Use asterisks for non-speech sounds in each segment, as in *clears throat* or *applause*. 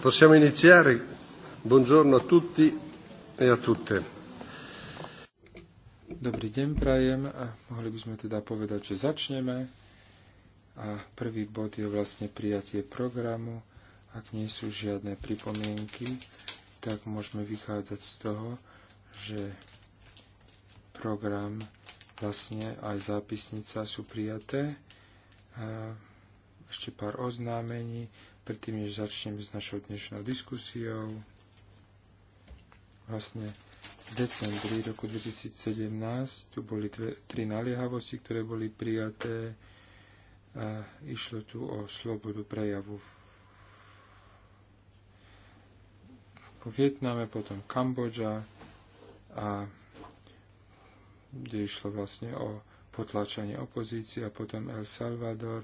Possiamo iniziare? Buongiorno a tutti e a tutte. Dobrý deň prajem a mohli by sme teda povedať, že začneme. A prvý bod je vlastne prijatie programu. Ak nie sú žiadne pripomienky, tak môžeme vychádzať z toho, že program vlastne aj zápisnica sú prijaté. A ešte pár oznámení predtým, než začneme s našou dnešnou diskusiou, vlastne v decembri roku 2017 tu boli dve, tri naliehavosti, ktoré boli prijaté. A išlo tu o slobodu prejavu po Vietname, potom Kambodža a kde išlo vlastne o potlačanie opozície a potom El Salvador,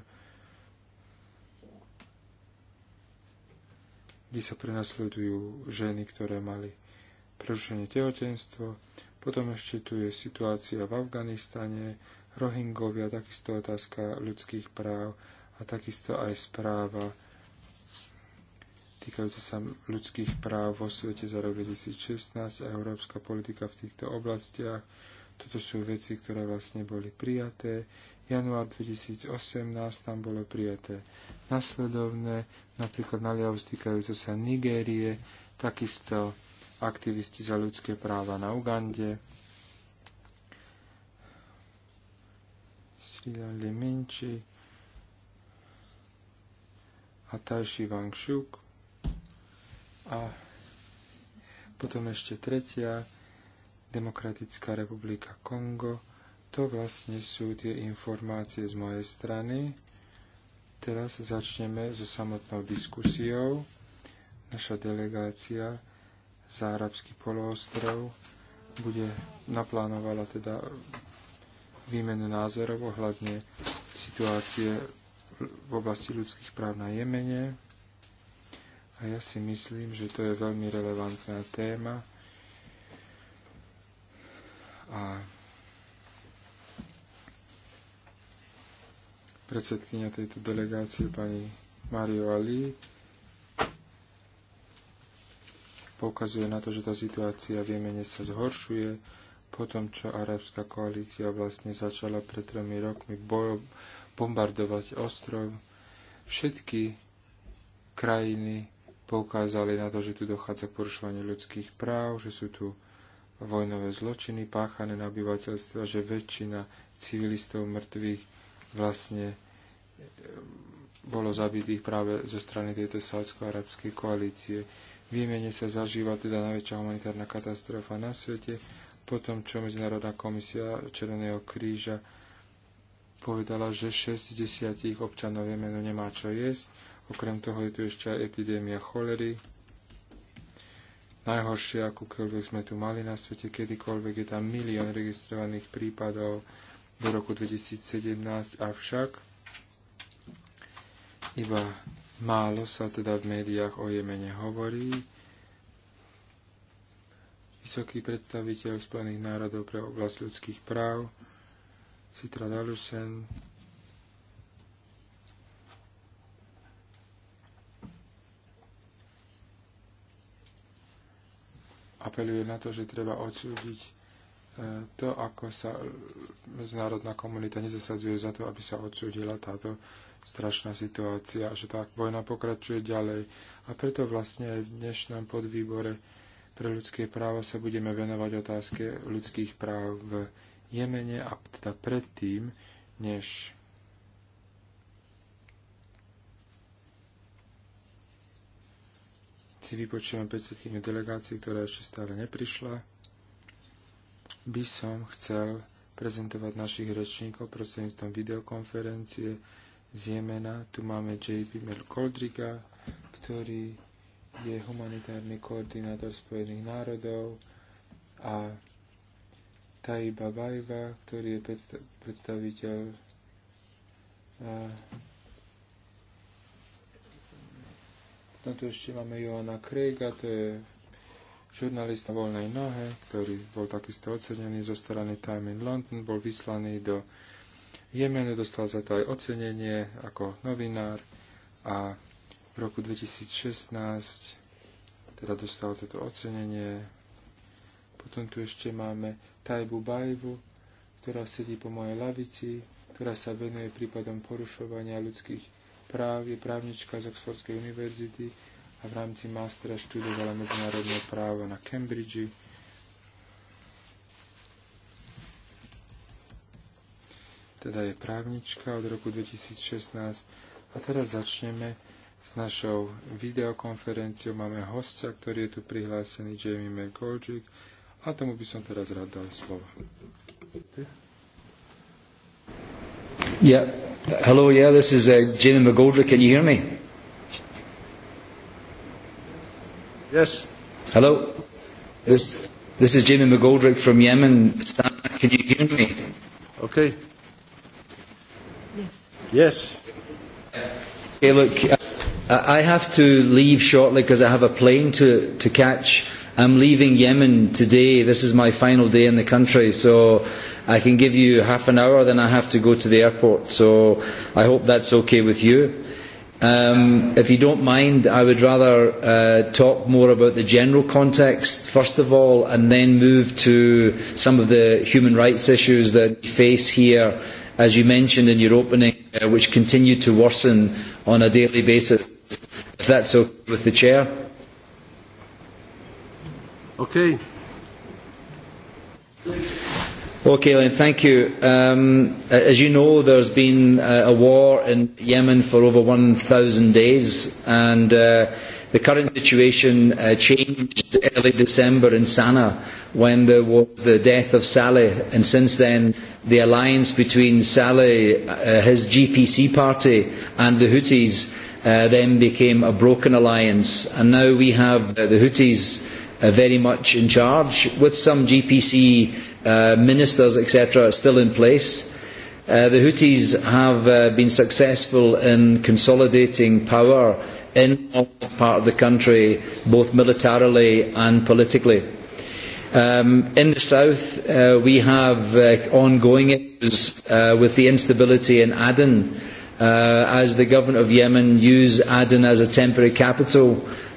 kde sa prenasledujú ženy, ktoré mali prerušenie tehotenstvo. Potom ešte tu je situácia v Afganistane, Rohingovia, takisto otázka ľudských práv a takisto aj správa týkajúca sa ľudských práv vo svete za rok 2016 a európska politika v týchto oblastiach. Toto sú veci, ktoré vlastne boli prijaté. Január 2018 tam bolo prijaté nasledovné napríklad naliav stýkajúce sa Nigérie, takisto aktivisti za ľudské práva na Ugande, střídali Minči a Tajši Vangšuk a potom ešte tretia, Demokratická republika Kongo. To vlastne sú tie informácie z mojej strany. Teraz začneme so samotnou diskusiou. Naša delegácia za arabský poloostrov bude naplánovala teda výmenu názorov ohľadne situácie v oblasti ľudských práv na Jemene. A ja si myslím, že to je veľmi relevantná téma. A predsedkynia tejto delegácie pani Mario Ali poukazuje na to, že tá situácia v Jemene sa zhoršuje po tom, čo arabská koalícia vlastne začala pred tromi rokmi bojo, bombardovať ostrov. Všetky krajiny poukázali na to, že tu dochádza k porušovaniu ľudských práv, že sú tu vojnové zločiny páchané na obyvateľstva, že väčšina civilistov mŕtvych vlastne ehm, bolo zabitých práve zo strany tejto sádsko arabskej koalície. V Jemene sa zažíva teda najväčšia humanitárna katastrofa na svete, potom čo Medzinárodná komisia Červeného kríža povedala, že 6 z 10 občanov Jemenu nemá čo jesť. Okrem toho je tu ešte aj epidémia cholery. Najhoršie, akúkoľvek sme tu mali na svete, kedykoľvek je tam milión registrovaných prípadov do roku 2017, avšak iba málo sa teda v médiách o Jemene hovorí. Vysoký predstaviteľ Spojených národov pre oblasť ľudských práv Citra Dalusen apeluje na to, že treba odsúdiť to, ako sa medzinárodná komunita nezasadzuje za to, aby sa odsúdila táto strašná situácia, že tá vojna pokračuje ďalej. A preto vlastne aj v dnešnom podvýbore pre ľudské práva sa budeme venovať otázke ľudských práv v Jemene a teda predtým, než si vypočujeme predsedkyňu delegácií, ktorá ešte stále neprišla by som chcel prezentovať našich rečníkov prostredníctvom videokonferencie z Jemena. Tu máme JP Melkoldriga, ktorý je humanitárny koordinátor Spojených národov a Taiba Bajva, ktorý je predstav, predstaviteľ No tu ešte máme Johana Craiga, to je Žurnalista voľnej nohe, ktorý bol takisto ocenený zo strany Time in London, bol vyslaný do Jemenu, dostal za to aj ocenenie ako novinár a v roku 2016 teda dostal toto ocenenie. Potom tu ešte máme Tajbu Bajvu, ktorá sedí po mojej lavici, ktorá sa venuje prípadom porušovania ľudských práv, je právnička z Oxfordskej univerzity, a v rámci mástra študovala medzinárodné právo na Cambridge. Teda je právnička od roku 2016 a teraz začneme s našou videokonferenciou. Máme hostia, ktorý je tu prihlásený, Jamie McGoldrick, a tomu by som teraz rád dal slovo. Yeah. Hello, yeah, this is uh, Jamie McGoldrick. Can you hear me? Yes. Hello. This this is Jamie McGoldrick from Yemen. Can you hear me? Okay. Yes. Yes. Okay, look, I have to leave shortly because I have a plane to, to catch. I'm leaving Yemen today. This is my final day in the country, so I can give you half an hour, then I have to go to the airport. So I hope that's okay with you. Um, if you don't mind, I would rather uh, talk more about the general context, first of all, and then move to some of the human rights issues that we face here, as you mentioned in your opening, uh, which continue to worsen on a daily basis, if that's okay with the Chair. Okay. Okay, Len, thank you. Um, as you know, there's been uh, a war in Yemen for over 1,000 days, and uh, the current situation uh, changed early December in Sana'a when there was the death of Saleh, and since then the alliance between Saleh, uh, his GPC party, and the Houthis uh, then became a broken alliance, and now we have uh, the Houthis uh, very much in charge, with some GPC uh, ministers, etc., still in place. Uh, the Houthis have uh, been successful in consolidating power in part of the country, both militarily and politically. Um, in the south, uh, we have uh, ongoing issues uh, with the instability in Aden, uh, as the government of Yemen use Aden as a temporary capital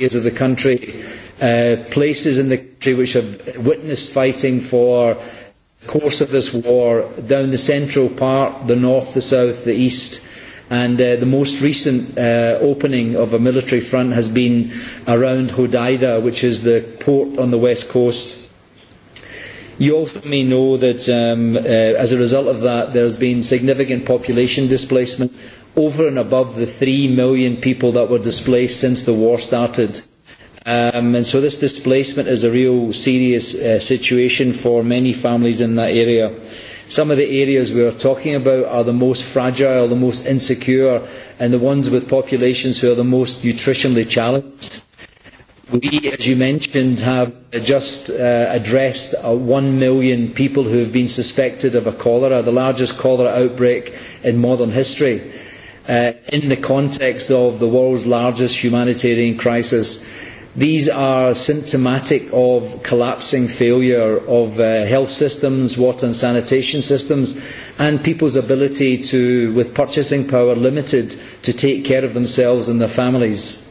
areas of the country, uh, places in the country which have witnessed fighting for the course of this war, down the central part, the north, the south, the east. And uh, the most recent uh, opening of a military front has been around Hodeida, which is the port on the west coast. You also may know that um, uh, as a result of that, there has been significant population displacement over and above the three million people that were displaced since the war started. Um, and so this displacement is a real serious uh, situation for many families in that area. Some of the areas we are talking about are the most fragile, the most insecure, and the ones with populations who are the most nutritionally challenged. We, as you mentioned, have just uh, addressed uh, one million people who have been suspected of a cholera, the largest cholera outbreak in modern history uh, in the context of the world's largest humanitarian crisis. These are symptomatic of collapsing failure of uh, health systems, water and sanitation systems, and people's ability to, with purchasing power limited, to take care of themselves and their families.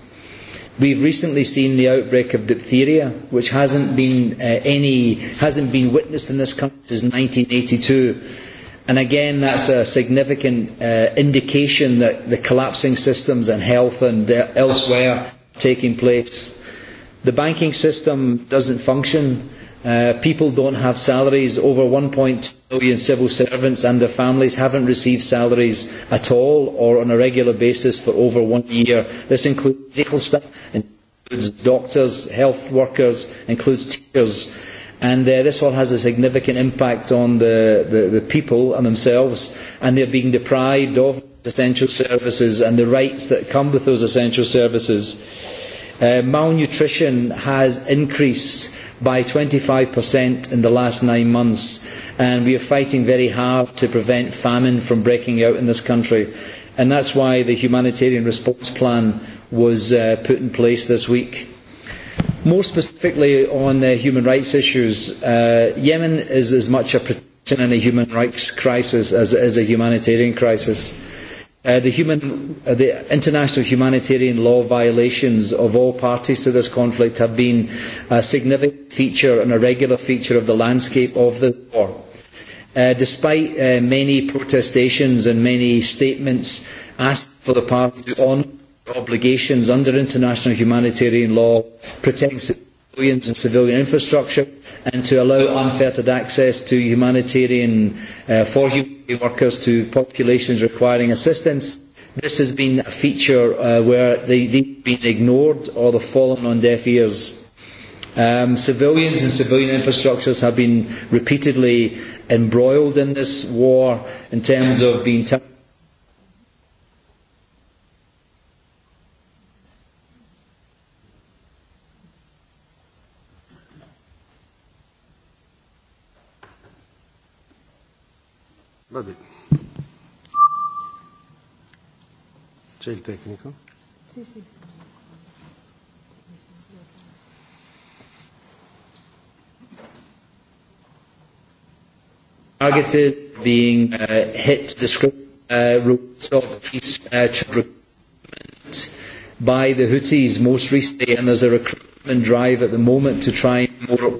We've recently seen the outbreak of diphtheria, which hasn't been uh, any hasn't been witnessed in this country since 1982 And again, that's a significant uh, indication that the collapsing systems and health and uh, elsewhere taking place. The banking system doesn't function. Uh, people don't have salaries. Over 1.2 million civil servants and their families haven't received salaries at all or on a regular basis for over one year. This includes medical staff, includes doctors, health workers, includes teachers and uh, this all has a significant impact on the, the, the people and themselves, and they're being deprived of essential services and the rights that come with those essential services. Uh, malnutrition has increased by 25% in the last nine months, and we are fighting very hard to prevent famine from breaking out in this country. And that's why the humanitarian response plan was uh, put in place this week More specifically on uh, human rights issues, uh, Yemen is as much a protection in a human rights crisis as it is a humanitarian crisis. Uh, the, human, uh, the international humanitarian law violations of all parties to this conflict have been a significant feature and a regular feature of the landscape of the war. Uh, despite uh, many protestations and many statements asked for the parties on obligations under international humanitarian law, protecting civilians and civilian infrastructure, and to allow unfettered access to humanitarian uh, for humanitarian workers to populations requiring assistance. This has been a feature uh, where they, they've been ignored or they've fallen on deaf ears. Um, civilians and civilian infrastructures have been repeatedly embroiled in this war in terms of being targeted Va bene. C'è il tecnico? Sì, sì. Targeted being uh, hit description uh, rules of peace uh, recruitment by the Houthis most recently, and there's a recruitment drive at the moment to try and more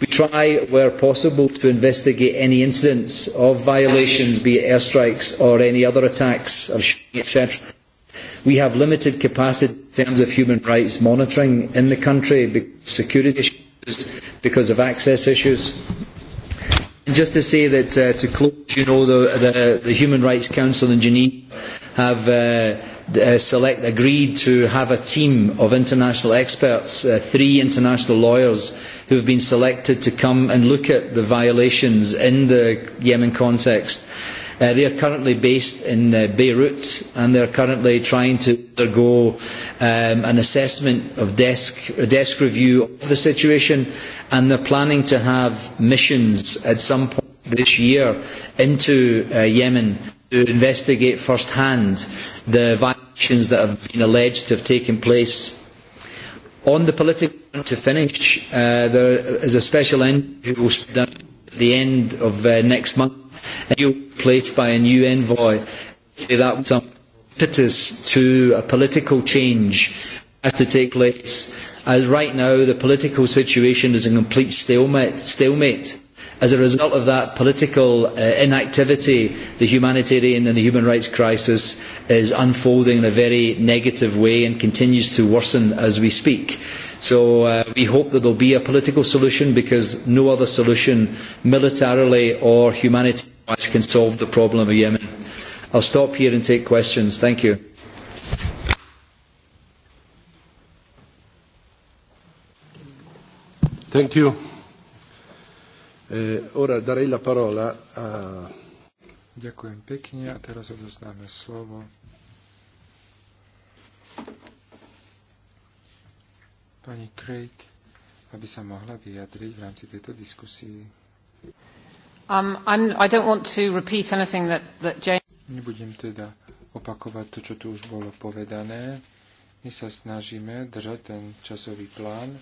We try, where possible, to investigate any incidents of violations, be it airstrikes or any other attacks, or shooting, etc. We have limited capacity in terms of human rights monitoring in the country, because security issues, because of access issues. And just to say that uh, to close, you know, the, the, the Human Rights Council in Geneva have uh, uh, select agreed to have a team of international experts, uh, three international lawyers who have been selected to come and look at the violations in the Yemen context. Uh, they are currently based in uh, Beirut and they are currently trying to undergo um, an assessment of desk, a desk review of the situation and they're planning to have missions at some point this year into uh, Yemen to investigate firsthand the violations that have been alleged to have taken place. On the political to finish. Uh, there is a special envoy who will sit down at the end of uh, next month, and he'll be replaced by a new envoy. That was some impetus to a political change has to take place. As right now, the political situation is a complete stalemate. stalemate. As a result of that political uh, inactivity, the humanitarian and the human rights crisis is unfolding in a very negative way and continues to worsen as we speak. So uh, we hope that there will be a political solution because no other solution militarily or humanitarian can solve the problem of Yemen. I'll stop here and take questions. Thank you. Thank you. Eh, ora darei la parola a... Ďakujem pekne a teraz odozdáme slovo pani Craig, aby sa mohla vyjadriť v rámci tejto diskusie. Um, I'm, I don't want to repeat anything that, that Jane... Nebudem teda opakovať to, čo tu už bolo povedané. My sa snažíme držať ten časový plán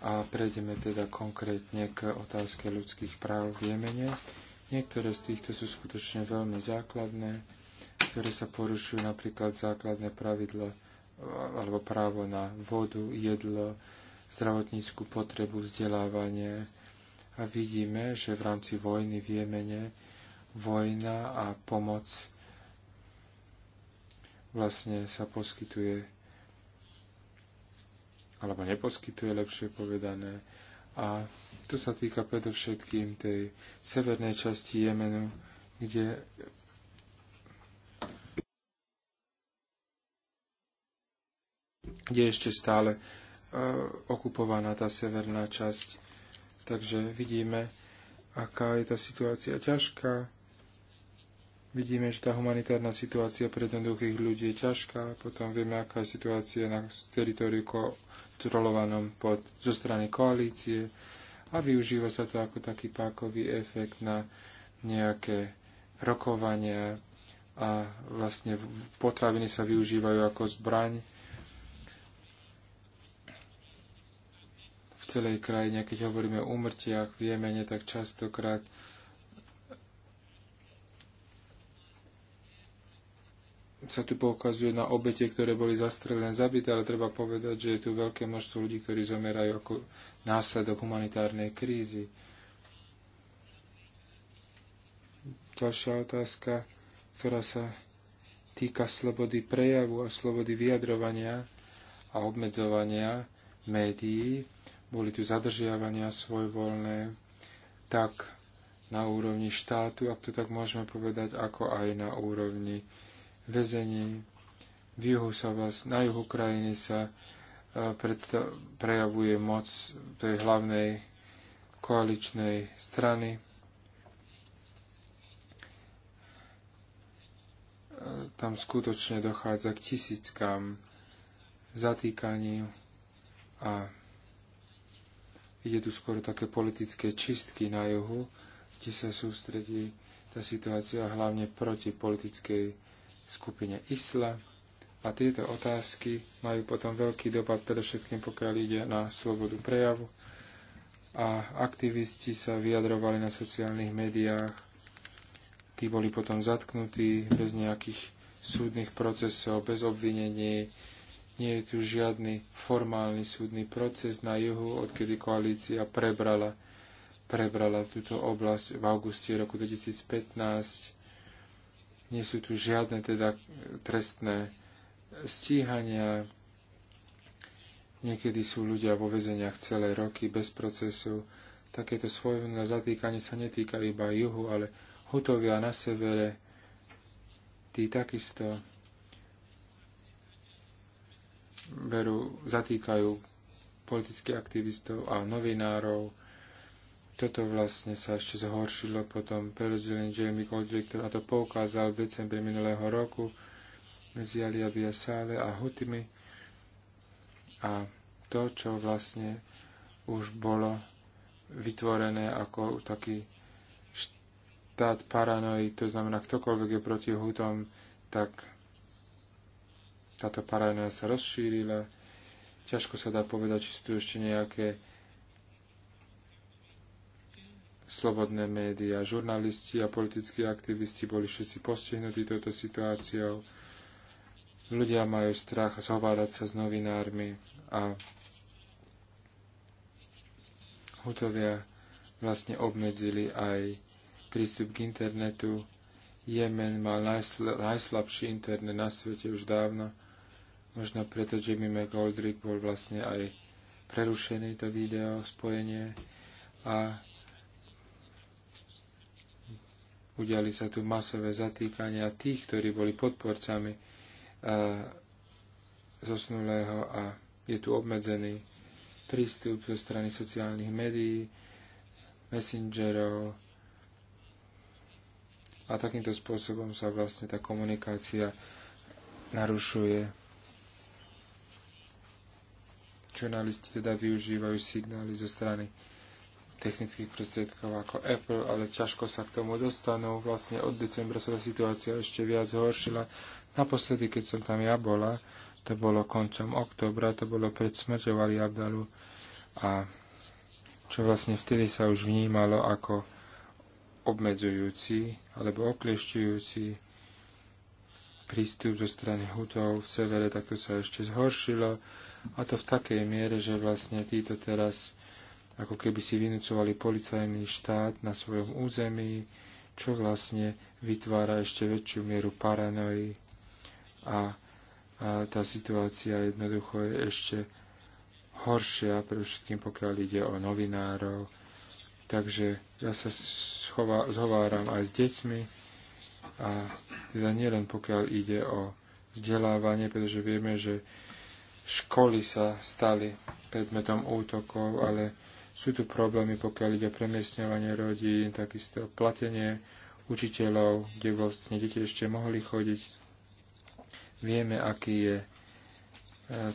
a prejdeme teda konkrétne k otázke ľudských práv v Jemene. Niektoré z týchto sú skutočne veľmi základné, ktoré sa porušujú napríklad základné pravidla alebo právo na vodu, jedlo, zdravotníckú potrebu, vzdelávanie. A vidíme, že v rámci vojny v Jemene vojna a pomoc vlastne sa poskytuje alebo neposkytuje, lepšie povedané. A to sa týka predovšetkým tej severnej časti Jemenu, kde kde je ešte stále e, okupovaná tá severná časť. Takže vidíme, aká je tá situácia ťažká. Vidíme, že tá humanitárna situácia pre jednoduchých ľudí je ťažká. Potom vieme, aká je situácia na teritoriu kontrolovanom pod, zo strany koalície. A využíva sa to ako taký pákový efekt na nejaké rokovania a vlastne potraviny sa využívajú ako zbraň celej krajine, keď hovoríme o úmrtiach v Jemene, tak častokrát sa tu poukazuje na obete, ktoré boli zastrelené, zabité, ale treba povedať, že je tu veľké množstvo ľudí, ktorí zomerajú ako následok humanitárnej krízy. Ďalšia otázka, ktorá sa týka slobody prejavu a slobody vyjadrovania a obmedzovania médií boli tu zadržiavania svojvoľné, tak na úrovni štátu, ak to tak môžeme povedať, ako aj na úrovni väzení. V juhu sa vlast, na juhu krajiny sa e, prejavuje moc tej hlavnej koaličnej strany. E, tam skutočne dochádza k tisíckám zatýkaní a Ide tu skôr také politické čistky na juhu, kde sa sústredí tá situácia hlavne proti politickej skupine Isla. A tieto otázky majú potom veľký dopad, predovšetkým pokiaľ ide na slobodu prejavu. A aktivisti sa vyjadrovali na sociálnych médiách. Tí boli potom zatknutí bez nejakých súdnych procesov, bez obvinení, nie je tu žiadny formálny súdny proces na juhu, odkedy koalícia prebrala, prebrala túto oblasť v auguste roku 2015. Nie sú tu žiadne teda trestné stíhania. Niekedy sú ľudia vo vezeniach celé roky bez procesu. Takéto svojvoľné zatýkanie sa netýka iba juhu, ale hutovia na severe, tí takisto berú, zatýkajú politických aktivistov a novinárov. Toto vlastne sa ešte zhoršilo potom prerozdelení Jamie Goldrick, ktorý to poukázal v decembri minulého roku medzi Alia Sále a Hutimi. A to, čo vlastne už bolo vytvorené ako taký štát paranoid, to znamená, ktokoľvek je proti Hutom, tak táto paranoja sa rozšírila. Ťažko sa dá povedať, či sú tu ešte nejaké slobodné médiá, žurnalisti a politickí aktivisti boli všetci postihnutí touto situáciou. Ľudia majú strach zhovárať sa s novinármi a hutovia vlastne obmedzili aj prístup k internetu. Jemen mal najsl- najslabší internet na svete už dávno Možno preto Jimmy McGoldrick bol vlastne aj prerušený to video spojenie a udiali sa tu masové zatýkania tých, ktorí boli podporcami e, zosnulého a je tu obmedzený prístup zo strany sociálnych médií, messengerov a takýmto spôsobom sa vlastne tá komunikácia narušuje. Žurnalisti teda využívajú signály zo strany technických prostriedkov ako Apple, ale ťažko sa k tomu dostanú. Vlastne od decembra sa tá situácia ešte viac zhoršila. Naposledy, keď som tam ja bola, to bolo koncom oktobra, to bolo pred smrťou Ali Abdalu a čo vlastne vtedy sa už vnímalo ako obmedzujúci alebo okliešťujúci prístup zo strany hutov v severe, tak to sa ešte zhoršilo a to v takej miere, že vlastne títo teraz ako keby si vynúcovali policajný štát na svojom území, čo vlastne vytvára ešte väčšiu mieru paranoji a, a tá situácia jednoducho je ešte horšia, pre všetkým pokiaľ ide o novinárov. Takže ja sa schová, zhováram aj s deťmi a teda nielen pokiaľ ide o vzdelávanie, pretože vieme, že školy sa stali predmetom útokov, ale sú tu problémy, pokiaľ ide premiestňovanie rodín, takisto platenie učiteľov, kde vlastne deti ešte mohli chodiť. Vieme, aký je e,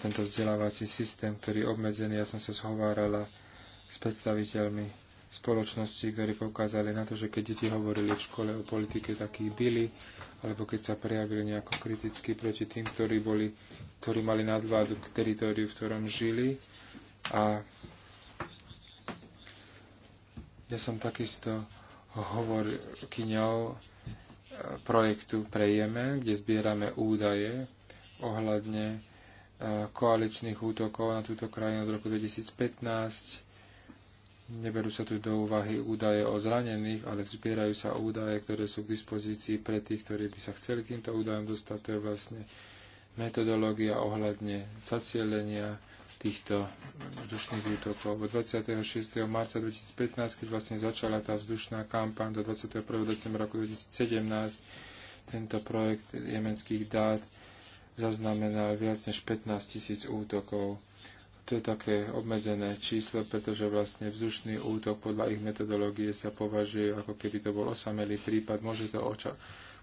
tento vzdelávací systém, ktorý je obmedzený. Ja som sa zhovárala s predstaviteľmi spoločnosti, ktorí poukázali na to, že keď deti hovorili v škole o politike, tak ich byli, alebo keď sa prejavili nejako kriticky proti tým, ktorí boli ktorí mali nadvládu k teritóriu, v ktorom žili. A ja som takisto hovorkyňou e, projektu Prejeme, kde zbierame údaje ohľadne e, koaličných útokov na túto krajinu od roku 2015. Neberú sa tu do úvahy údaje o zranených, ale zbierajú sa údaje, ktoré sú k dispozícii pre tých, ktorí by sa chceli k týmto údajom dostať. To je vlastne metodológia ohľadne zacielenia týchto vzdušných útokov. Od 26. marca 2015, keď vlastne začala tá vzdušná kampaň do 21. decembra roku 2017, tento projekt jemenských dát zaznamenal viac než 15 tisíc útokov. To je také obmedzené číslo, pretože vlastne vzdušný útok podľa ich metodológie sa považuje, ako keby to bol osamelý prípad. Môže to oča-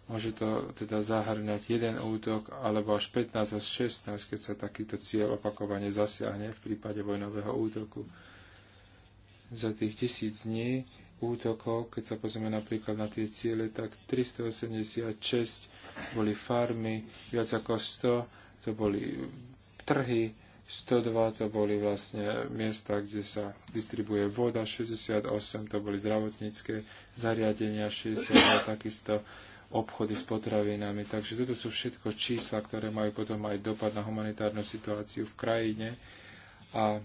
Môže to teda zahrňať jeden útok alebo až 15 až 16, keď sa takýto cieľ opakovane zasiahne v prípade vojnového útoku. Za tých tisíc dní útokov, keď sa pozrieme napríklad na tie ciele, tak 386 boli farmy, viac ako 100 to boli trhy, 102 to boli vlastne miesta, kde sa distribuje voda, 68 to boli zdravotnícke zariadenia, 62 takisto obchody s potravinami. Takže toto sú všetko čísla, ktoré majú potom aj dopad na humanitárnu situáciu v krajine. A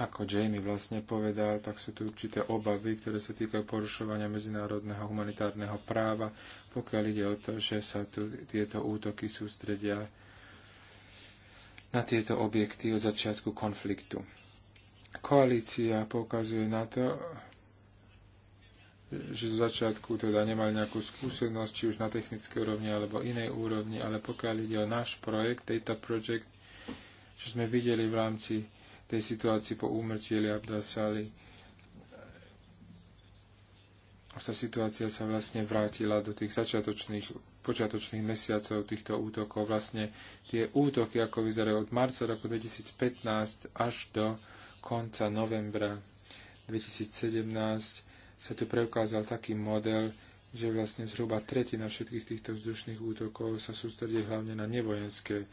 ako Jamie vlastne povedal, tak sú tu určité obavy, ktoré sa týkajú porušovania medzinárodného humanitárneho práva, pokiaľ ide o to, že sa tu tieto útoky sústredia na tieto objekty od začiatku konfliktu. Koalícia poukazuje na to, že z začiatku teda nemali nejakú skúsenosť, či už na technické úrovni alebo inej úrovni, ale pokiaľ ide o náš projekt, Data Project, čo sme videli v rámci tej situácii po úmrtí Eli Abdasali, tá situácia sa vlastne vrátila do tých začiatočných počiatočných mesiacov týchto útokov. Vlastne tie útoky, ako vyzerajú od marca roku 2015 až do konca novembra 2017, sa tu preukázal taký model, že vlastne zhruba tretina všetkých týchto vzdušných útokov sa sústredí hlavne na nevojenské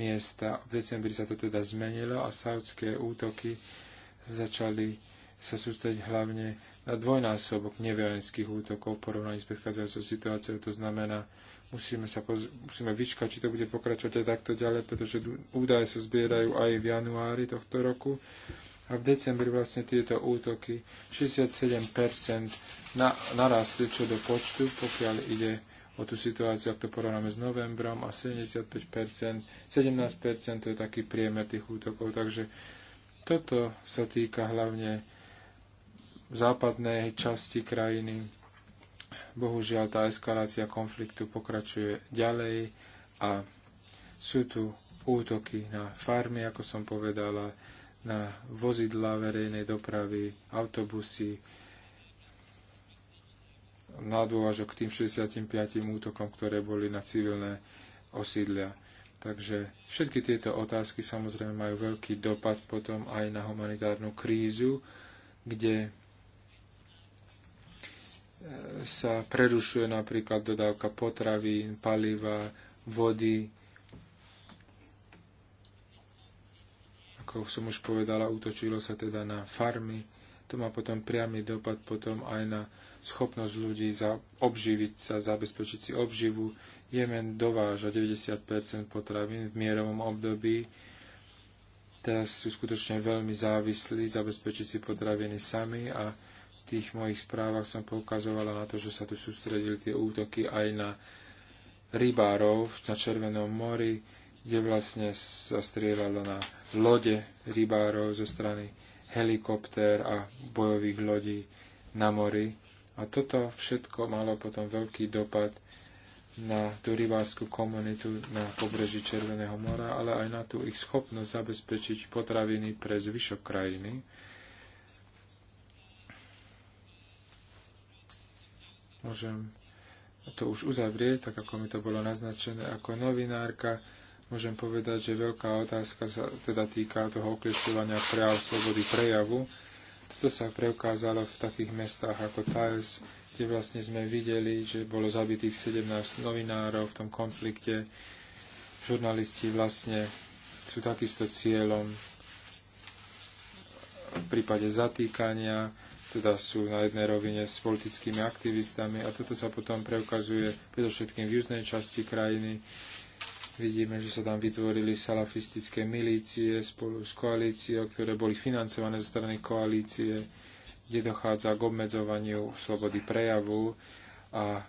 miesta. V decembri sa to teda zmenilo a saudské útoky začali sa sústrediť hlavne na dvojnásobok nevojenských útokov v porovnaní s predchádzajúcou situáciou. To znamená, musíme, sa poz- musíme vyčkať, či to bude pokračovať aj takto ďalej, pretože údaje sa zbierajú aj v januári tohto roku a v decembri vlastne tieto útoky 67% na, narastli čo do počtu, pokiaľ ide o tú situáciu, ak to porovnáme s novembrom a 75%, 17% to je taký priemer tých útokov, takže toto sa týka hlavne západnej časti krajiny. Bohužiaľ tá eskalácia konfliktu pokračuje ďalej a sú tu útoky na farmy, ako som povedala, na vozidlá verejnej dopravy, autobusy, nadôvažok dôvažok k tým 65 útokom, ktoré boli na civilné osídlia. Takže všetky tieto otázky samozrejme majú veľký dopad potom aj na humanitárnu krízu, kde e, sa prerušuje napríklad dodávka potravín, paliva, vody, ako som už povedala, útočilo sa teda na farmy. To má potom priamy dopad potom aj na schopnosť ľudí za, obživiť sa, zabezpečiť si obživu. Jemen dováža 90% potravín v mierovom období. Teraz sú skutočne veľmi závislí zabezpečiť si potraviny sami a v tých mojich správach som poukazovala na to, že sa tu sústredili tie útoky aj na rybárov na Červenom mori, kde vlastne sa strieľalo na lode rybárov zo strany helikoptér a bojových lodí na mori. A toto všetko malo potom veľký dopad na tú rybárskú komunitu na pobreží Červeného mora, ale aj na tú ich schopnosť zabezpečiť potraviny pre zvyšok krajiny. Môžem to už uzavrieť, tak ako mi to bolo naznačené ako novinárka môžem povedať, že veľká otázka sa teda týka toho okliešťovania práv slobody prejavu. Toto sa preukázalo v takých mestách ako Thales, kde vlastne sme videli, že bolo zabitých 17 novinárov v tom konflikte. Žurnalisti vlastne sú takisto cieľom v prípade zatýkania, teda sú na jednej rovine s politickými aktivistami a toto sa potom preukazuje predovšetkým v južnej časti krajiny, Vidíme, že sa tam vytvorili salafistické milície spolu s koalíciou, ktoré boli financované zo strany koalície, kde dochádza k obmedzovaniu slobody prejavu a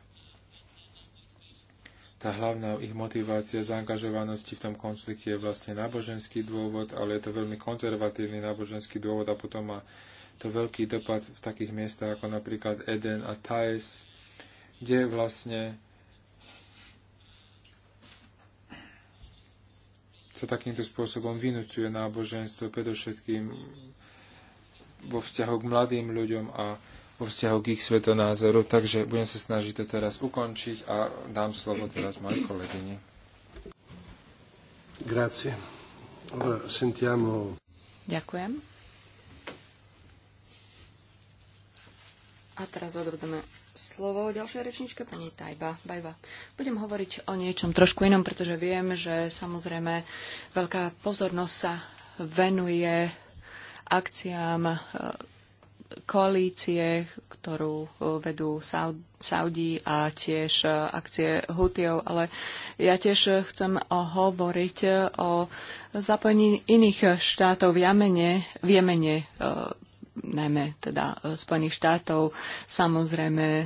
tá hlavná ich motivácia zaangažovanosti v tom konflikte je vlastne náboženský dôvod, ale je to veľmi konzervatívny náboženský dôvod a potom má to veľký dopad v takých miestach ako napríklad Eden a Thais, kde vlastne sa takýmto spôsobom vynúcuje náboženstvo, predovšetkým vo vzťahu k mladým ľuďom a vo vzťahu k ich svetonázoru. Takže budem sa snažiť to teraz ukončiť a dám slovo teraz mojej kolegyni. Grazie. Ora sentiamo... Ďakujem. A teraz odvedeme slovo ďalšej rečničke, pani Tajba. Bajba. Budem hovoriť o niečom trošku inom, pretože viem, že samozrejme veľká pozornosť sa venuje akciám e, koalície, ktorú e, vedú Saudí a tiež e, akcie Hutiov, ale ja tiež chcem hovoriť o zapojení iných štátov v Jemene, v Jemene najmä teda e, Spojených štátov. Samozrejme, e,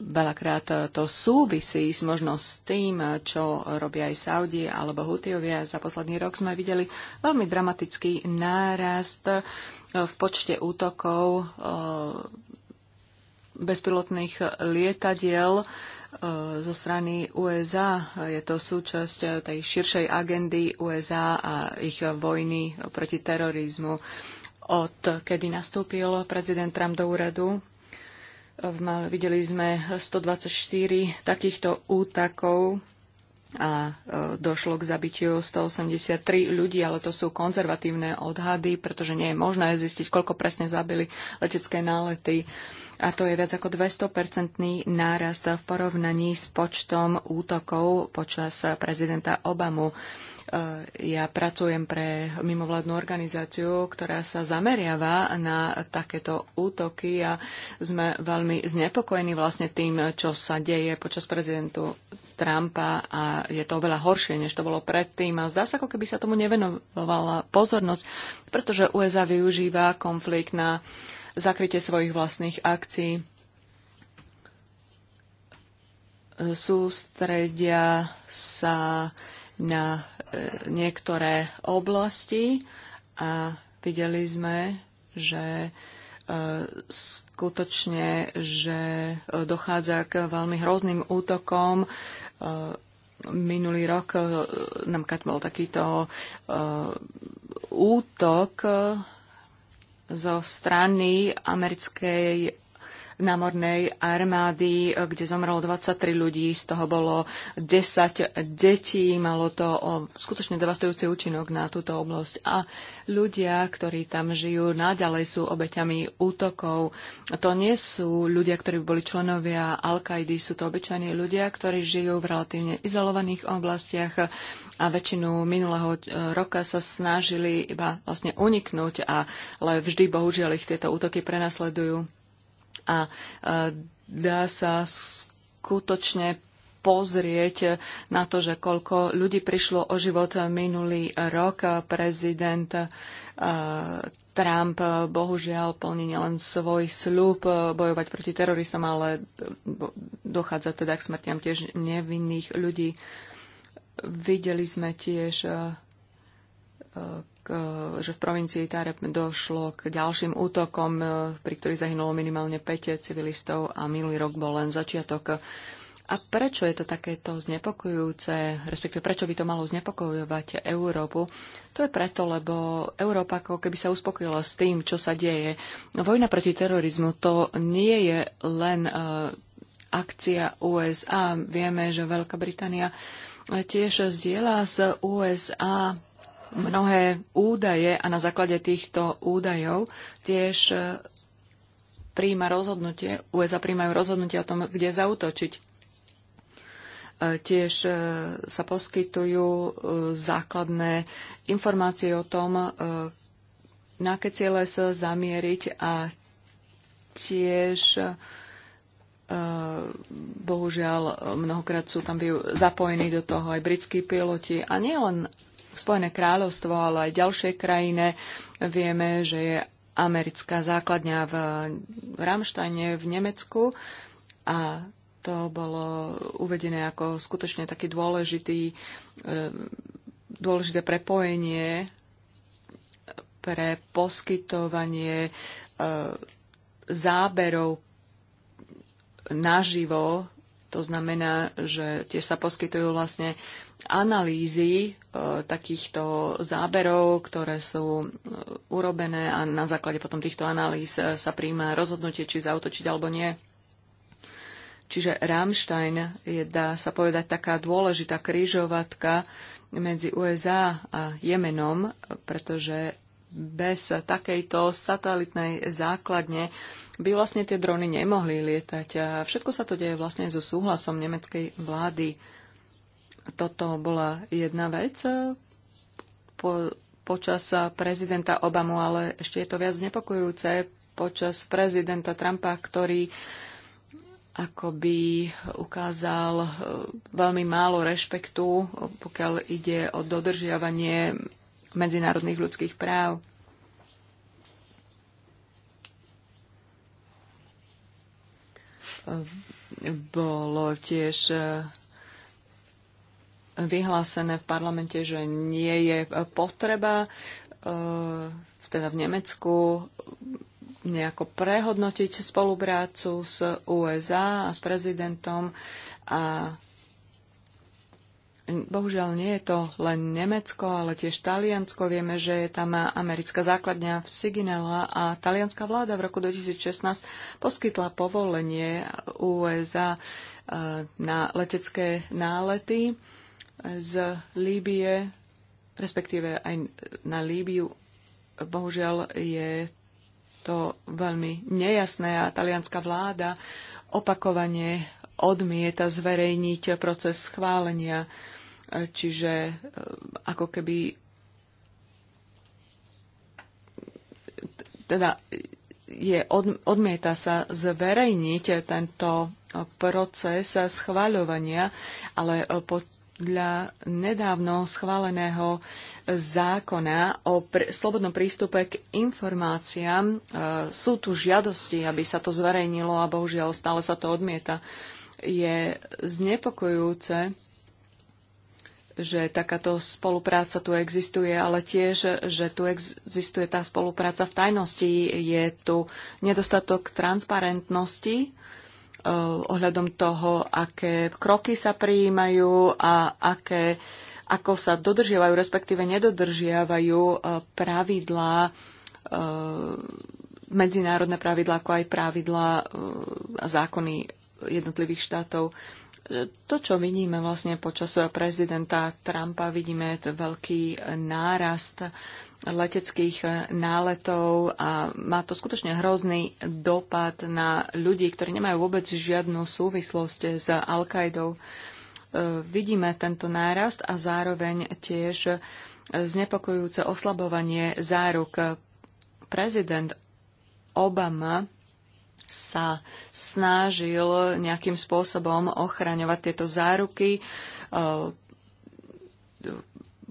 veľakrát e, to súvisí s možno s tým, čo robia aj Saudi alebo Hutiovia. Za posledný rok sme videli veľmi dramatický nárast v počte útokov bezpilotných lietadiel zo strany USA. Je to súčasť tej širšej agendy USA a ich vojny proti terorizmu od kedy nastúpil prezident Trump do úradu. Videli sme 124 takýchto útakov a e, došlo k zabitiu 183 ľudí, ale to sú konzervatívne odhady, pretože nie je možné zistiť, koľko presne zabili letecké nálety. A to je viac ako 200-percentný nárast v porovnaní s počtom útokov počas prezidenta Obamu. Eh, ja pracujem pre mimovládnu organizáciu, ktorá sa zameriava na takéto útoky a sme veľmi znepokojení vlastne tým, čo sa deje počas prezidentu Trumpa a je to oveľa horšie, než to bolo predtým. A zdá sa, ako keby sa tomu nevenovala pozornosť, pretože USA využíva konflikt na zakrytie svojich vlastných akcií. Sústredia sa na niektoré oblasti a videli sme, že e, skutočne, že e, dochádza k veľmi hrozným útokom. E, minulý rok kať bol takýto útok zo strany americkej námornej armády, eh, kde zomrelo 23 ľudí, z toho bolo 10 detí, malo to o skutočne devastujúci účinok na túto oblasť. A ľudia, ktorí tam žijú, naďalej sú obeťami útokov. To nie sú ľudia, ktorí boli členovia Al-Kaidy, sú to obyčajní ľudia, ktorí žijú v relatívne izolovaných oblastiach a väčšinu minulého eh, roka sa snažili iba vlastne uniknúť, ale vždy bohužiaľ ich tieto útoky prenasledujú a e, dá sa skutočne pozrieť na to, že koľko ľudí prišlo o život minulý rok. Prezident e, Trump bohužiaľ plní nielen svoj sľub bojovať proti teroristom, ale dochádza teda k smrtiam tiež nevinných ľudí. Videli sme tiež k, že v provincii Tareb došlo k ďalším útokom, e, pri ktorých zahynulo minimálne 5 civilistov a minulý rok bol len začiatok. A prečo je to takéto znepokojujúce, respektíve prečo by to malo znepokojovať Európu? To je preto, lebo Európa ako keby sa uspokojila s tým, čo sa deje. Vojna proti terorizmu to nie je len uh, akcia USA. Vieme, že Veľká Británia tiež zdieľa z USA mnohé údaje a na základe týchto údajov tiež e, príjma rozhodnutie, USA príjmajú rozhodnutie o tom, kde zautočiť. E, tiež e, sa poskytujú základné informácie o tom, na aké ciele sa zamieriť a tiež bohužiaľ mnohokrát sú tam zapojení do toho aj britskí piloti a nielen Spojené kráľovstvo, ale aj ďalšie krajine. Vieme, že je americká základňa v Ramštajne v Nemecku a to bolo uvedené ako skutočne taký dôležitý, e, dôležité prepojenie pre poskytovanie e, záberov naživo to znamená, že tiež sa poskytujú vlastne analýzy e, takýchto záberov, ktoré sú e, urobené a na základe potom týchto analýz e, sa príjma rozhodnutie, či zautočiť alebo nie. Čiže Rammstein je, dá sa povedať, taká dôležitá krížovatka medzi USA a Jemenom, pretože bez takejto satelitnej základne by vlastne tie drony nemohli lietať. A všetko sa to deje vlastne so súhlasom nemeckej vlády. Toto bola jedna vec po, počas prezidenta Obamu, ale ešte je to viac nepokojúce počas prezidenta Trumpa, ktorý akoby ukázal eh, veľmi málo rešpektu, pokiaľ ide o dodržiavanie medzinárodných ľudských práv. Bolo tiež e, vyhlásené v parlamente, že nie je e, potreba e, teda v Nemecku nejako prehodnotiť spoluprácu s USA a s prezidentom a Bohužiaľ nie je to len Nemecko, ale tiež Taliansko. Vieme, že je tam americká základňa v Siginela a talianská vláda v roku 2016 poskytla povolenie USA e, na letecké nálety z Líbie, respektíve aj na Líbiu. Bohužiaľ je to veľmi nejasné a talianská vláda opakovane odmieta zverejniť proces schválenia uh, E, čiže e, ako keby teda je, od, odmieta sa zverejniť tento proces schváľovania, ale e, podľa nedávno schváleného zákona o pr- slobodnom prístupe k informáciám e, sú tu žiadosti, aby sa to zverejnilo a bohužiaľ stále sa to odmieta. Je znepokojúce, že takáto spolupráca tu existuje, ale tiež, že tu existuje tá spolupráca v tajnosti. Je tu nedostatok transparentnosti eh, ohľadom toho, aké kroky sa prijímajú a aké, ako sa dodržiavajú, respektíve nedodržiavajú eh, pravidlá, eh, medzinárodné pravidlá, ako aj pravidlá a zákony jednotlivých štátov to, čo vidíme vlastne počas prezidenta Trumpa, vidíme to veľký nárast leteckých náletov a má to skutočne hrozný dopad na ľudí, ktorí nemajú vôbec žiadnu súvislosť s Al-Qaidou. E, vidíme tento nárast a zároveň tiež znepokojujúce oslabovanie záruk. Prezident Obama sa snažil nejakým spôsobom ochraňovať tieto záruky, e,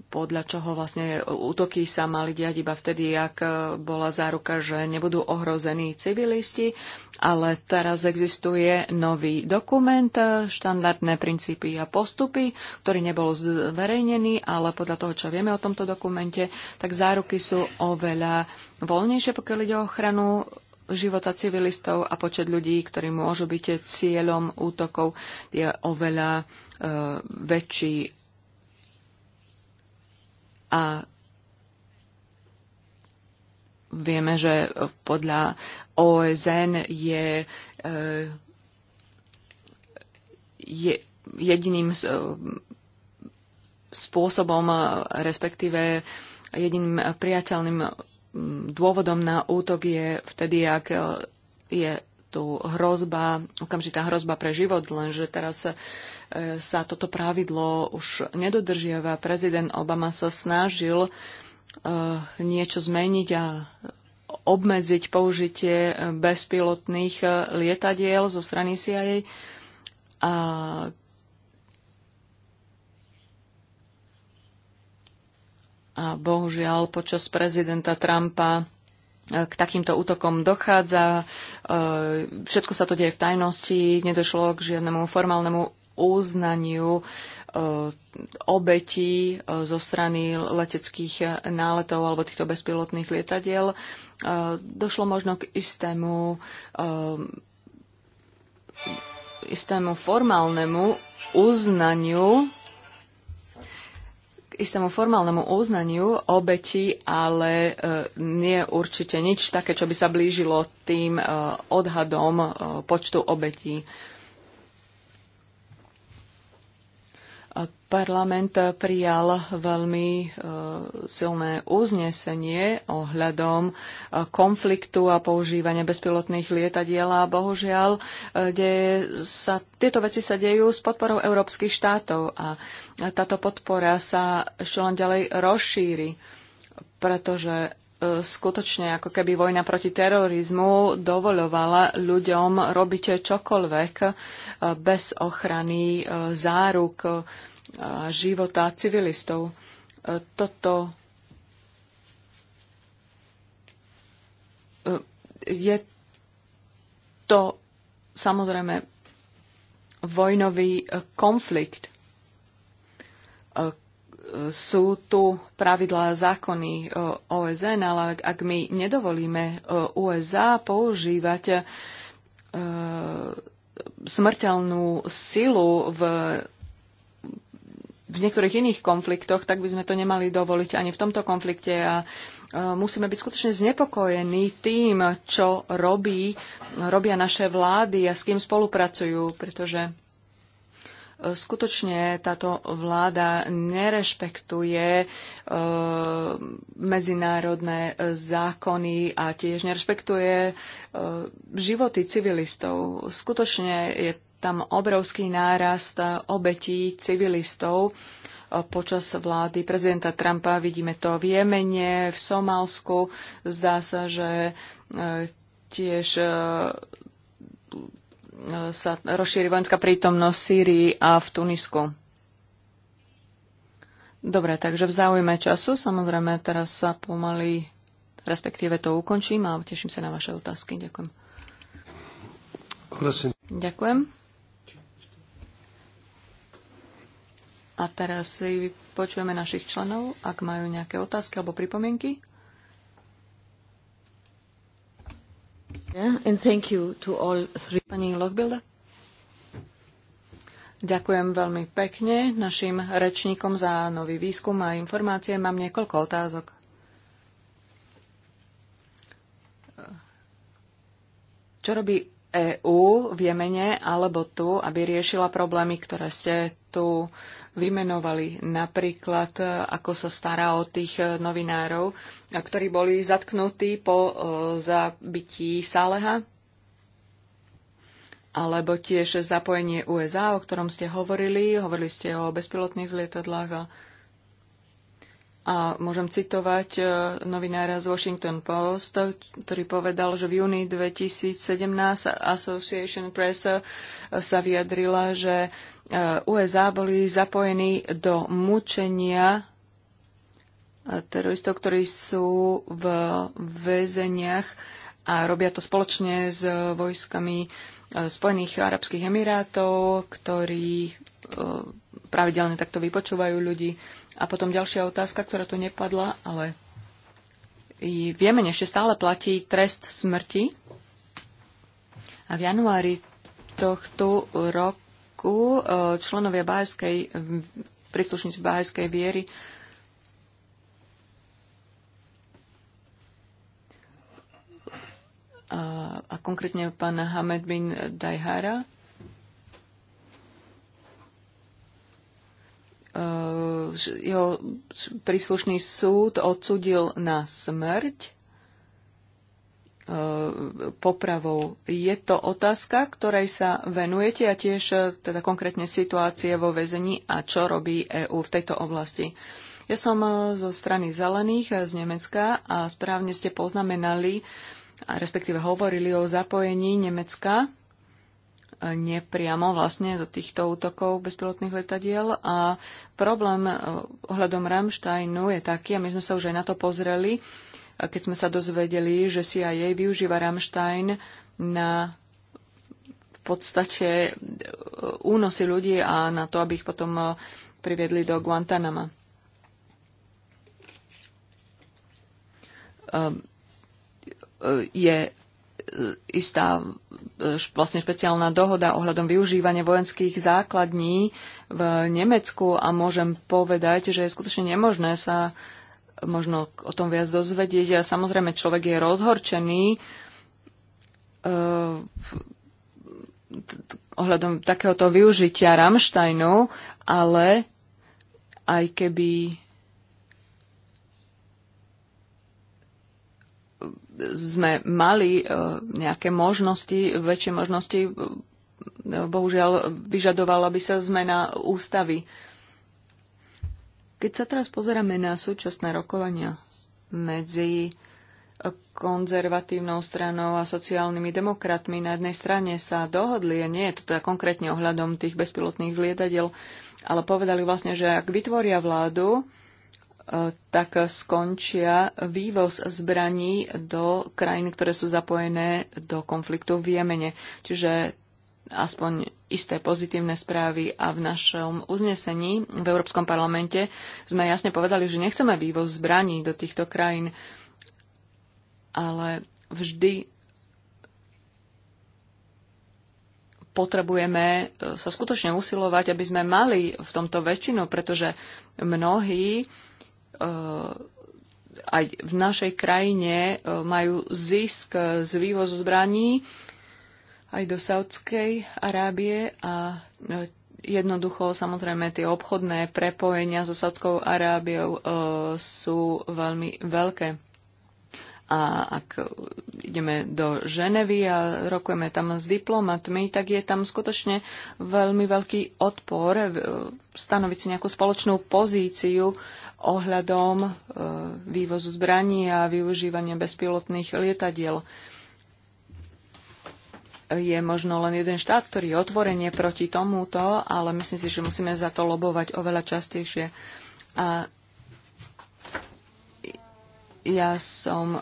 podľa čoho vlastne útoky sa mali diať iba vtedy, ak bola záruka, že nebudú ohrození civilisti, ale teraz existuje nový dokument, štandardné princípy a postupy, ktorý nebol zverejnený, ale podľa toho, čo vieme o tomto dokumente, tak záruky sú oveľa voľnejšie, pokiaľ ide o ochranu života civilistov a počet ľudí, ktorí môžu byť cieľom útokov, je oveľa e, väčší. A vieme, že podľa OSN je, e, je jediným e, spôsobom, respektíve jediným priateľným dôvodom na útok je vtedy, ak je tu hrozba, okamžitá hrozba pre život, lenže teraz e, sa toto pravidlo už nedodržiava. Prezident Obama sa snažil e, niečo zmeniť a obmedziť použitie bezpilotných lietadiel zo strany CIA. A A bohužiaľ počas prezidenta Trumpa e, k takýmto útokom dochádza. E, všetko sa to deje v tajnosti, nedošlo k žiadnemu formálnemu uznaniu e, obetí zo strany leteckých náletov alebo týchto bezpilotných lietadiel. Došlo možno k istému, istému formálnemu uznaniu istému formálnemu uznaniu obeti, ale e, nie určite nič také, čo by sa blížilo tým e, odhadom e, počtu obetí. Parlament prijal veľmi e, silné uznesenie ohľadom e, konfliktu a používania bezpilotných lietadiel a bohužiaľ e, sa, tieto veci sa dejú s podporou európskych štátov a táto podpora sa ešte len ďalej rozšíri, pretože skutočne ako keby vojna proti terorizmu dovoľovala ľuďom robiť čokoľvek bez ochrany záruk života civilistov. E, toto e, je to samozrejme vojnový e, konflikt. Sú tu pravidlá a zákony OSN, ale ak my nedovolíme USA používať smrteľnú silu v v niektorých iných konfliktoch, tak by sme to nemali dovoliť ani v tomto konflikte. A e, musíme byť skutočne znepokojení tým, čo robí, robia naše vlády a s kým spolupracujú, pretože e, skutočne táto vláda nerešpektuje e, medzinárodné zákony a tiež nerešpektuje e, životy civilistov. Skutočne je tam obrovský nárast eh, obetí civilistov eh, počas vlády prezidenta Trumpa. Vidíme to v Jemene, v Somálsku. Zdá sa, že eh, tiež sa rozšíri vojenská prítomnosť v Sýrii a v Tunisku. Dobre, takže v záujme času, samozrejme, teraz sa pomaly, respektíve to ukončím a teším sa na vaše otázky. Ďakujem. Prosím. Ďakujem. A teraz si počujeme našich členov, ak majú nejaké otázky alebo pripomienky. Yeah, and thank you to all three. Pani Lochbilda. Ďakujem veľmi pekne našim rečníkom za nový výskum a informácie. Mám niekoľko otázok. Čo robí EÚ v Jemene alebo tu, aby riešila problémy, ktoré ste tu vymenovali. Napríklad, e, ako sa stará o tých e, novinárov, e, ktorí boli zatknutí po zabití Sáleha, alebo tiež zapojenie USA, o ktorom ste hovorili. Hovorili ste o bezpilotných lietadlách a a môžem citovať e, novinára z Washington Post, ktorý povedal, že v júni 2017 Association Press e, sa vyjadrila, že e, USA boli zapojení do mučenia teroristov, ktorí sú v väzeniach a robia to spoločne s vojskami Spojených Arabských Emirátov, ktorí pravidelne takto vypočúvajú ľudí. A potom ďalšia otázka, ktorá tu nepadla, ale v Jemene ešte stále platí trest smrti. A v januári tohto roku e, členovia bájskej, príslušníci bájskej viery a, a konkrétne pán Hamed bin Dajhara E, jeho príslušný súd odsudil na smrť e, popravou. Je to otázka, ktorej sa venujete a tiež e, teda konkrétne situácie vo väzení a čo robí EÚ v tejto oblasti. Ja som zo strany Zelených z Nemecka a správne ste poznamenali, respektíve hovorili o zapojení Nemecka nepriamo vlastne do týchto útokov bezpilotných letadiel a problém eh, ohľadom Ramsteinu je taký, a my sme sa už aj na to pozreli, eh, keď sme sa dozvedeli, že CIA využíva Ramstein na v podstate eh, únosy ľudí a na to, aby ich potom priviedli do Guantanama. Ehm, je E, istá e, vlastne špeciálna dohoda ohľadom využívania vojenských základní v Nemecku a môžem povedať, že je skutočne nemožné sa možno o tom viac dozvedieť. A samozrejme, človek je rozhorčený e, ohľadom takéhoto využitia Ramštajnu, ale aj keby sme mali e, nejaké možnosti, väčšie možnosti, e, bohužiaľ vyžadovala by sa zmena ústavy. Keď sa teraz pozeráme na súčasné rokovania medzi konzervatívnou stranou a sociálnymi demokratmi na jednej strane sa dohodli, a nie je to teda konkrétne ohľadom tých bezpilotných lietadiel, ale povedali vlastne, že ak vytvoria vládu, tak skončia vývoz zbraní do krajín, ktoré sú zapojené do konfliktu v Jemene. Čiže aspoň isté pozitívne správy a v našom uznesení v Európskom parlamente sme jasne povedali, že nechceme vývoz zbraní do týchto krajín, ale vždy potrebujeme e, sa skutočne usilovať, aby sme mali v tomto väčšinu, pretože mnohí Eh, aj v našej krajine eh, majú zisk eh, z vývozu zbraní aj do Saudskej Arábie a jednoducho samozrejme tie obchodné prepojenia so Saudskou Arábiou sú veľmi veľké. A ak ideme do Ženevy a rokujeme tam s diplomatmi, tak je tam skutočne veľmi veľký odpor stanoviť si nejakú spoločnú pozíciu ohľadom e, vývozu zbraní a využívania bezpilotných lietadiel. Je možno len jeden štát, ktorý je otvorenie proti tomuto, ale myslím si, že musíme za to lobovať oveľa častejšie. A ja som e,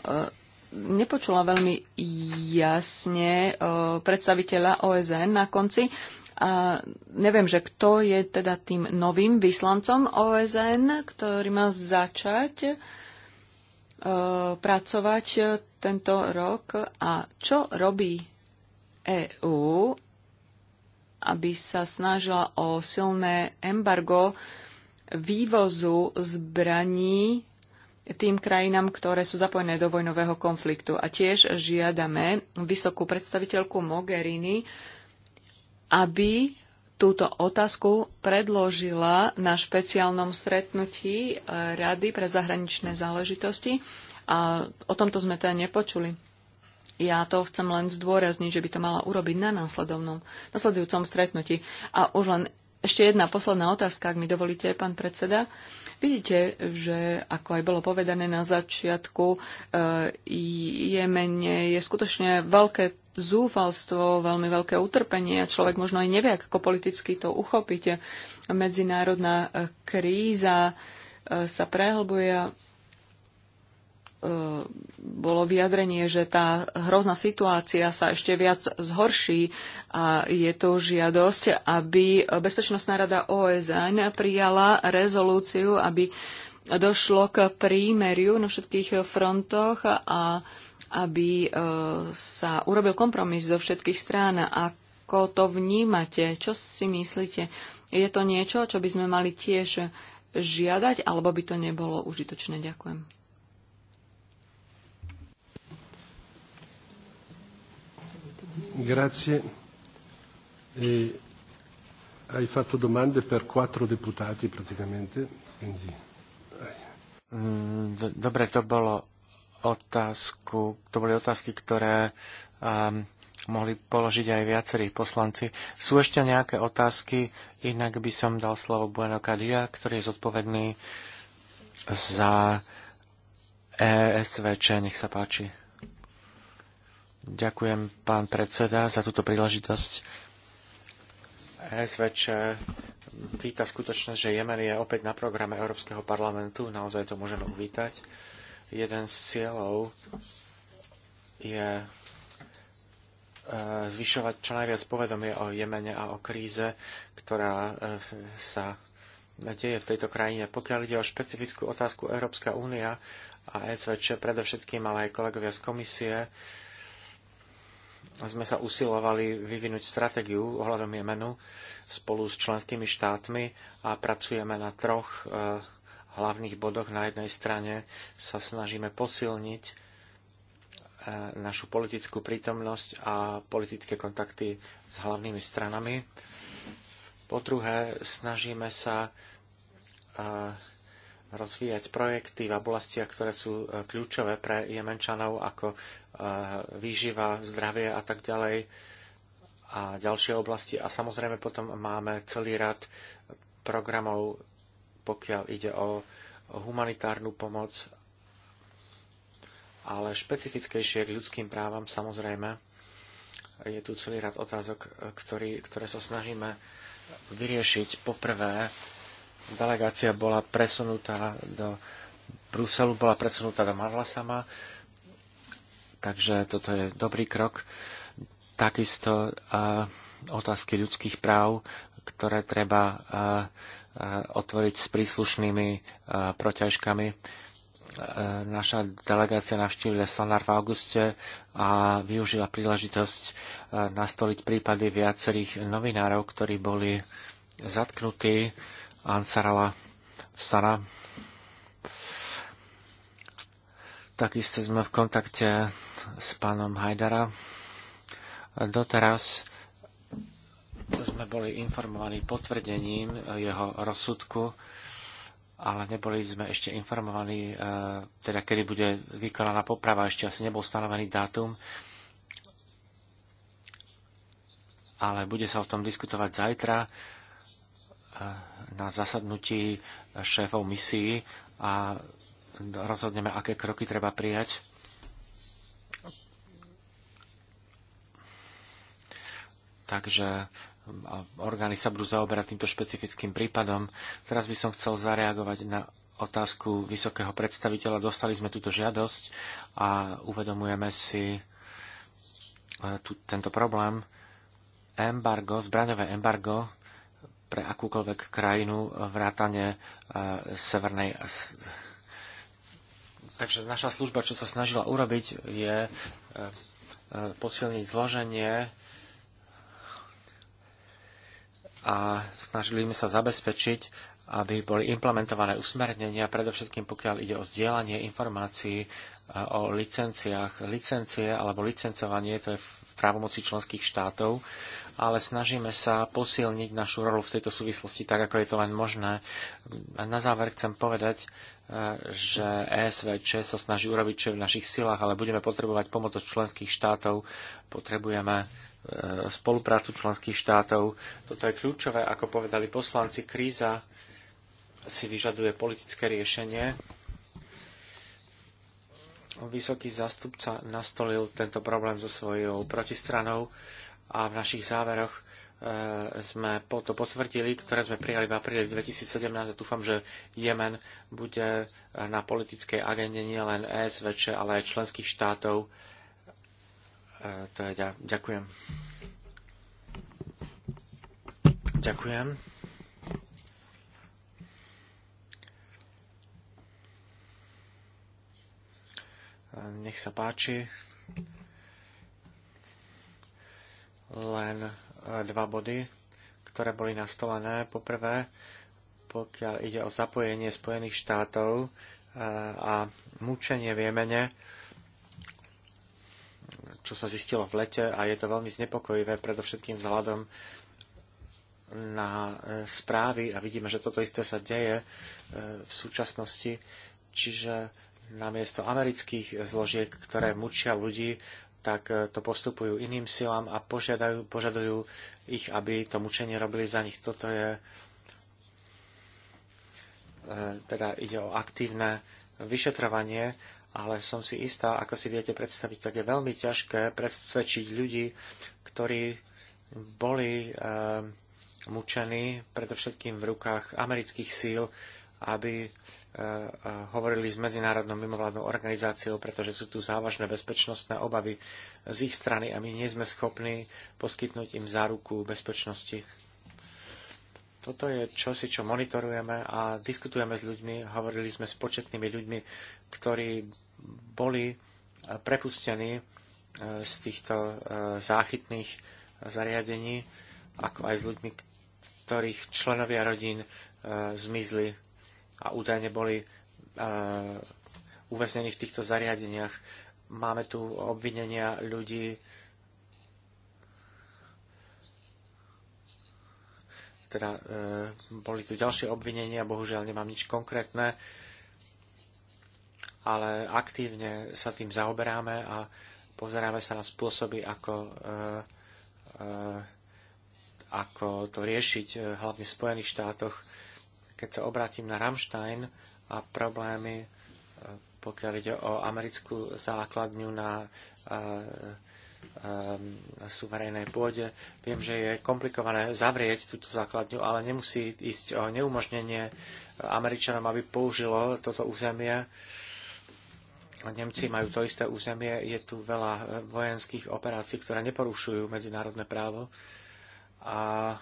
nepočula veľmi jasne e, predstaviteľa OSN na konci, a neviem, že kto je teda tým novým vyslancom OSN, ktorý má začať e, pracovať e, tento rok a čo robí EÚ, aby sa snažila o silné embargo vývozu zbraní tým krajinám, ktoré sú zapojené do vojnového konfliktu. A tiež žiadame vysokú predstaviteľku Mogherini, aby túto otázku predložila na špeciálnom stretnutí e, Rady pre zahraničné záležitosti a o tomto sme teda nepočuli. Ja to chcem len zdôrazniť, že by to mala urobiť na následovnom, nasledujúcom stretnutí. A už len ešte jedna posledná otázka, ak mi dovolíte, pán predseda. Vidíte, že ako aj bolo povedané na začiatku, je Jemene je skutočne veľké zúfalstvo, veľmi veľké utrpenie a človek možno aj nevie, ako politicky to uchopiť. Medzinárodná e, kríza e, sa prehlbuje. E, bolo vyjadrenie, že tá hrozná situácia sa ešte viac zhorší a je to žiadosť, aby Bezpečnostná rada OSN prijala rezolúciu, aby došlo k prímeriu na všetkých frontoch a aby e, sa urobil kompromis zo všetkých strán. Ako to vnímate? Čo si myslíte? Je to niečo, čo by sme mali tiež žiadať, alebo by to nebolo užitočné? Ďakujem. Grazie. E, hai fatto domande per quattro deputati praticamente, quindi... Mm, dobre, to bolo otázku, to boli otázky, ktoré um, mohli položiť aj viacerí poslanci. Sú ešte nejaké otázky, inak by som dal slovo Bueno Kadia, ktorý je zodpovedný za ESVČ. Nech sa páči. Ďakujem, pán predseda, za túto príležitosť. ESVČ víta skutočnosť, že Jemen je opäť na programe Európskeho parlamentu. Naozaj to môžeme uvítať. Jeden z cieľov je e, zvyšovať čo najviac povedomie o Jemene a o kríze, ktorá e, sa deje v tejto krajine. Pokiaľ ide o špecifickú otázku Európska únia a ECVČ predovšetkým, ale aj kolegovia z komisie, sme sa usilovali vyvinúť stratégiu ohľadom Jemenu spolu s členskými štátmi a pracujeme na troch e, hlavných bodoch. Na jednej strane sa snažíme posilniť eh, našu politickú prítomnosť a politické kontakty s hlavnými stranami. Po druhé, snažíme sa eh, rozvíjať projekty v oblastiach, ktoré sú eh, kľúčové pre jemenčanov, ako výživa, zdravie a tak ďalej a ďalšie oblasti. A samozrejme potom máme celý rad programov pokiaľ ide o humanitárnu pomoc, ale špecifickejšie k ľudským právam samozrejme. Je tu celý rad otázok, ktorý, ktoré sa snažíme vyriešiť. Poprvé, delegácia bola presunutá do Bruselu, bola presunutá do Marlasama, takže toto je dobrý krok. Takisto a, otázky ľudských práv, ktoré treba otvoriť s príslušnými proťažkami. Naša delegácia navštívila Slanár v auguste a využila príležitosť nastoliť prípady viacerých novinárov, ktorí boli zatknutí Ansarala Sana. Takisto sme v kontakte s pánom Hajdara. Doteraz sme boli informovaní potvrdením e, jeho rozsudku, ale neboli sme ešte informovaní, e, teda kedy bude vykonaná poprava, ešte asi nebol stanovený dátum, ale bude sa o tom diskutovať zajtra e, na zasadnutí šéfov misií a rozhodneme, aké kroky treba prijať takže orgány sa budú zaoberať týmto špecifickým prípadom. Teraz by som chcel zareagovať na otázku vysokého predstaviteľa. Dostali sme túto žiadosť a uvedomujeme si e, tú, tento problém. Embargo, zbraňové embargo pre akúkoľvek krajinu vrátane e, severnej Takže naša služba, čo sa snažila urobiť, je e, posilniť zloženie a snažili sme sa zabezpečiť, aby boli implementované usmernenia, predovšetkým pokiaľ ide o zdieľanie informácií e, o licenciách. Licencie alebo licencovanie to je v právomoci členských štátov, ale snažíme sa posilniť našu rolu v tejto súvislosti tak, ako je to len možné. A na záver chcem povedať, E, že ESVČ sa snaží urobiť čo je v našich silách, ale budeme potrebovať pomoc od členských štátov, potrebujeme e, spoluprácu členských štátov. Toto je kľúčové, ako povedali poslanci, kríza si vyžaduje politické riešenie. Vysoký zastupca nastolil tento problém so svojou protistranou a v našich záveroch E, sme to potvrdili, ktoré sme prijali v apríli 2017 a dúfam, že Jemen bude na politickej agende nielen ESV, ale aj členských štátov. E, to je, ďakujem. Ďakujem. E, nech sa páči. Len dva body, ktoré boli nastolené. Poprvé, pokiaľ ide o zapojenie Spojených štátov eh, a mučenie v Jemene, čo sa zistilo v lete a je to veľmi znepokojivé, predovšetkým vzhľadom na eh, správy a vidíme, že toto isté sa deje eh, v súčasnosti, čiže namiesto amerických zložiek, ktoré mučia ľudí, tak e, to postupujú iným silám a požiadajú, požadujú ich, aby to mučenie robili za nich. Toto je e, teda ide o aktívne vyšetrovanie, ale som si istá, ako si viete predstaviť, tak je veľmi ťažké presvedčiť ľudí, ktorí boli e, mučení predovšetkým v rukách amerických síl, aby hovorili s medzinárodnou mimovládnou organizáciou, pretože sú tu závažné bezpečnostné obavy z ich strany a my nie sme schopní poskytnúť im záruku bezpečnosti. Toto je čosi, čo monitorujeme a diskutujeme s ľuďmi. Hovorili sme s početnými ľuďmi, ktorí boli prepustení e, z týchto e, záchytných zariadení, ako aj s ľuďmi, ktorých členovia rodín e, zmizli a údajne boli e, uväznení v týchto zariadeniach. Máme tu obvinenia ľudí, teda e, boli tu ďalšie obvinenia, bohužiaľ nemám nič konkrétne, ale aktívne sa tým zaoberáme a pozeráme sa na spôsoby, ako, e, e, ako to riešiť, e, hlavne v Spojených štátoch keď sa obrátim na Rammstein a problémy, e, pokiaľ ide o americkú základňu na e, e, suverejnej pôde. Viem, že je komplikované zavrieť túto základňu, ale nemusí ísť o neumožnenie Američanom, aby použilo toto územie. Nemci majú to isté územie, je tu veľa vojenských operácií, ktoré neporušujú medzinárodné právo. A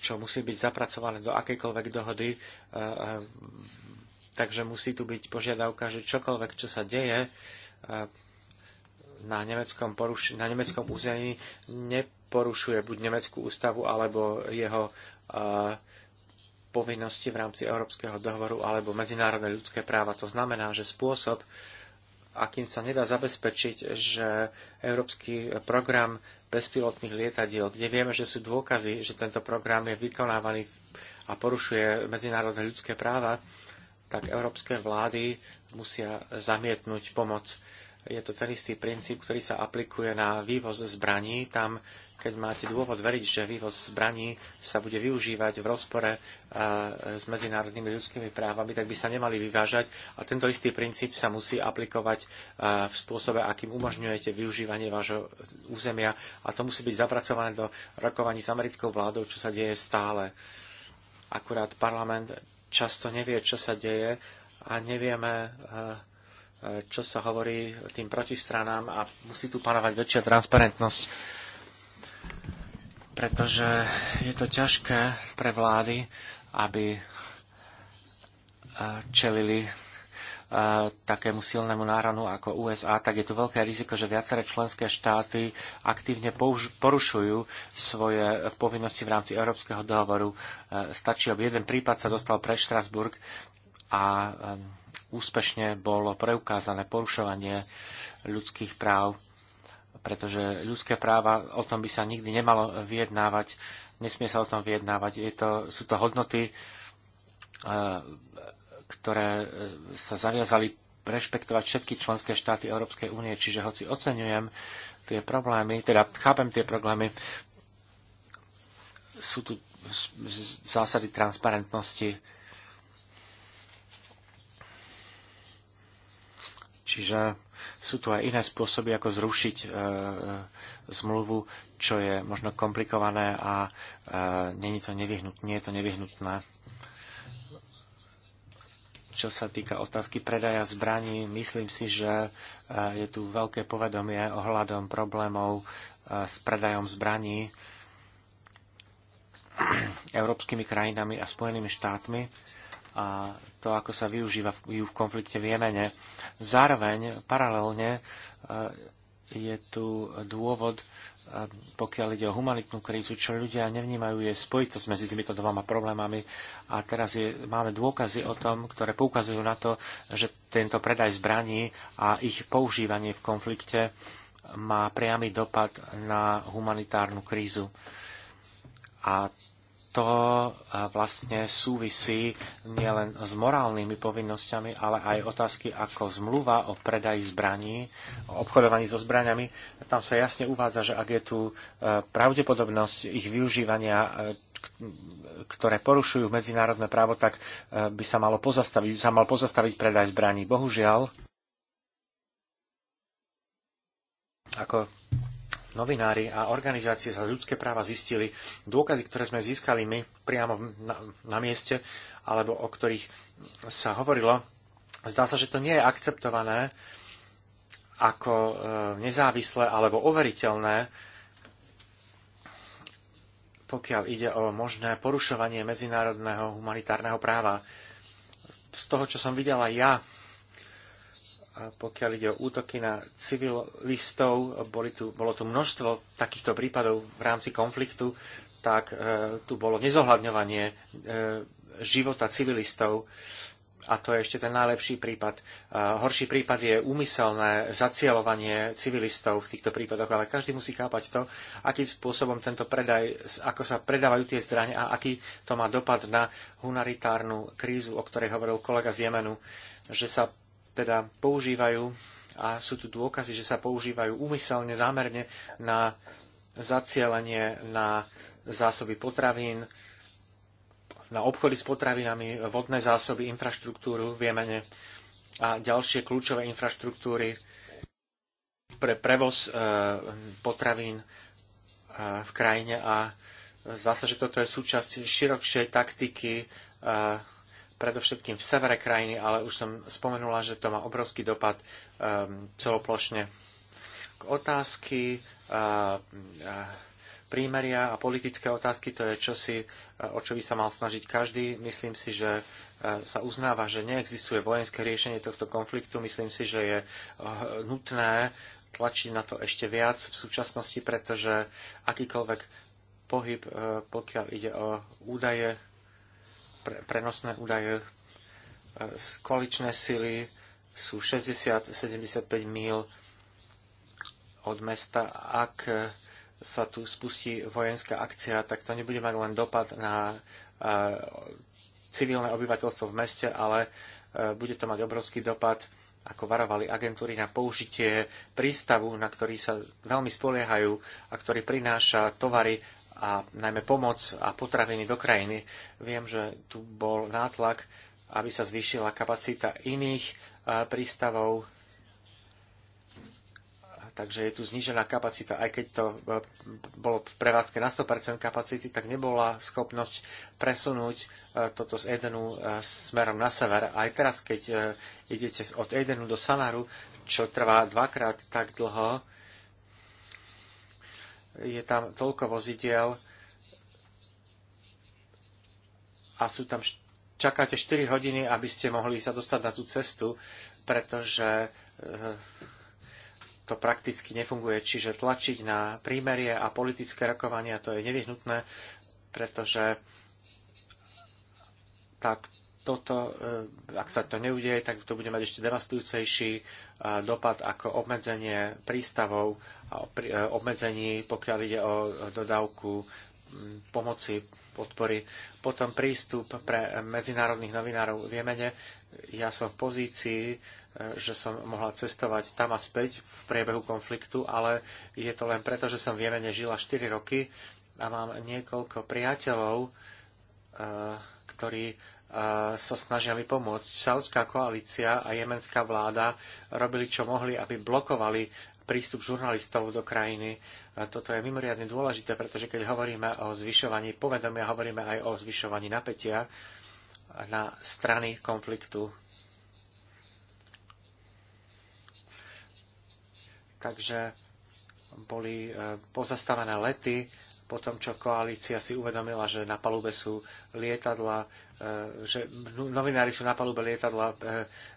čo musí byť zapracované do akejkoľvek dohody. E, e, takže musí tu byť požiadavka, že čokoľvek, čo sa deje e, na nemeckom, poruš- na nemeckom území, neporušuje buď nemeckú ústavu alebo jeho povinnosti v rámci Európskeho dohovoru alebo medzinárodné ľudské práva. To znamená, že spôsob, a kým sa nedá zabezpečiť, že európsky program bezpilotných lietadiel, kde vieme, že sú dôkazy, že tento program je vykonávaný a porušuje medzinárodné ľudské práva, tak európske vlády musia zamietnúť pomoc. Je to ten istý princíp, ktorý sa aplikuje na vývoz zbraní. Tam keď máte dôvod veriť, že vývoz zbraní sa bude využívať v rozpore s medzinárodnými ľudskými právami, tak by sa nemali vyvážať. A tento istý princíp sa musí aplikovať v spôsobe, akým umožňujete využívanie vášho územia. A to musí byť zapracované do rokovaní s americkou vládou, čo sa deje stále. Akurát parlament často nevie, čo sa deje a nevieme čo sa hovorí tým protistranám a musí tu panovať väčšia transparentnosť pretože je to ťažké pre vlády, aby eh, čelili eh, takému silnému náranu ako USA, tak je tu veľké riziko, že viaceré členské štáty aktívne porušujú svoje povinnosti v rámci Európskeho dohovoru. Eh, stačí, aby jeden prípad sa dostal pre Štrasburg a úspešne bolo preukázané porušovanie ľudských práv pretože ľudské práva, o tom by sa nikdy nemalo vyjednávať, nesmie sa o tom vyjednávať. Je to, sú to hodnoty, e, ktoré e, sa zaviazali rešpektovať všetky členské štáty Európskej únie, čiže hoci oceňujem tie problémy, teda chápem tie problémy, sú tu zásady transparentnosti, Čiže sú tu aj iné spôsoby, ako zrušiť e, e zmluvu, čo je možno komplikované a e, nie, je to nie je to nevyhnutné. Čo sa týka otázky predaja zbraní, myslím si, že e, je tu veľké povedomie ohľadom problémov e, s predajom zbraní *clears throat* európskymi krajinami a Spojenými štátmi. A to, ako sa využíva ju v konflikte v Jemene. Zároveň, paralelne, e, je tu dôvod, e, pokiaľ ide o humanitnú krízu, čo ľudia nevnímajú, je spojitosť medzi týmito dvoma problémami. A teraz je, máme dôkazy o tom, ktoré poukazujú na to, že tento predaj zbraní a ich používanie v konflikte má priamy dopad na humanitárnu krízu. A to e, vlastne súvisí nielen s morálnymi povinnosťami, ale aj otázky ako zmluva o predaji zbraní, o obchodovaní so zbraniami. Tam sa jasne uvádza, že ak je tu e, pravdepodobnosť ich využívania, e, ktoré porušujú medzinárodné právo, tak by sa, malo pozastaviť, sa mal pozastaviť predaj zbraní. Bohužiaľ, ako novinári a organizácie za ľudské práva zistili, dôkazy, ktoré sme získali my priamo na, na mieste, alebo o ktorých sa hovorilo, zdá sa, že to nie je akceptované ako e, nezávislé alebo overiteľné, pokiaľ ide o možné porušovanie medzinárodného humanitárneho práva. Z toho, čo som videla ja a pokiaľ ide o útoky na civilistov, boli tu, bolo tu množstvo takýchto prípadov v rámci konfliktu, tak e, tu bolo nezohľadňovanie e, života civilistov a to je ešte ten najlepší prípad. E, horší prípad je úmyselné zacielovanie civilistov v týchto prípadoch, ale každý musí chápať to, akým spôsobom tento predaj, ako sa predávajú tie zbranie a aký to má dopad na humanitárnu krízu, o ktorej hovoril kolega z Jemenu, že sa teda používajú a sú tu dôkazy, že sa používajú úmyselne, zámerne na zacielenie na zásoby potravín, na obchody s potravinami, vodné zásoby, infraštruktúru v Jemene a ďalšie kľúčové infraštruktúry pre prevoz e, potravín e, v krajine a zdá sa, že toto je súčasť širokšej taktiky e, predovšetkým v severe krajiny, ale už som spomenula, že to má obrovský dopad um, celoplošne. K otázky uh, uh, prímeria a politické otázky, to je čosi, eh, o čo by sa mal snažiť každý. Myslím si, že eh, sa uznáva, že neexistuje vojenské riešenie tohto konfliktu. Myslím si, že je nutné tlačiť na to ešte viac v súčasnosti, pretože akýkoľvek pohyb, pokiaľ ide o údaje, pre, prenosné údaje. E, Količné sily sú 60-75 mil od mesta. Ak e, sa tu spustí vojenská akcia, tak to nebude mať len dopad na e, civilné obyvateľstvo v meste, ale bude to mať obrovský dopad, ako varovali agentúry, na použitie prístavu, na ktorý sa veľmi spoliehajú a ktorý prináša tovary a najmä pomoc a potraviny do krajiny. Viem, že tu bol nátlak, aby sa zvýšila kapacita iných e, prístavov, takže je tu znížená kapacita. Aj keď to e, bolo v prevádzke na 100% kapacity, tak nebola schopnosť presunúť e, toto z Edenu smerom na sever. Aj teraz, keď idete od Edenu do Sanaru, čo trvá dvakrát tak dlho, je tam toľko vozidiel a sú tam čakáte 4 hodiny, aby ste mohli sa dostať na tú cestu, pretože eh, to prakticky nefunguje. Čiže tlačiť na prímerie a politické rokovania to je nevyhnutné, pretože tak toto, eh, ak sa to neudeje, tak to bude mať ešte devastujúcejší eh, dopad ako obmedzenie prístavov E, obmedzení, pokiaľ ide o dodávku pomoci, podpory. Potom prístup pre medzinárodných novinárov v Jemene. Ja som v pozícii, e, že som mohla cestovať tam a späť v priebehu konfliktu, ale je to len preto, že som v Jemene žila 4 roky a mám niekoľko priateľov, e, ktorí sa snažia mi pomôcť. Saudská koalícia a jemenská vláda robili, čo mohli, aby blokovali prístup žurnalistov do krajiny. A toto je mimoriadne dôležité, pretože keď hovoríme o zvyšovaní povedomia, hovoríme aj o zvyšovaní napätia na strany konfliktu. Takže boli e, pozastavené lety po tom, čo koalícia si uvedomila, že na palube sú lietadla, e, že no, novinári sú na palube lietadla e,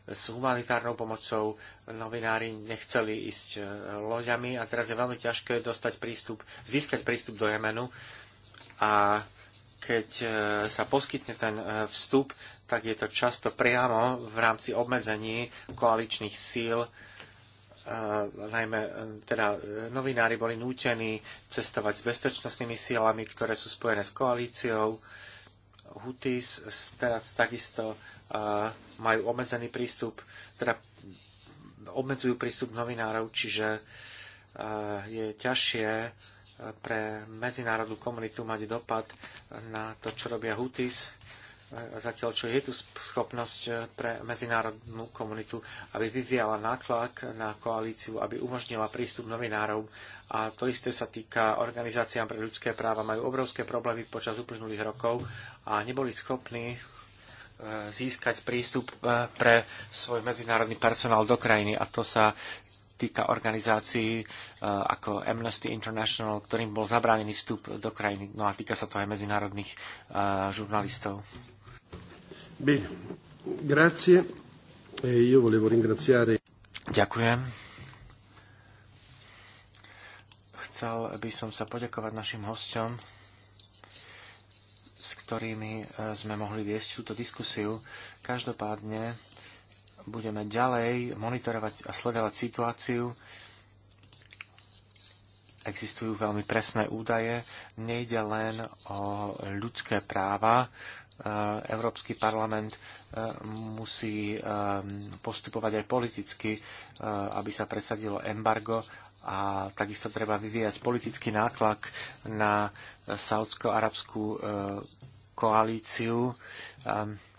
s humanitárnou pomocou, novinári nechceli ísť e, loďami a teraz je veľmi ťažké dostať prístup, získať prístup do Jemenu a keď sa poskytne ten vstup, tak je to často priamo v rámci obmedzení koaličných síl, najmä e, teda e, novinári boli nútení cestovať s bezpečnostnými sílami, ktoré sú spojené s koalíciou. Hutis teraz takisto e, majú obmedzený prístup, teda obmedzujú prístup novinárov, čiže je ťažšie pre medzinárodnú komunitu mať dopad na to, čo robia Hutis zatiaľ čo je tu schopnosť eh, pre medzinárodnú komunitu, aby vyviala náklak na koalíciu, aby umožnila prístup novinárov. A to isté sa týka organizáciám pre ľudské práva. Majú obrovské problémy počas uplynulých rokov a neboli schopní eh, získať prístup eh, pre svoj medzinárodný personál do krajiny. A to sa týka organizácií ako Amnesty International, ktorým bol zabránený vstup do krajiny. No a týka sa to aj medzinárodných žurnalistov. Bene, grazie. E io volevo ringraziare... Ďakujem. Chcel by som sa poďakovať našim hostom, s ktorými e, sme mohli viesť túto diskusiu. Každopádne budeme ďalej monitorovať a sledovať situáciu. Existujú veľmi presné údaje. Nejde len o ľudské práva, Európsky parlament e, musí e, postupovať aj politicky, e, aby sa presadilo embargo a takisto treba vyvíjať politický nátlak na saudsko-arabskú koalíciu,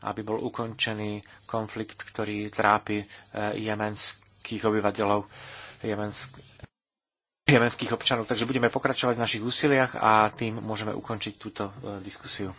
aby bol ukončený konflikt, ktorý trápi jemenských obyvateľov, jemenských občanov. Takže budeme pokračovať v našich úsiliach a tým môžeme ukončiť túto diskusiu.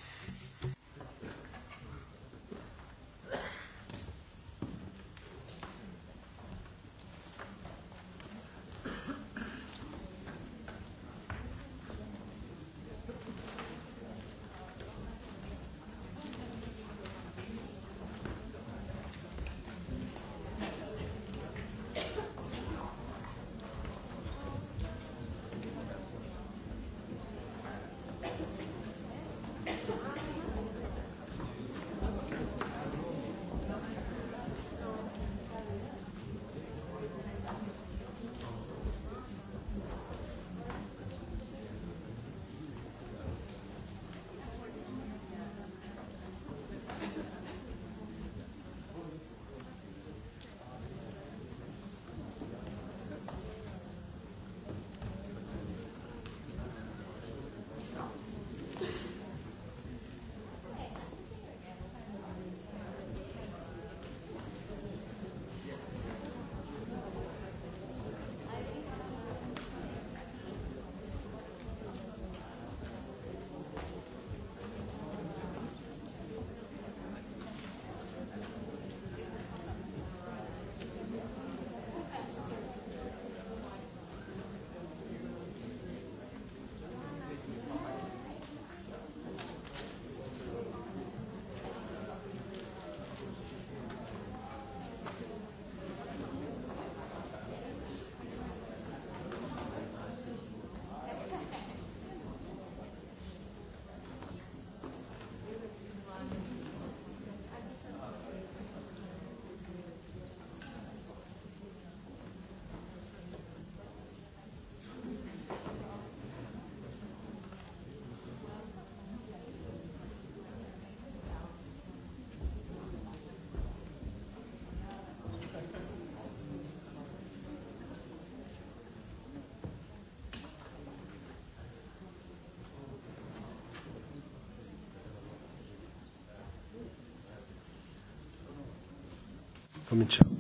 Cominciamo.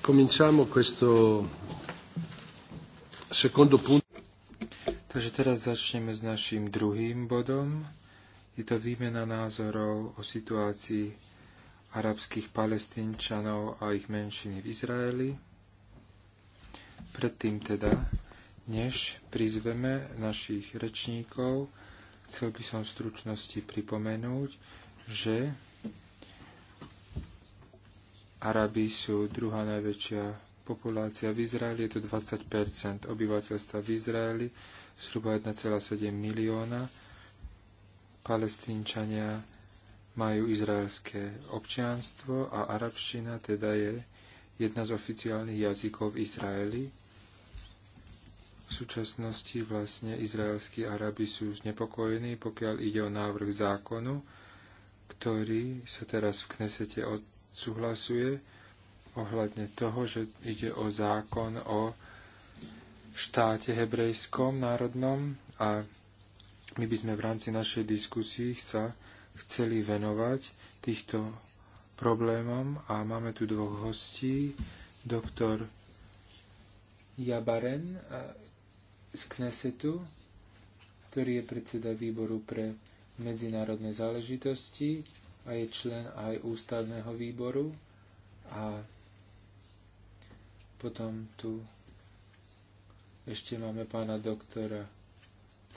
Cominciamo questo secondo punto. Takže teraz začneme s našim druhým bodom. Je to výmena názorov o situácii arabských palestínčanov a ich menšiny v Izraeli. Predtým teda, než prizveme našich rečníkov, chcel by som v stručnosti pripomenúť, že Arabi sú druhá najväčšia populácia v Izraeli, je to 20 obyvateľstva v Izraeli, zhruba 1,7 milióna. Palestínčania majú izraelské občianstvo a arabština teda je jedna z oficiálnych jazykov v Izraeli. V súčasnosti vlastne izraelskí Arabi sú znepokojení, pokiaľ ide o návrh zákonu, ktorý sa teraz v Knesete od súhlasuje ohľadne toho, že ide o zákon o štáte hebrejskom národnom a my by sme v rámci našej diskusii sa chceli venovať týchto problémom a máme tu dvoch hostí, doktor Jabaren z Knesetu, ktorý je predseda výboru pre medzinárodné záležitosti a je člen aj ústavného výboru a potom tu ešte máme pána doktora,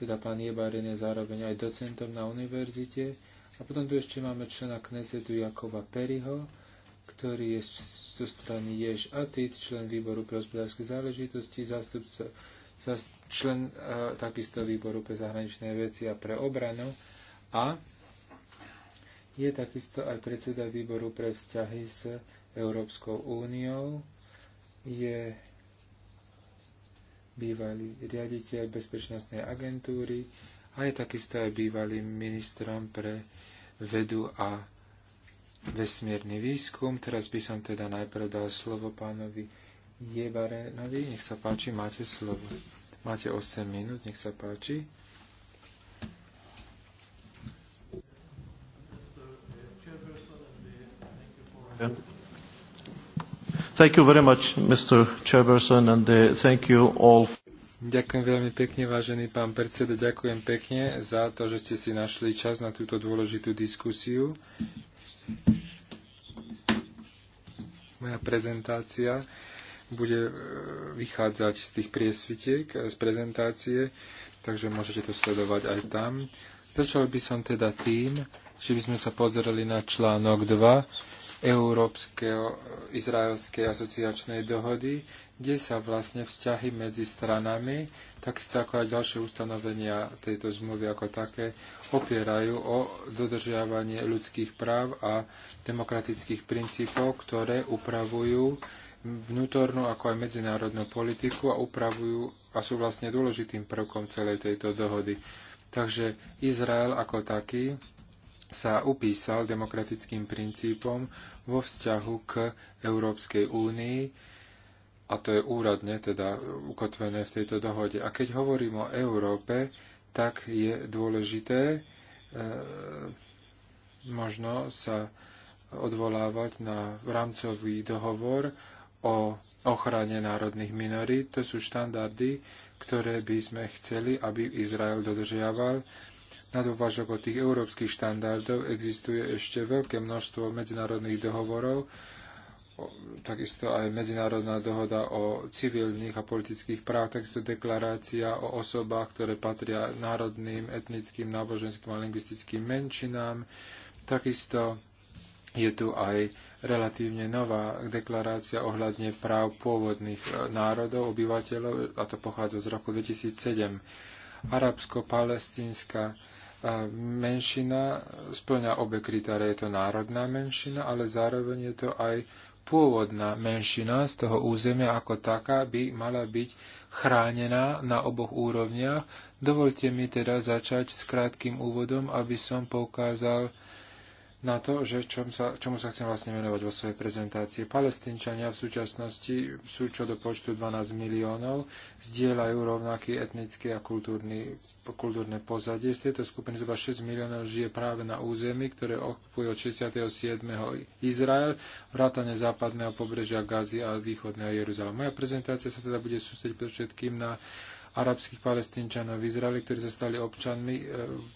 teda pán Jebaren je zároveň aj docentom na univerzite a potom tu ešte máme člena Knesetu Jakova Periho, ktorý je zo strany Jež Atit, člen výboru pre hospodárske záležitosti, zástupca, člen a, takisto výboru pre zahraničné veci a pre obranu a je takisto aj predseda výboru pre vzťahy s Európskou úniou, je bývalý riaditeľ bezpečnostnej agentúry a je takisto aj bývalým ministrom pre vedu a vesmírny výskum. Teraz by som teda najprv dal slovo pánovi Jebarenovi. Nech sa páči, máte slovo. Máte 8 minút, nech sa páči. Thank you very much, Mr. Chairperson, and uh, thank you all. Ďakujem veľmi pekne, vážený pán predseda, ďakujem pekne za to, že ste si našli čas na túto dôležitú diskusiu. Moja prezentácia bude e, vychádzať z tých priesvitiek, e, z prezentácie, takže môžete to sledovať aj tam. Začal by som teda tým, že by sme sa pozerali na článok 2 Európskeho-Izraelskej asociačnej dohody, kde sa vlastne vzťahy medzi stranami, takisto ako aj ďalšie ustanovenia tejto zmluvy ako také, opierajú o dodržiavanie ľudských práv a demokratických princípov, ktoré upravujú vnútornú ako aj medzinárodnú politiku a upravujú a sú vlastne dôležitým prvkom celej tejto dohody. Takže Izrael ako taký sa upísal demokratickým princípom vo vzťahu k Európskej únii, a to je úradne teda ukotvené v tejto dohode. A keď hovorím o Európe, tak je dôležité e, možno sa odvolávať na rámcový dohovor o ochrane národných minorít. To sú štandardy, ktoré by sme chceli, aby Izrael dodržiaval na dôvažok od tých európskych štandardov existuje ešte veľké množstvo medzinárodných dohovorov, takisto aj medzinárodná dohoda o civilných a politických práv, takisto deklarácia o osobách, ktoré patria národným, etnickým, náboženským a lingvistickým menšinám. Takisto je tu aj relatívne nová deklarácia ohľadne práv pôvodných e, národov, obyvateľov, a to pochádza z roku 2007. Arabsko-palestínska menšina splňa obe kritéria. Je to národná menšina, ale zároveň je to aj pôvodná menšina z toho územia ako taká by mala byť chránená na oboch úrovniach. Dovolte mi teda začať s krátkým úvodom, aby som poukázal na to, že čom sa, čomu sa chcem vlastne venovať vo svojej prezentácii. Palestínčania v súčasnosti sú čo do počtu 12 miliónov, zdieľajú rovnaký etnický a kultúrny, kultúrne pozadie. Z tejto skupiny zhruba 6 miliónov žije práve na území, ktoré okupuje od 67. Izrael, vrátane západného pobrežia Gazy a východného Jeruzalema. Moja prezentácia sa teda bude sústrediť predovšetkým na arabských palestínčanov v Izraeli, ktorí sa stali občanmi e,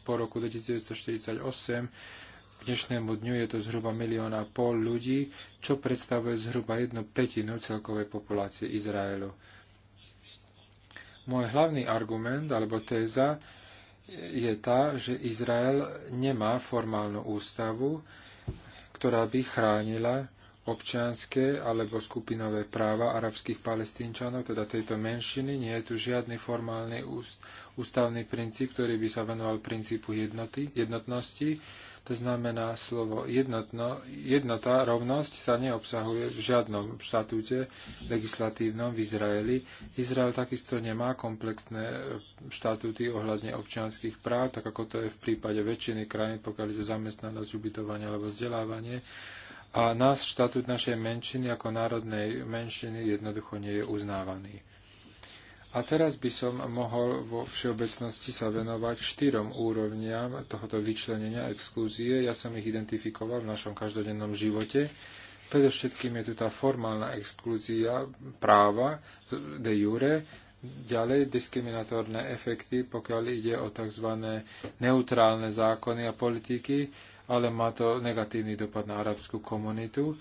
po roku 1948 dnešnému dňu je to zhruba milióna pol ľudí, čo predstavuje zhruba jednu petinu celkovej populácie Izraelu. Môj hlavný argument alebo téza je tá, že Izrael nemá formálnu ústavu, ktorá by chránila občianské alebo skupinové práva arabských palestínčanov, teda tejto menšiny. Nie je tu žiadny formálny ústavný princíp, ktorý by sa venoval princípu jednoty, jednotnosti. To znamená, slovo jednotno, jednota, rovnosť sa neobsahuje v žiadnom štatúte legislatívnom v Izraeli. Izrael takisto nemá komplexné e, štatúty ohľadne občianských práv, tak ako to je v prípade väčšiny krajín, pokiaľ je to zamestnanosť, ubytovanie alebo vzdelávanie. A nás štatút našej menšiny ako národnej menšiny jednoducho nie je uznávaný. A teraz by som mohol vo všeobecnosti sa venovať štyrom úrovniam tohoto vyčlenenia exklúzie. Ja som ich identifikoval v našom každodennom živote. Predovšetkým je tu tá formálna exklúzia práva de jure, ďalej diskriminatórne efekty, pokiaľ ide o tzv. neutrálne zákony a politiky, ale má to negatívny dopad na arabskú komunitu.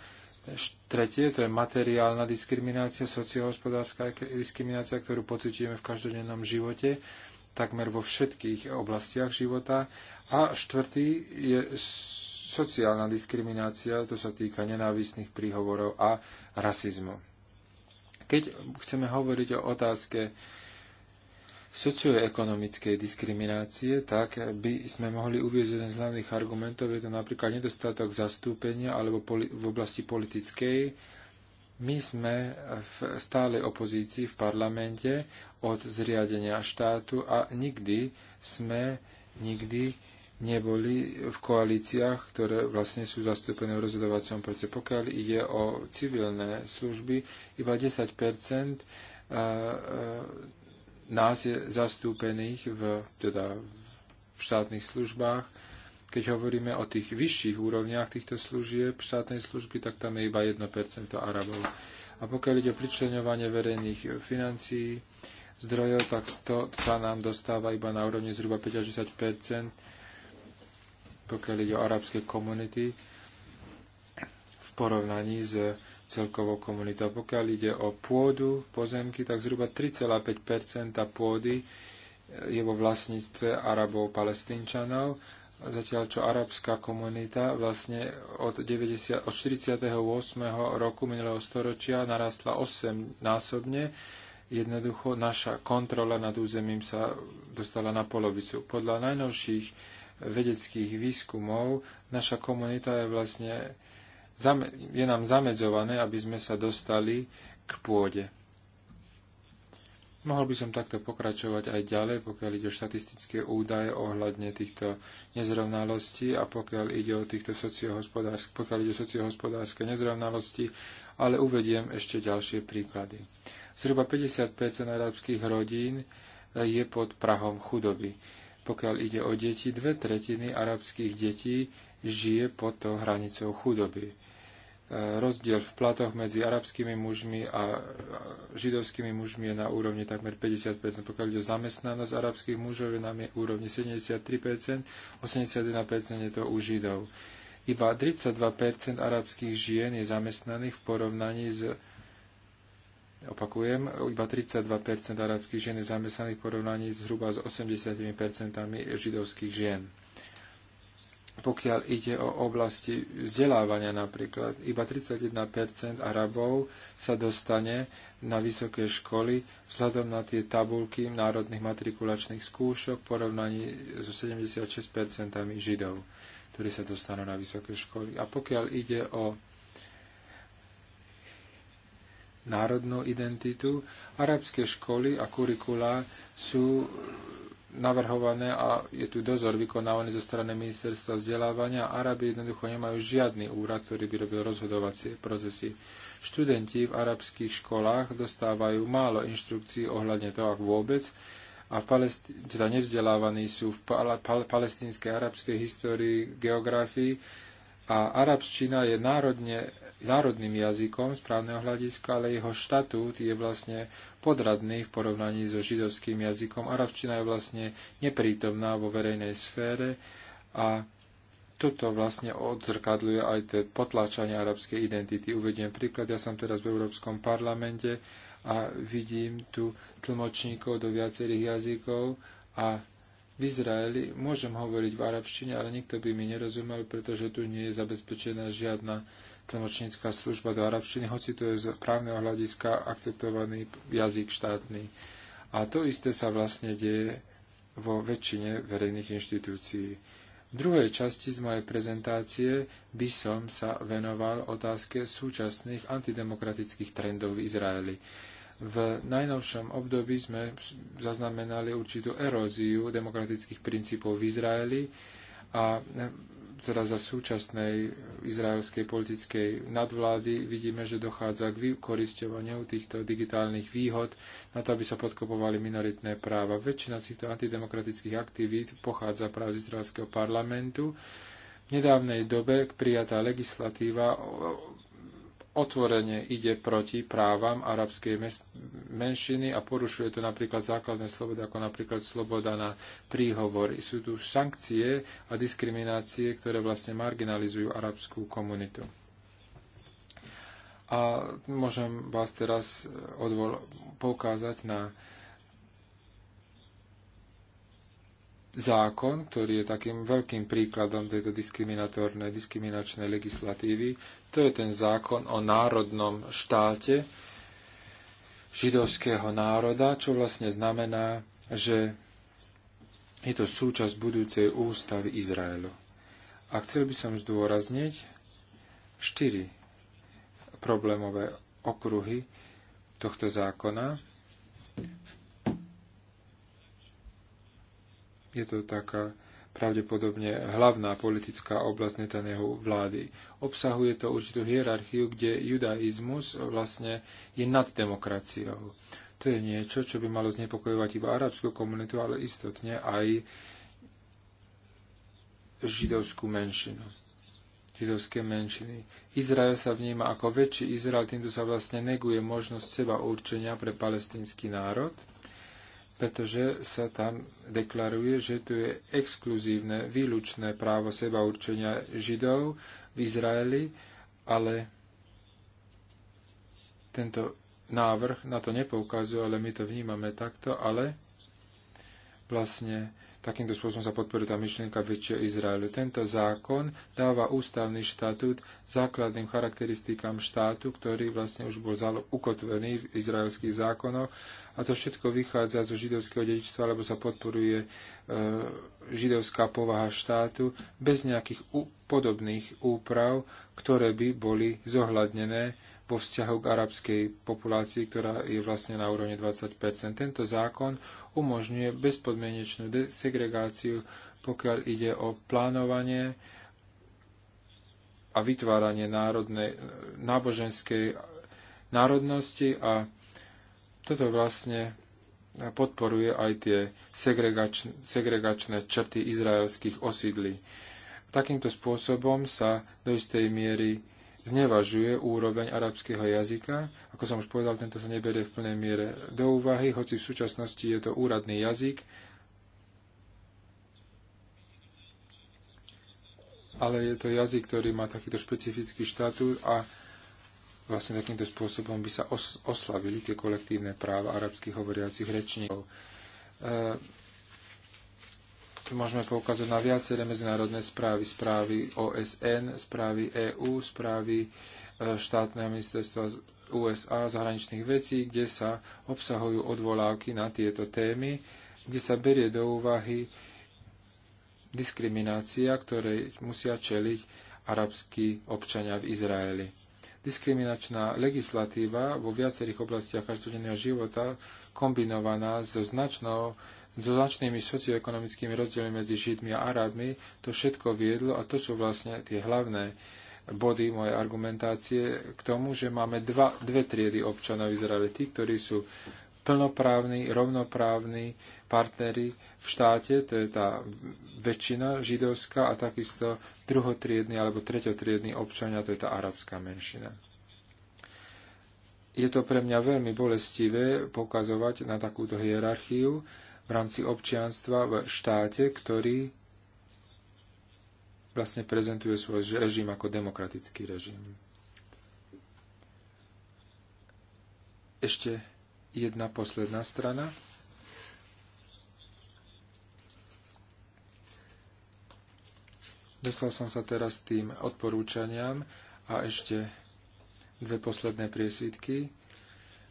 Tretie, to je materiálna diskriminácia, sociohospodárska diskriminácia, ktorú pocitujeme v každodennom živote, takmer vo všetkých oblastiach života. A štvrtý je sociálna diskriminácia, to sa týka nenávistných príhovorov a rasizmu. Keď chceme hovoriť o otázke socioekonomickej diskriminácie, tak by sme mohli uvieť jeden z hlavných argumentov, je to napríklad nedostatok zastúpenia alebo v oblasti politickej. My sme v stálej opozícii v parlamente od zriadenia štátu a nikdy sme nikdy neboli v koalíciách, ktoré vlastne sú zastúpené v rozhodovacom procese. Pokiaľ ide o civilné služby, iba 10 nás je zastúpených v, teda v štátnych službách. Keď hovoríme o tých vyšších úrovniach týchto služieb, štátnej služby, tak tam je iba 1% Arabov. A pokiaľ ide o pričlenovanie verejných financií, zdrojov, tak to sa nám dostáva iba na úrovni zhruba 5 až pokiaľ ide o arabské komunity v porovnaní s celkovou komunitou. Pokiaľ ide o pôdu, pozemky, tak zhruba 3,5 pôdy je vo vlastníctve Arabov palestínčanov, zatiaľ čo arabská komunita vlastne od, 90, od 48. roku minulého storočia narastla 8 násobne. Jednoducho naša kontrola nad územím sa dostala na polovicu. Podľa najnovších vedeckých výskumov naša komunita je vlastne je nám zamedzované, aby sme sa dostali k pôde. Mohol by som takto pokračovať aj ďalej, pokiaľ ide o štatistické údaje ohľadne týchto nezrovnalostí a pokiaľ ide o týchto sociohospodárske, pokiaľ ide o sociohospodárske nezrovnalosti, ale uvediem ešte ďalšie príklady. Zhruba 50% arabských rodín je pod prahom chudoby. Pokiaľ ide o deti, dve tretiny arabských detí žije pod tou hranicou chudoby. E, rozdiel v platoch medzi arabskými mužmi a židovskými mužmi je na úrovni takmer 50%. Pokiaľ ide o zamestnanosť arabských mužov je na úrovni 73%, 81% je to u židov. Iba 32% arabských žien je zamestnaných v porovnaní s Opakujem, iba 32% arabských žien je zamestnaných v porovnaní zhruba s 80% židovských žien. Pokiaľ ide o oblasti vzdelávania napríklad, iba 31% Arabov sa dostane na vysoké školy vzhľadom na tie tabulky národných matrikulačných skúšok v porovnaní so 76% Židov, ktorí sa dostanú na vysoké školy. A pokiaľ ide o národnú identitu. Arabské školy a kurikulá sú navrhované a je tu dozor vykonávaný zo strany ministerstva vzdelávania. Arabi jednoducho nemajú žiadny úrad, ktorý by robil rozhodovacie procesy. Študenti v arabských školách dostávajú málo inštrukcií ohľadne toho, ak vôbec, a v teda nevzdelávaní sú v pal- pal- palestínskej arabskej histórii, geografii a arabština je národne národným jazykom správneho hľadiska, ale jeho štatút je vlastne podradný v porovnaní so židovským jazykom. Arabčina je vlastne neprítomná vo verejnej sfére a toto vlastne odzrkadľuje aj to potláčanie arabskej identity. Uvediem príklad, ja som teraz v Európskom parlamente a vidím tu tlmočníkov do viacerých jazykov a v Izraeli môžem hovoriť v arabštine, ale nikto by mi nerozumel, pretože tu nie je zabezpečená žiadna tlmočnícká služba do arabčiny, hoci to je z právneho hľadiska akceptovaný jazyk štátny. A to isté sa vlastne deje vo väčšine verejných inštitúcií. V druhej časti z mojej prezentácie by som sa venoval otázke súčasných antidemokratických trendov v Izraeli. V najnovšom období sme zaznamenali určitú eróziu demokratických princípov v Izraeli a teda za súčasnej izraelskej politickej nadvlády vidíme, že dochádza k vykoristovaniu týchto digitálnych výhod na to, aby sa podkopovali minoritné práva. Väčšina týchto antidemokratických aktivít pochádza práve z izraelského parlamentu. V nedávnej dobe prijatá legislatíva otvorene ide proti právam arabskej menšiny a porušuje to napríklad základné slobody, ako napríklad sloboda na príhovory. Sú tu sankcie a diskriminácie, ktoré vlastne marginalizujú arabskú komunitu. A môžem vás teraz odvol- poukázať na zákon, ktorý je takým veľkým príkladom tejto diskriminatórnej, diskriminačnej legislatívy. To je ten zákon o národnom štáte židovského národa, čo vlastne znamená, že je to súčasť budúcej ústavy Izraelu. A chcel by som zdôrazniť štyri problémové okruhy tohto zákona, Je to taká pravdepodobne hlavná politická oblasť Netanyahu vlády. Obsahuje to určitú hierarchiu, kde judaizmus vlastne je nad demokraciou. To je niečo, čo by malo znepokojovať iba arabskú komunitu, ale istotne aj židovskú menšinu. Židovské menšiny. Izrael sa vníma ako väčší Izrael, týmto sa vlastne neguje možnosť seba určenia pre palestínsky národ pretože sa tam deklaruje, že tu je exkluzívne, výlučné právo seba určenia Židov v Izraeli, ale tento návrh na to nepoukazuje, ale my to vnímame takto, ale vlastne Takýmto spôsobom sa podporuje tá myšlienka väčšieho Izraelu. Tento zákon dáva ústavný štatút základným charakteristikám štátu, ktorý vlastne už bol ukotvený v izraelských zákonoch a to všetko vychádza zo židovského dedičstva, lebo sa podporuje e, židovská povaha štátu bez nejakých podobných úprav, ktoré by boli zohľadnené vo vzťahu k arabskej populácii, ktorá je vlastne na úrovni 20 Tento zákon umožňuje bezpodmienečnú segregáciu, pokiaľ ide o plánovanie a vytváranie národnej, náboženskej národnosti a toto vlastne podporuje aj tie segregačn, segregačné črty izraelských osídlí. Takýmto spôsobom sa do istej miery znevažuje úroveň arabského jazyka. Ako som už povedal, tento sa neberie v plnej miere do úvahy, hoci v súčasnosti je to úradný jazyk, ale je to jazyk, ktorý má takýto špecifický štatút a vlastne takýmto spôsobom by sa os- oslavili tie kolektívne práva arabských hovoriacich rečníkov. E, tu môžeme poukázať na viaceré medzinárodné správy, správy OSN, správy EÚ, správy e, štátneho ministerstva USA zahraničných vecí, kde sa obsahujú odvolávky na tieto témy, kde sa berie do úvahy diskriminácia, ktorej musia čeliť arabskí občania v Izraeli. Diskriminačná legislatíva vo viacerých oblastiach každodenného života kombinovaná so značnou so značnými socioekonomickými rozdielmi medzi Židmi a Arabmi, to všetko viedlo a to sú vlastne tie hlavné body mojej argumentácie k tomu, že máme dva, dve triedy občanov Izraeli, Tí, ktorí sú plnoprávni, rovnoprávni partneri v štáte, to je tá väčšina židovská a takisto druhotriedni alebo treťotriedni občania, to je tá arabská menšina. Je to pre mňa veľmi bolestivé pokazovať na takúto hierarchiu, rámci občianstva v štáte, ktorý vlastne prezentuje svoj režim ako demokratický režim. Ešte jedna posledná strana. Dostal som sa teraz tým odporúčaniam a ešte dve posledné priesvitky.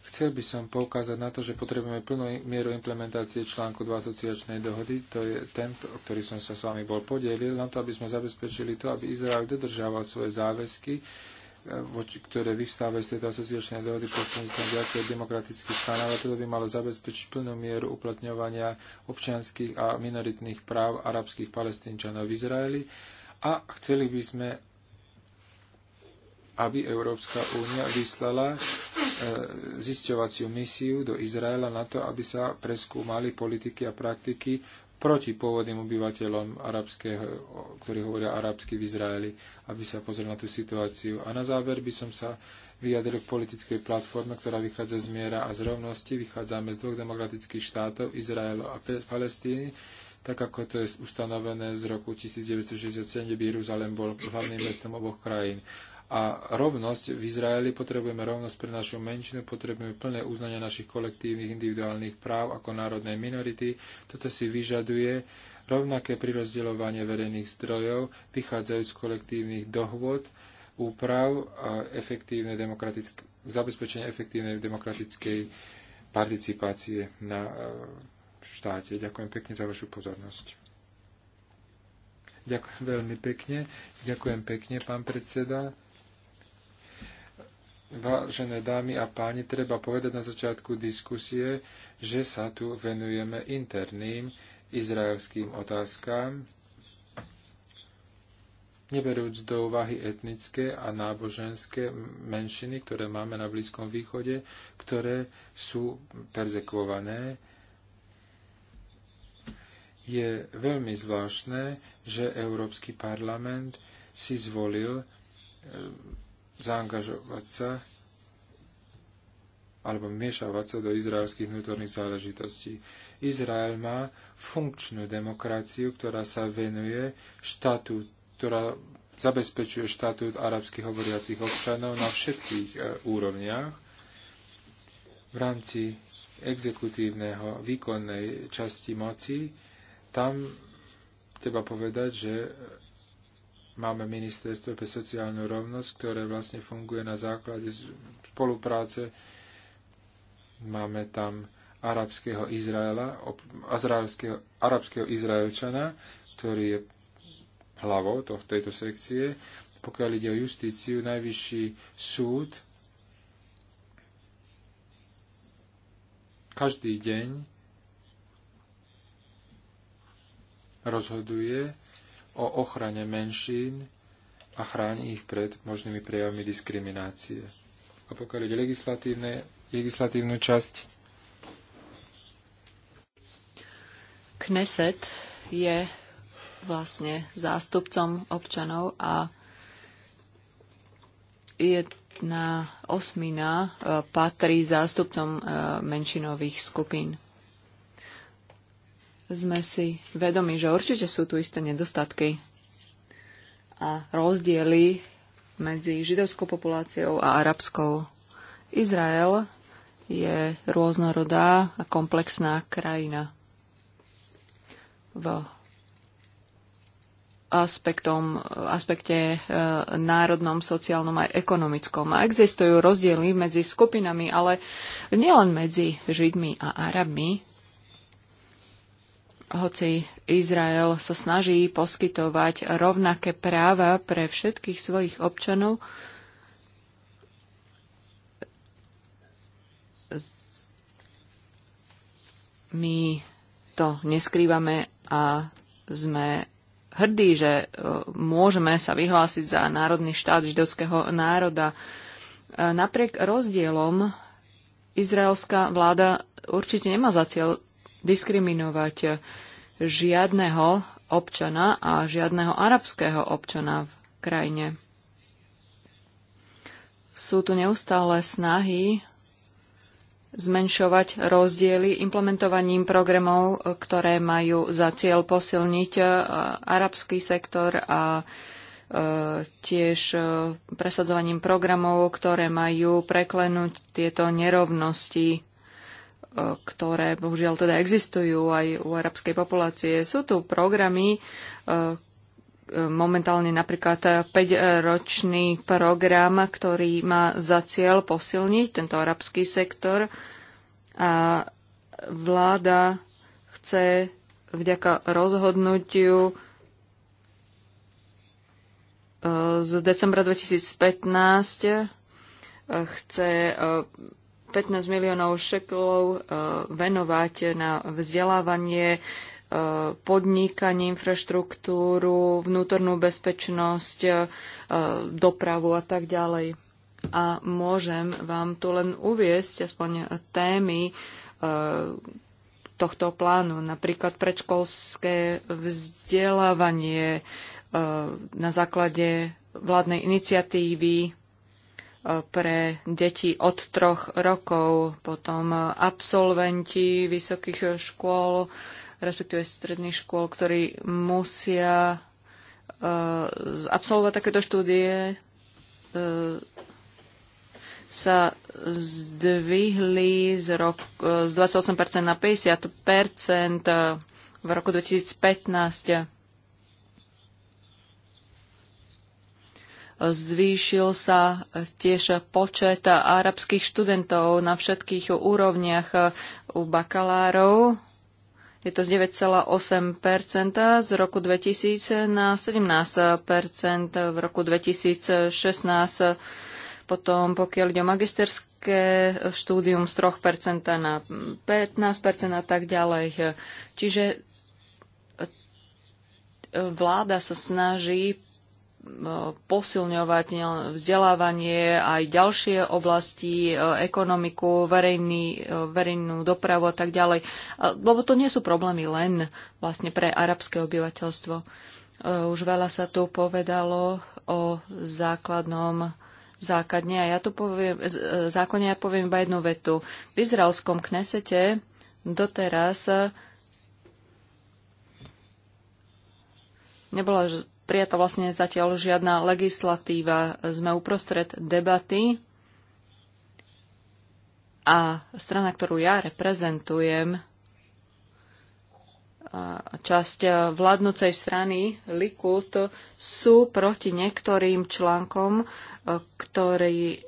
Chcel by som poukázať na to, že potrebujeme plnú mieru implementácie článku 2 asociačnej dohody. To je ten, o ktorý som sa s vami bol podelil, na to, aby sme zabezpečili to, aby Izrael dodržával svoje záväzky, e, ktoré vyvstávajú z tejto asociačnej dohody prostredníctvom viacej demokratických kanál. Toto by malo zabezpečiť plnú mieru uplatňovania občianských a minoritných práv arabských palestínčanov v Izraeli. A chceli by sme aby Európska únia vyslala e, zisťovaciu misiu do Izraela na to, aby sa preskúmali politiky a praktiky proti pôvodným obyvateľom, arabského, ktorí hovoria arabsky v Izraeli, aby sa pozrel na tú situáciu. A na záver by som sa vyjadril k politickej platforme, ktorá vychádza z miera a z rovnosti. Vychádzame z dvoch demokratických štátov, Izraelu a Palestíny, tak ako to je ustanovené z roku 1967, kde by Jeruzalem bol hlavným mestom oboch krajín a rovnosť v Izraeli, potrebujeme rovnosť pre našu menšinu, potrebujeme plné uznanie našich kolektívnych individuálnych práv ako národnej minority. Toto si vyžaduje rovnaké prirozdeľovanie verejných zdrojov, vychádzajúc z kolektívnych dohôd, úprav a efektívne demokratické zabezpečenie efektívnej demokratickej participácie na e, štáte. Ďakujem pekne za vašu pozornosť. Ďakujem veľmi pekne. Ďakujem pekne, pán predseda. Vážené dámy a páni, treba povedať na začiatku diskusie, že sa tu venujeme interným izraelským otázkam, neberúc do úvahy etnické a náboženské menšiny, ktoré máme na Blízkom východe, ktoré sú perzekvované. Je veľmi zvláštne, že Európsky parlament si zvolil zaangažovať sa alebo miešavať sa do izraelských vnútorných záležitostí. Izrael má funkčnú demokraciu, ktorá sa venuje štátu, ktorá zabezpečuje štatút arabských hovoriacich občanov na všetkých e, úrovniach v rámci exekutívneho výkonnej časti moci. Tam treba povedať, že Máme ministerstvo pre sociálnu rovnosť, ktoré vlastne funguje na základe spolupráce. Máme tam arabského Izraela, azraelského, arabského Izraelčana, ktorý je hlavou toh, tejto sekcie. Pokiaľ ide o justíciu, najvyšší súd každý deň rozhoduje o ochrane menšín a chráni ich pred možnými prejavmi diskriminácie. A pokiaľ ide legislatívnu časť, Kneset je vlastne zástupcom občanov a jedna osmina eh, patrí zástupcom eh, menšinových skupín sme si vedomi, že určite sú tu isté nedostatky a rozdiely medzi židovskou populáciou a arabskou. Izrael je rôznorodá a komplexná krajina. V aspektom, aspekte e, národnom, sociálnom aj ekonomickom. A existujú rozdiely medzi skupinami, ale nielen medzi Židmi a Arabmi, hoci Izrael sa snaží poskytovať rovnaké práva pre všetkých svojich občanov, my to neskrývame a sme hrdí, že e, môžeme sa vyhlásiť za národný štát židovského národa. E, napriek rozdielom izraelská vláda určite nemá za cieľ diskriminovať žiadneho občana a žiadneho arabského občana v krajine. Sú tu neustále snahy zmenšovať rozdiely implementovaním programov, ktoré majú za cieľ posilniť e, arabský sektor a e, tiež e, presadzovaním programov, ktoré majú preklenúť tieto nerovnosti ktoré bohužiaľ teda existujú aj u arabskej populácie. Sú tu programy, e, e, momentálne napríklad 5-ročný program, ktorý má za cieľ posilniť tento arabský sektor a vláda chce vďaka rozhodnutiu e, z decembra 2015 chce 15 miliónov šeklov e, venovať na vzdelávanie, e, podnikanie, infraštruktúru, vnútornú bezpečnosť, e, dopravu a tak ďalej. A môžem vám tu len uviesť aspoň témy tohto plánu, napríklad predškolské vzdelávanie na základe vládnej iniciatívy pre deti od troch rokov, potom absolventi vysokých škôl, respektíve stredných škôl, ktorí musia eh, absolvovať takéto štúdie, eh, sa zdvihli z, rok, eh, z 28% na 50% v roku 2015. Zvýšil sa tiež počet arabských študentov na všetkých úrovniach eh, u bakalárov. Je to z 9,8 z roku 2000 na 17 v roku 2016. Potom, pokiaľ ide o magisterské štúdium z 3 na 15 a tak ďalej. Čiže eh, vláda sa snaží posilňovať vzdelávanie aj ďalšie oblasti, e, ekonomiku, verejný, e, verejnú dopravu a tak ďalej. E, lebo to nie sú problémy len vlastne pre arabské obyvateľstvo. Už veľa sa tu povedalo o základnom základne a ja tu poviem, zákone ja poviem iba jednu vetu. V izraelskom knesete doteraz nebola prijata vlastne zatiaľ žiadna legislatíva. Sme uprostred debaty a strana, ktorú ja reprezentujem, časť vládnucej strany Likud sú proti niektorým článkom, e, ktorý,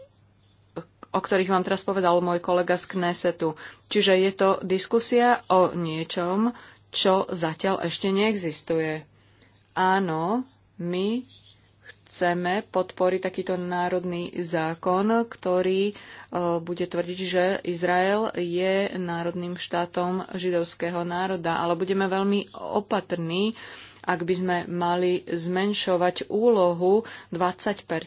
o ktorých vám teraz povedal môj kolega z Knesetu. Čiže je to diskusia o niečom, čo zatiaľ ešte neexistuje. Áno, my chceme podporiť takýto národný zákon, ktorý e, bude tvrdiť, že Izrael je národným štátom židovského národa, ale budeme veľmi opatrní, ak by sme mali zmenšovať úlohu 20 e,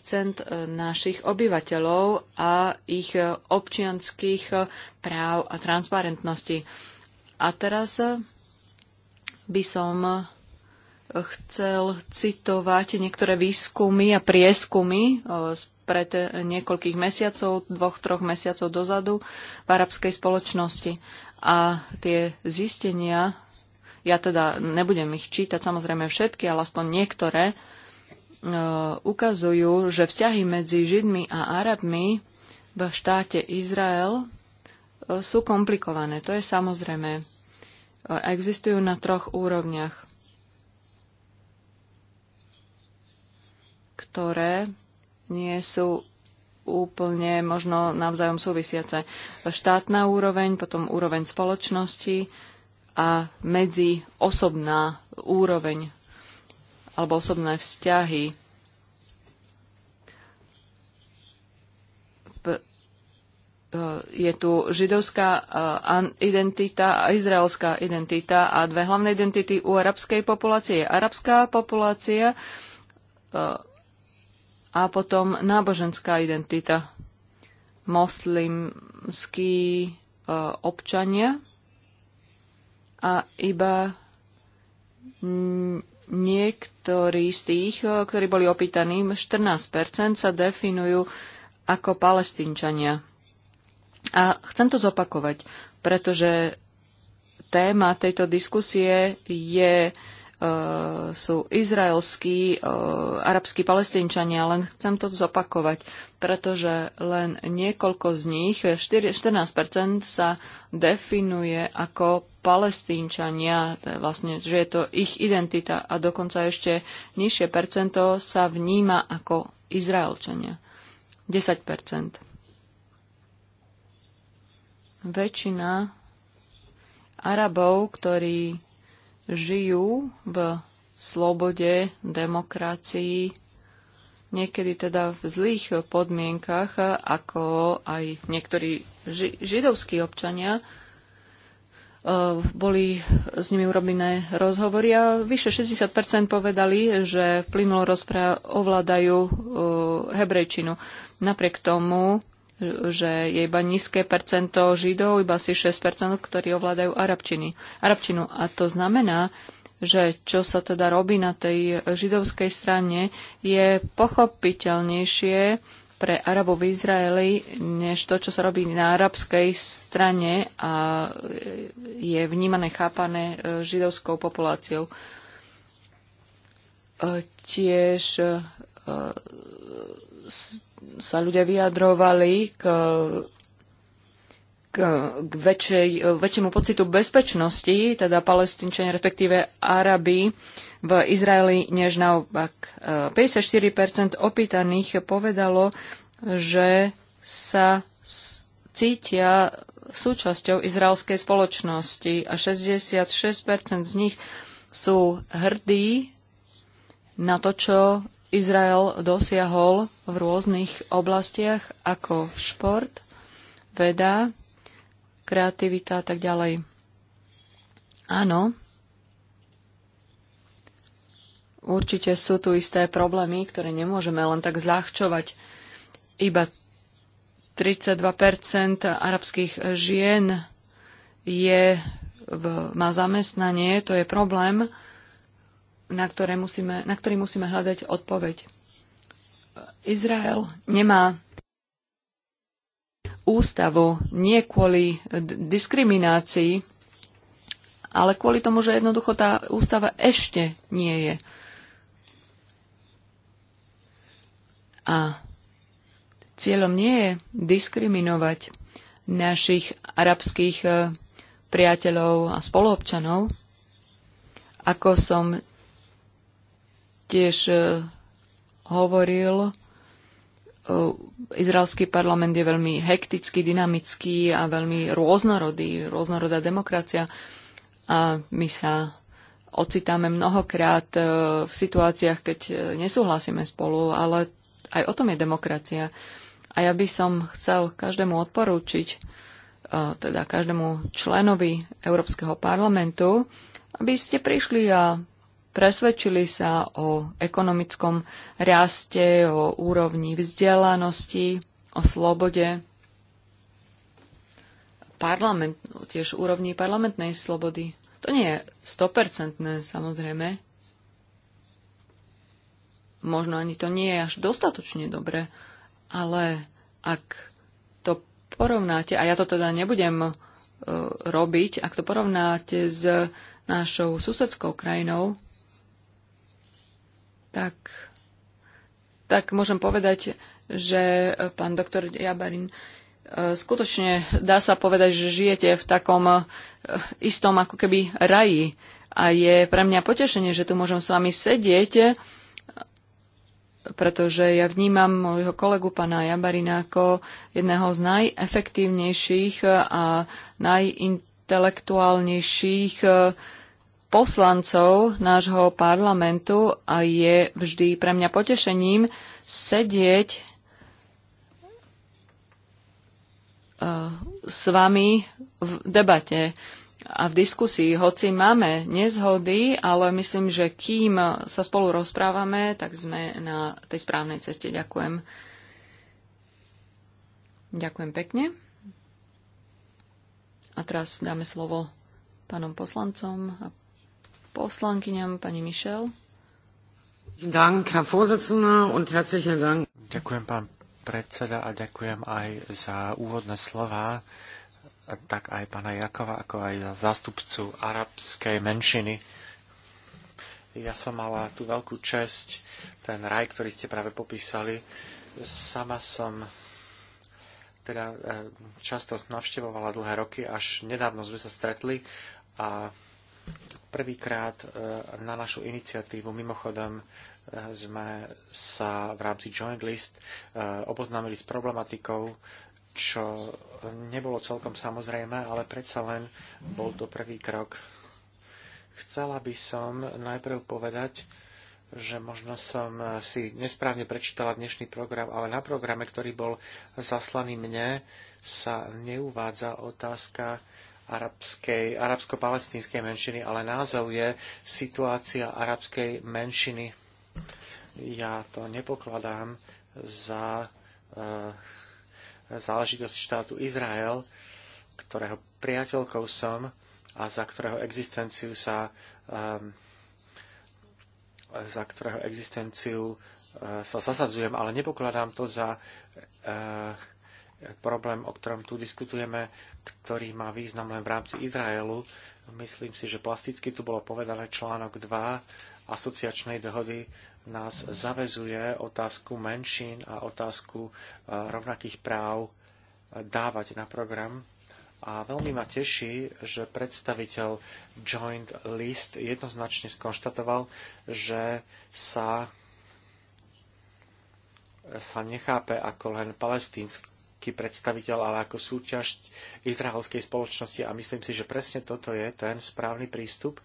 našich obyvateľov a ich e, občianských práv a transparentnosti. A teraz by som chcel citovať niektoré výskumy a prieskumy pred e, niekoľkých mesiacov, dvoch, troch mesiacov dozadu v arabskej spoločnosti. A tie zistenia, ja teda nebudem ich čítať samozrejme všetky, ale aspoň niektoré, e, ukazujú, že vzťahy medzi Židmi a Arabmi v štáte Izrael e, sú komplikované. To je samozrejme. Existujú na troch úrovniach ktoré nie sú úplne možno navzájom súvisiace. Štátna úroveň, potom úroveň spoločnosti a medzi osobná úroveň alebo osobné vzťahy. P- e, je tu židovská e, identita a izraelská identita a dve hlavné identity u arabskej populácie. Arabská populácia e, a potom náboženská identita. Moslimskí e, občania a iba niektorí z tých, e, ktorí boli opýtaní, 14% sa definujú ako palestínčania. A chcem to zopakovať, pretože téma tejto diskusie je Eh, sú izraelskí, eh, arabskí palestínčania, len chcem to zopakovať, pretože len niekoľko z nich, 4, 14% sa definuje ako palestínčania, eh, vlastne, že je to ich identita a dokonca ešte nižšie percento sa vníma ako izraelčania. 10%. Väčšina Arabov, ktorí žijú v slobode, demokracii, niekedy teda v zlých podmienkach, ako aj niektorí ži- židovskí občania. E, boli s nimi urobené rozhovory a vyše 60% povedali, že v plynul rozpráv ovládajú e, hebrejčinu. Napriek tomu že je iba nízke percento Židov, iba asi 6%, ktorí ovládajú Arabčiny, Arabčinu. A to znamená, že čo sa teda robí na tej židovskej strane, je pochopiteľnejšie pre Arabov v Izraeli, než to, čo sa robí na arabskej strane a je vnímané, chápané e, židovskou populáciou. E, tiež e, sa ľudia vyjadrovali k, k, k väčšej, väčšiemu pocitu bezpečnosti, teda palestinčania, respektíve Arabi v Izraeli, než naopak. 54% e, opýtaných povedalo, že sa cítia súčasťou izraelskej spoločnosti a 66% z nich sú hrdí na to, čo Izrael dosiahol v rôznych oblastiach ako šport, veda, kreativita a tak ďalej. Áno, určite sú tu isté problémy, ktoré nemôžeme len tak zľahčovať. Iba 32 arabských žien je v, má zamestnanie, to je problém na, ktoré musíme, na ktorý musíme hľadať odpoveď. Izrael nemá ústavu nie kvôli diskriminácii, ale kvôli tomu, že jednoducho tá ústava ešte nie je. A cieľom nie je diskriminovať našich arabských eh, priateľov a spoluobčanov, ako som tiež e, hovoril, e, izraelský parlament je veľmi hektický, dynamický a veľmi rôznorodý, rôznorodá demokracia a my sa ocitáme mnohokrát e, v situáciách, keď nesúhlasíme spolu, ale aj o tom je demokracia. A ja by som chcel každému odporúčiť, teda každému členovi Európskeho parlamentu, aby ste prišli a presvedčili sa o ekonomickom raste, o úrovni vzdelanosti, o slobode parlament, no, tiež úrovni parlamentnej slobody. To nie je stopercentné, samozrejme. Možno ani to nie je až dostatočne dobre, ale ak to porovnáte, a ja to teda nebudem e, robiť, ak to porovnáte s našou susedskou krajinou, tak, tak môžem povedať, že eh, pán doktor Jabarin eh, skutočne dá sa povedať, že žijete v takom eh, istom ako keby raji. A je pre mňa potešenie, že tu môžem s vami sedieť, pretože ja vnímam môjho kolegu pána Jabarina ako jedného z najefektívnejších a najintelektuálnejších poslancov nášho parlamentu a je vždy pre mňa potešením sedieť e, s vami v debate a v diskusii, hoci máme nezhody, ale myslím, že kým sa spolu rozprávame, tak sme na tej správnej ceste. Ďakujem. Ďakujem pekne. A teraz dáme slovo pánom poslancom a poslankyňam pani Mišel. Ďakujem, pán predseda, a ďakujem aj za úvodné slova, tak aj pána Jakova, ako aj za zástupcu arabskej menšiny. Ja som mala tú veľkú česť, ten raj, ktorý ste práve popísali. Sama som teda eh, často navštevovala dlhé roky, až nedávno sme sa stretli a Prvýkrát e, na našu iniciatívu mimochodom e, sme sa v rámci Joint List e, oboznámili s problematikou, čo nebolo celkom samozrejme, ale predsa len bol to prvý krok. Chcela by som najprv povedať, že možno som si nesprávne prečítala dnešný program, ale na programe, ktorý bol zaslaný mne, sa neuvádza otázka arabskej, arabsko-palestínskej menšiny, ale názov je Situácia arabskej menšiny. Ja to nepokladám za e, záležitosť štátu Izrael, ktorého priateľkou som a za ktorého existenciu sa e, za ktorého existenciu e, sa zasadzujem, ale nepokladám to za e, problém, o ktorom tu diskutujeme, ktorý má význam len v rámci Izraelu. Myslím si, že plasticky tu bolo povedané článok 2 asociačnej dohody nás zavezuje otázku menšín a otázku e, rovnakých práv e, dávať na program. A veľmi ma teší, že predstaviteľ Joint List jednoznačne skonštatoval, že sa sa nechápe ako len palestínsk nejaký predstaviteľ, ale ako súťaž izraelskej spoločnosti. A myslím si, že presne toto je ten správny prístup,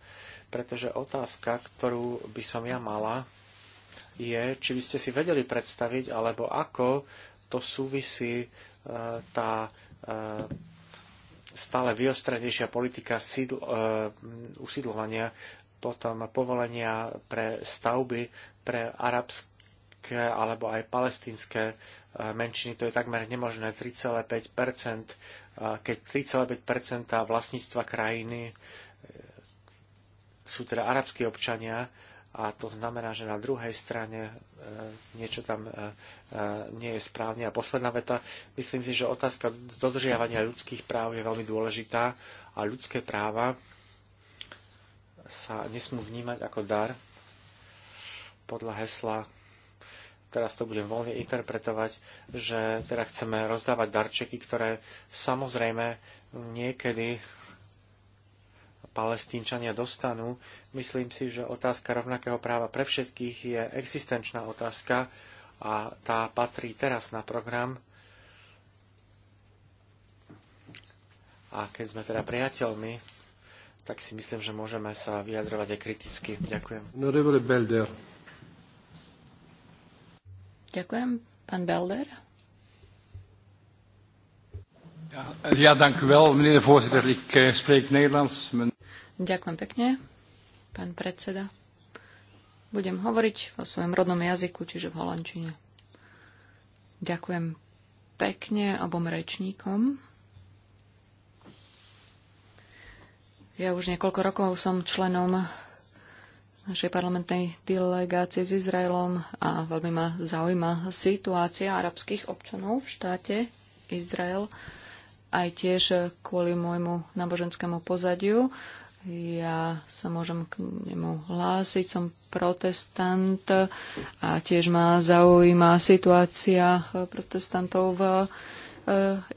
pretože otázka, ktorú by som ja mala, je, či by ste si vedeli predstaviť, alebo ako to súvisí e, tá e, stále vyostrenejšia politika sídl, e, usídlovania potom povolenia pre stavby pre arabsk, arabské alebo aj palestinské e, menšiny, to je takmer nemožné. 3,5%, e, keď 3,5% vlastníctva krajiny e, sú teda arabskí občania, a to znamená, že na druhej strane niečo tam nie je správne. A posledná veta, myslím si, že otázka dodržiavania ľudských práv je veľmi dôležitá a ľudské práva sa nesmú vnímať ako dar podľa hesla teraz to budem voľne interpretovať, že teda chceme rozdávať darčeky, ktoré samozrejme niekedy palestínčania dostanú. Myslím si, že otázka rovnakého práva pre všetkých je existenčná otázka a tá patrí teraz na program. A keď sme teda priateľmi, tak si myslím, že môžeme sa vyjadrovať aj kriticky. Ďakujem. No, Belder. Ďakujem. Pán Belder. Ja, dank u wel, meneer de voorzitter. Ik eh, spreek Nederlands. Ďakujem pekne, pán predseda. Budem hovoriť vo svojom rodnom jazyku, čiže v holandčine. Ďakujem pekne obom rečníkom. Ja už niekoľko rokov som členom našej parlamentnej delegácie s Izraelom a veľmi ma zaujíma situácia arabských občanov v štáte Izrael, aj tiež kvôli môjmu náboženskému pozadiu. Ja sa môžem k nemu hlásiť, som protestant a tiež ma zaujíma situácia protestantov v eh,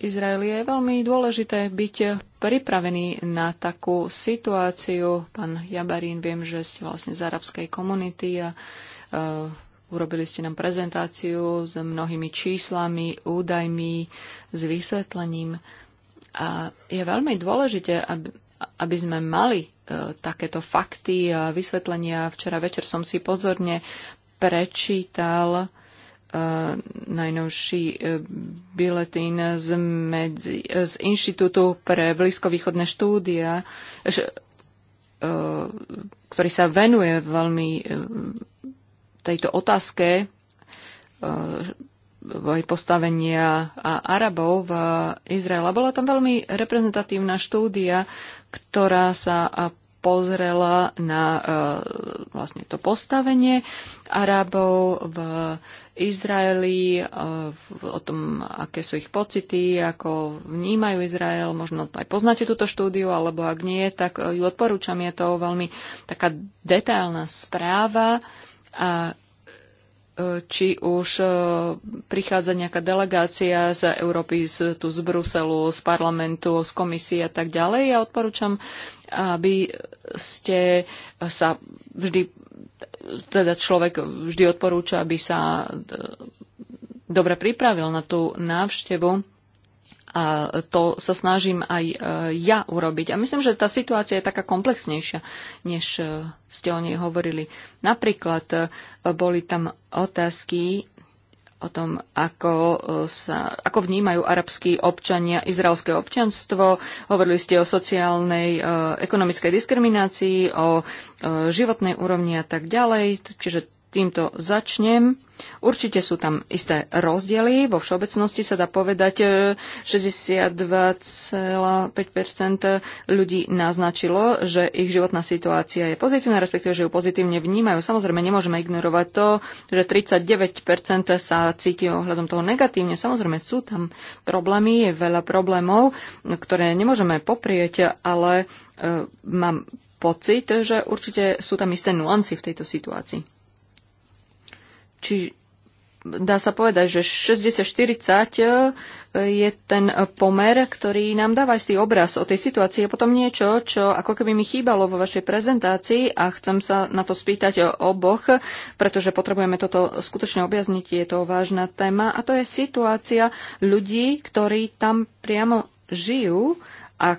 Izraeli. Je veľmi dôležité byť pripravení na takú situáciu. Pán Jabarín, viem, že ste vlastne z arabskej komunity a uh, urobili ste nám prezentáciu s mnohými číslami, údajmi, s vysvetlením. A je veľmi dôležité, aby, aby sme mali uh, takéto fakty a vysvetlenia. Včera večer som si pozorne prečítal najnovší e, biletín z, medzi, e, z Inštitútu pre blízkovýchodné štúdia, š, e, ktorý sa venuje veľmi tejto otázke postavenia Arabov v Izraela. Bola tam veľmi reprezentatívna štúdia, ktorá sa pozrela na vlastne to postavenie Arabov v Izraeli, eh, o tom, aké sú ich pocity, ako vnímajú Izrael. Možno aj poznáte túto štúdiu, alebo ak nie, tak eh, ju odporúčam. Je to veľmi taká detailná správa a eh, či už prichádza nejaká delegácia z Európy, z, tu z Bruselu, z parlamentu, z komisie a tak ďalej. Ja odporúčam, aby ste sa vždy teda človek vždy odporúča, aby sa e, dobre pripravil na tú návštevu. A to sa snažím aj e, ja urobiť. A myslím, že tá situácia je taká komplexnejšia, než e, ste o nej hovorili. Napríklad boli tam otázky o tom, ako, e, sa, ako vnímajú arabskí občania izraelské občanstvo. Hovorili ste o sociálnej, e, ekonomickej diskriminácii, o e, životnej úrovni a tak ďalej. Čiže týmto začnem. Určite sú tam isté rozdiely. Vo všeobecnosti sa dá povedať, 62,5 e, ľudí naznačilo, že ich životná situácia je pozitívna, respektíve, že ju pozitívne vnímajú. Samozrejme, nemôžeme ignorovať to, že 39 sa cíti ohľadom toho negatívne. Samozrejme, sú tam problémy, je veľa problémov, ktoré nemôžeme poprieť, ale e, mám pocit, že určite sú tam isté nuancy v tejto situácii. Či dá sa povedať, že 60-40 e, je ten pomer, ktorý nám dáva istý obraz o tej situácii. Je potom niečo, čo ako keby mi chýbalo vo vašej prezentácii a chcem sa na to spýtať oboch, pretože potrebujeme toto skutočne objasniť. Je to vážna téma a to je situácia ľudí, ktorí tam priamo žijú a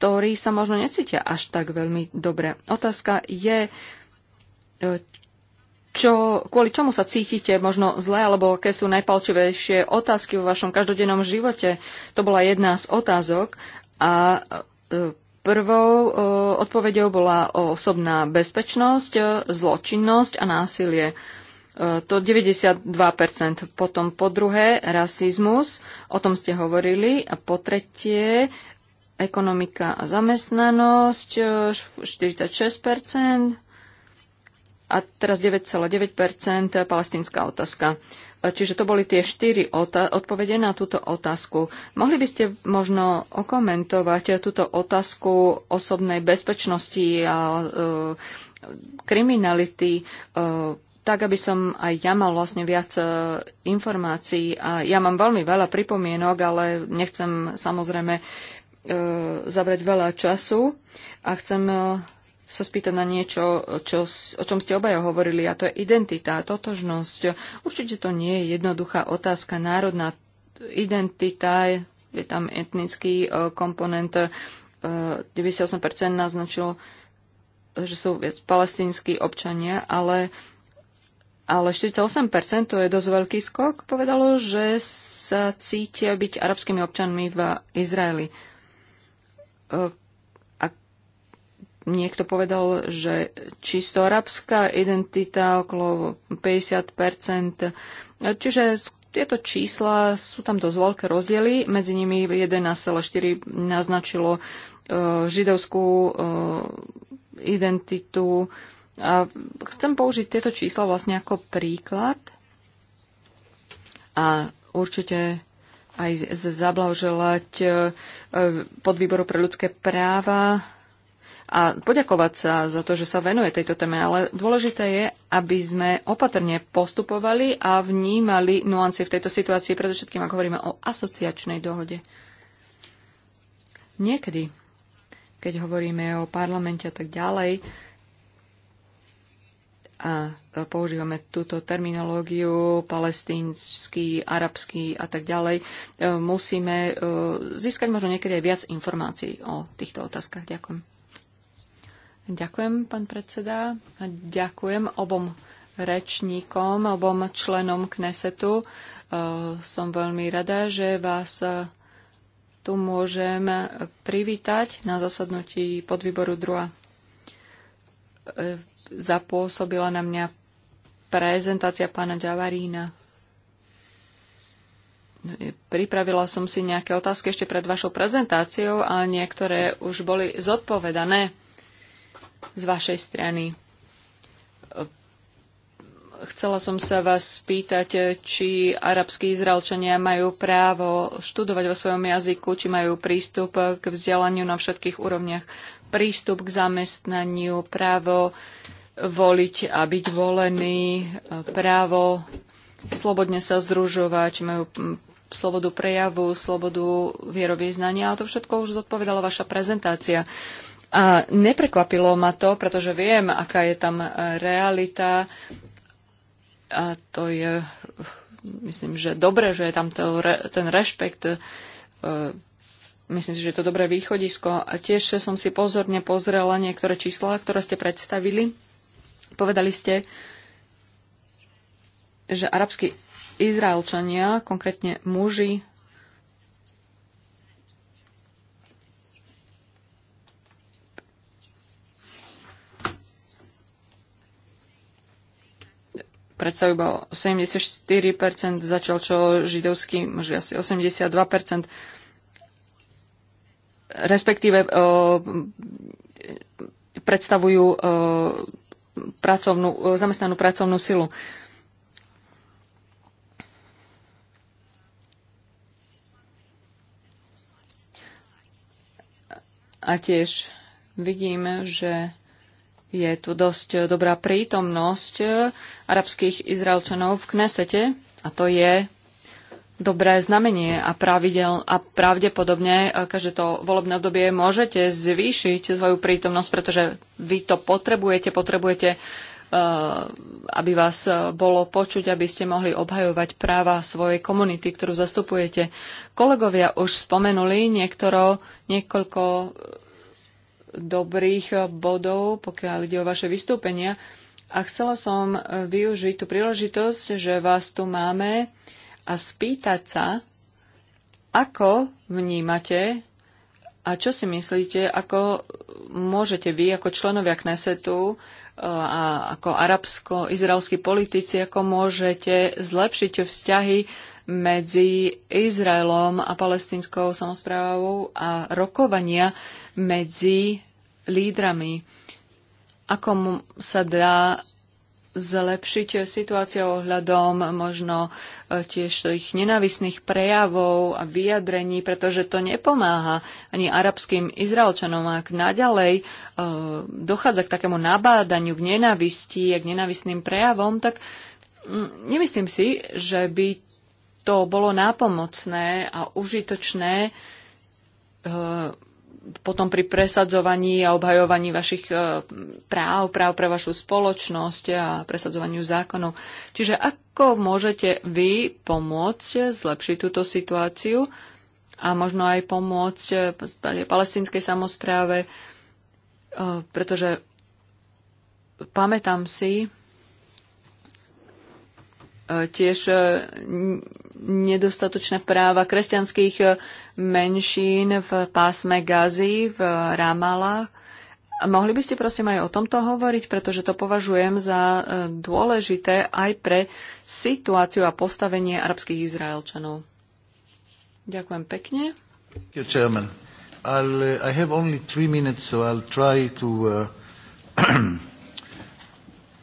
ktorí sa možno necítia až tak veľmi dobre. Otázka je, e, čo, kvôli čomu sa cítite možno zle, alebo aké sú najpalčivejšie otázky vo vašom každodennom živote. To bola jedna z otázok a e, prvou e, odpovedou bola osobná bezpečnosť, e, zločinnosť a násilie. To 92%. Potom po druhé rasizmus, o tom ste hovorili. A po tretie ekonomika a zamestnanosť, 46% a teraz 9,9 palestinská otázka. Čiže to boli tie štyri odpovede na túto otázku. Mohli by ste možno okomentovať túto otázku osobnej bezpečnosti a e, kriminality, e, tak aby som aj ja mal vlastne viac e, informácií. A ja mám veľmi veľa pripomienok, ale nechcem samozrejme e, zabrať veľa času a chcem e, sa spýtať na niečo, čo, o čom ste obaja hovorili, a to je identita, totožnosť. Určite to nie je jednoduchá otázka. Národná identita, je tam etnický e, komponent, 98% e, naznačilo, že sú viac palestínsky občania, ale ale 48% to je dosť veľký skok, povedalo, že sa cítia byť arabskými občanmi v Izraeli. E, niekto povedal, že čisto arabská identita okolo 50%. Čiže tieto čísla sú tam dosť veľké rozdiely. Medzi nimi 11,4 naznačilo e, židovskú e, identitu. A chcem použiť tieto čísla vlastne ako príklad a určite aj zablahoželať e, podvýboru pre ľudské práva a poďakovať sa za to, že sa venuje tejto téme, ale dôležité je, aby sme opatrne postupovali a vnímali nuancie v tejto situácii, predovšetkým ak hovoríme o asociačnej dohode. Niekedy, keď hovoríme o parlamente a tak ďalej, a používame túto terminológiu, palestínsky, arabský a tak ďalej, e, musíme e, získať možno niekedy aj viac informácií o týchto otázkach. Ďakujem. Ďakujem, pán predseda. A ďakujem obom rečníkom, obom členom Knesetu. E, som veľmi rada, že vás e, tu môžem privítať na zasadnutí podvýboru druha. E, zapôsobila na mňa prezentácia pána Ďavarína. Pripravila som si nejaké otázky ešte pred vašou prezentáciou a niektoré už boli zodpovedané z vašej strany. Chcela som sa vás spýtať, či arabskí Izraelčania majú právo študovať vo svojom jazyku, či majú prístup k vzdelaniu na všetkých úrovniach, prístup k zamestnaniu, právo voliť a byť volený, právo slobodne sa združovať, či majú slobodu prejavu, slobodu vierovýznania. A to všetko už zodpovedala vaša prezentácia. A neprekvapilo ma to, pretože viem, aká je tam realita. A to je, myslím, že dobre, že je tam to, ten rešpekt. E, myslím si, že je to dobré východisko. A tiež som si pozorne pozrela niektoré čísla, ktoré ste predstavili. Povedali ste, že arabskí Izraelčania, konkrétne muži, predsa iba 84%, začal čo židovský, možno asi 82%, respektíve e, predstavujú e, pracovnú, e, zamestnanú pracovnú silu. A tiež vidíme, že je tu dosť eh, dobrá prítomnosť eh, arabských Izraelčanov v Knesete a to je dobré znamenie a, pravidel, a pravdepodobne eh, každé to volebné obdobie môžete zvýšiť svoju prítomnosť, pretože vy to potrebujete, potrebujete, aby vás bolo počuť, aby ste mohli obhajovať práva svojej komunity, ktorú zastupujete. Kolegovia už spomenuli niektoro, niekoľko dobrých bodov, pokiaľ ide o vaše vystúpenia. A chcela som využiť tú príležitosť, že vás tu máme a spýtať sa, ako vnímate a čo si myslíte, ako môžete vy ako členovia Knesetu e, a ako arabsko-izraelskí politici, ako môžete zlepšiť vzťahy medzi Izraelom a palestinskou samozprávou a rokovania medzi lídrami. Ako sa dá zlepšiť situácia ohľadom možno e, tiež ich nenávisných prejavov a vyjadrení, pretože to nepomáha ani arabským Izraelčanom, ak naďalej e, dochádza k takému nabádaniu, k nenavisti a k nenavisným prejavom, tak mm, nemyslím si, že by to bolo nápomocné a užitočné e, potom pri presadzovaní a obhajovaní vašich e, práv, práv pre vašu spoločnosť a presadzovaniu zákonov. Čiže ako môžete vy pomôcť zlepšiť túto situáciu a možno aj pomôcť palestinskej samozpráve, e, pretože pamätám si tiež nedostatočné práva kresťanských eh, menšín v pásme Gazi, v Ramala. Mohli by ste prosím aj o tomto hovoriť, pretože to považujem za eh, dôležité aj pre situáciu a postavenie arabských Izraelčanov. Ďakujem pekne. I'll, uh, I have only three minutes, so I'll try to uh, *clears throat*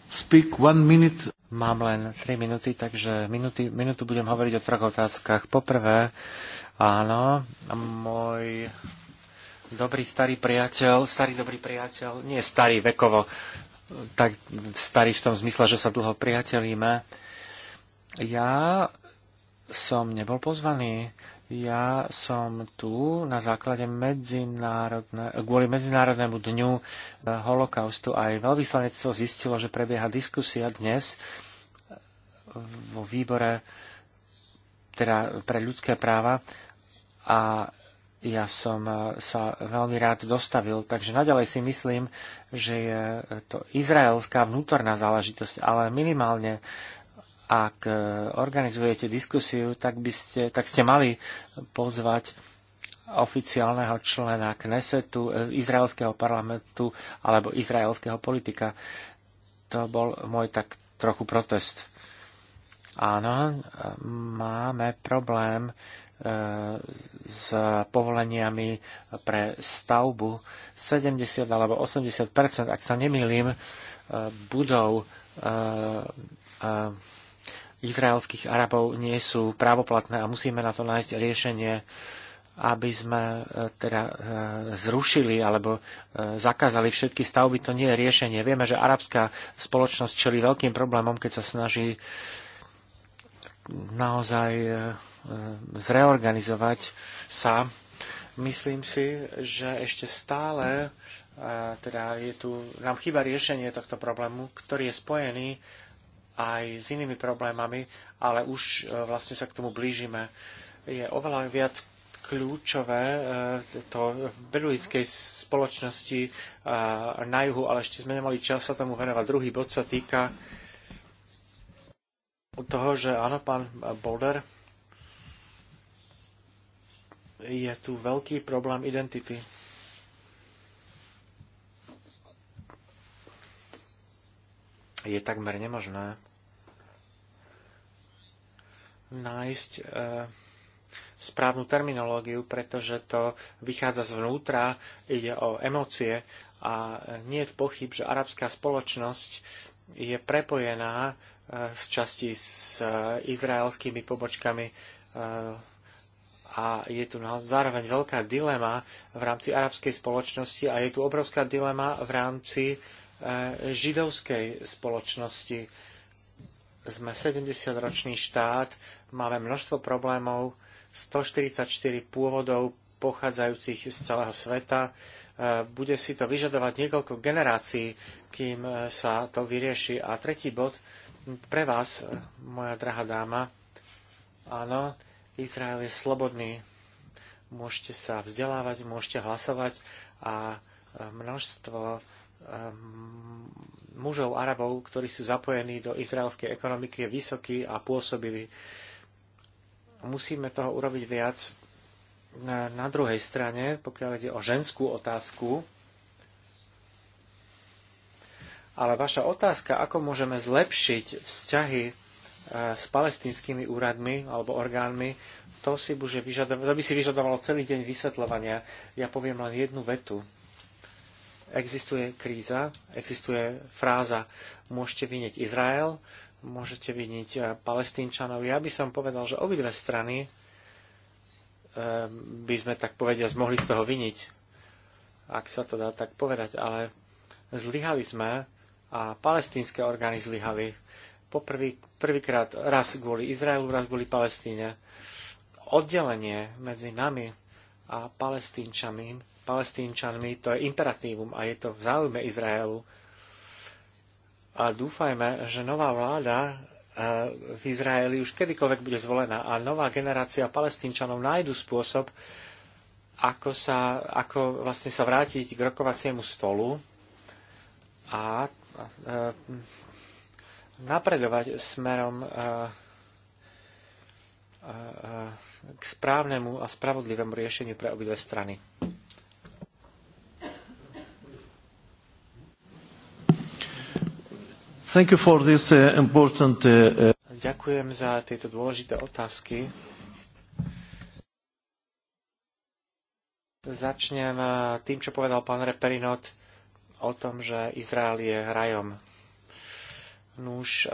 speak one minute. Mám len 3 minúty, takže minúty, minútu budem hovoriť o troch otázkach. Poprvé, áno, môj dobrý starý priateľ, starý dobrý priateľ, nie starý vekovo, tak starý v tom zmysle, že sa dlho priateľíme. Ja som nebol pozvaný ja som tu na základe medzinárodne, kvôli Medzinárodnému dňu eh, holokaustu aj veľvyslanectvo zistilo, že prebieha diskusia dnes eh, vo výbore teda pre ľudské práva a ja som eh, sa veľmi rád dostavil. Takže naďalej si myslím, že je to izraelská vnútorná záležitosť, ale minimálne ak e, organizujete diskusiu, tak, by ste, tak ste mali pozvať oficiálneho člena Knesetu, e, izraelského parlamentu alebo izraelského politika. To bol môj tak trochu protest. Áno, e, máme problém s povoleniami pre stavbu 70 alebo 80 ak sa nemýlim, budov izraelských Arabov nie sú právoplatné a musíme na to nájsť riešenie, aby sme e, teda e, zrušili alebo e, zakázali všetky stavby. To nie je riešenie. Vieme, že arabská spoločnosť čelí veľkým problémom, keď sa snaží naozaj zreorganizovať sa. Myslím si, že ešte stále teda je tu, nám chýba riešenie tohto problému, ktorý je spojený aj s inými problémami, ale už e, vlastne sa k tomu blížime. Je oveľa viac kľúčové e, to v beluickej spoločnosti e, na juhu, ale ešte sme nemali čas sa tomu venovať. Druhý bod sa týka toho, že áno, pán Boulder, je tu veľký problém identity. Je takmer nemožné nájsť e, správnu terminológiu, pretože to vychádza zvnútra, ide o emócie a nie je pochyb, že arabská spoločnosť je prepojená e, z časti s izraelskými pobočkami e, a je tu zároveň veľká dilema v rámci arabskej spoločnosti a je tu obrovská dilema v rámci e, židovskej spoločnosti. Sme 70-ročný štát, máme množstvo problémov, 144 pôvodov pochádzajúcich z celého sveta. E, bude si to vyžadovať niekoľko generácií, kým e, sa to vyrieši. A tretí bod pre vás, e, moja drahá dáma. Áno, Izrael je slobodný. Môžete sa vzdelávať, môžete hlasovať a množstvo mužov Arabov, ktorí sú zapojení do izraelskej ekonomiky, je vysoký a pôsobivý musíme toho urobiť viac. Na, na druhej strane, pokiaľ ide o ženskú otázku, ale vaša otázka, ako môžeme zlepšiť vzťahy e, s palestinskými úradmi alebo orgánmi, to, si bude vyžadov- to by si vyžadovalo celý deň vysvetľovania. Ja poviem len jednu vetu. Existuje kríza, existuje fráza, môžete vynieť Izrael, môžete vidieť eh, palestínčanov. Ja by som povedal, že obidve strany eh, by sme tak povediať mohli z toho viniť, ak sa to dá tak povedať, ale zlyhali sme a palestínske orgány zlyhali. Poprvý, prvýkrát raz kvôli Izraelu, raz kvôli Palestíne. Oddelenie medzi nami a palestínčanmi, palestínčanmi to je imperatívum a je to v záujme Izraelu a dúfajme, že nová vláda e, v Izraeli už kedykoľvek bude zvolená a nová generácia palestínčanov nájdu spôsob, ako sa, ako vlastne sa vrátiť k rokovaciemu stolu a e, napredovať smerom e, k správnemu a spravodlivému riešeniu pre obidve strany. Thank you for this uh, important... Uh, uh, Ďakujem za tieto dôležité otázky. Začnem tým, čo povedal pán Reperinot o tom, že Izrael je rajom. Nuž,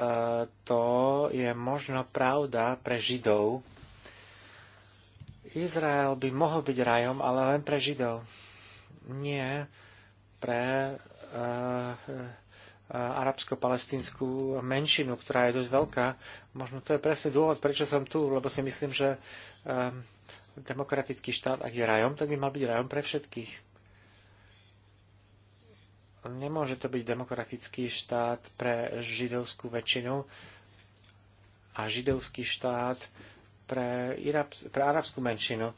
to je možno pravda pre Židov. Izrael by mohol byť rajom, ale len pre Židov. Nie pre uh, arabsko-palestínsku menšinu, ktorá je dosť veľká. Možno to je presne dôvod, prečo som tu, lebo si myslím, že um, demokratický štát, ak je rajom, tak by mal byť rajom pre všetkých. Nemôže to byť demokratický štát pre židovskú väčšinu a židovský štát pre, Irab, pre arabskú menšinu.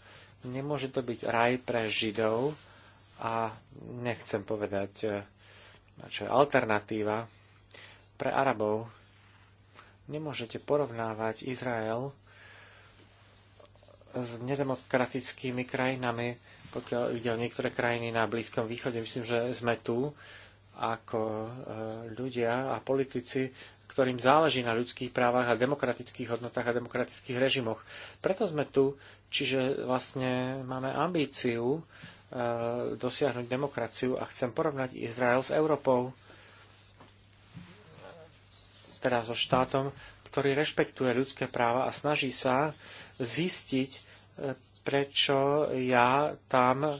Nemôže to byť raj pre židov a nechcem povedať eh, čo je alternatíva pre Arabov. Nemôžete porovnávať Izrael s nedemokratickými krajinami, pokiaľ ide o niektoré krajiny na Blízkom východe. Myslím, že sme tu ako e, ľudia a politici, ktorým záleží na ľudských právach a demokratických hodnotách a demokratických režimoch. Preto sme tu, čiže vlastne máme ambíciu Eh, dosiahnuť demokraciu a chcem porovnať Izrael s Európou, teda so štátom, ktorý rešpektuje ľudské práva a snaží sa zistiť, eh, prečo ja tam eh,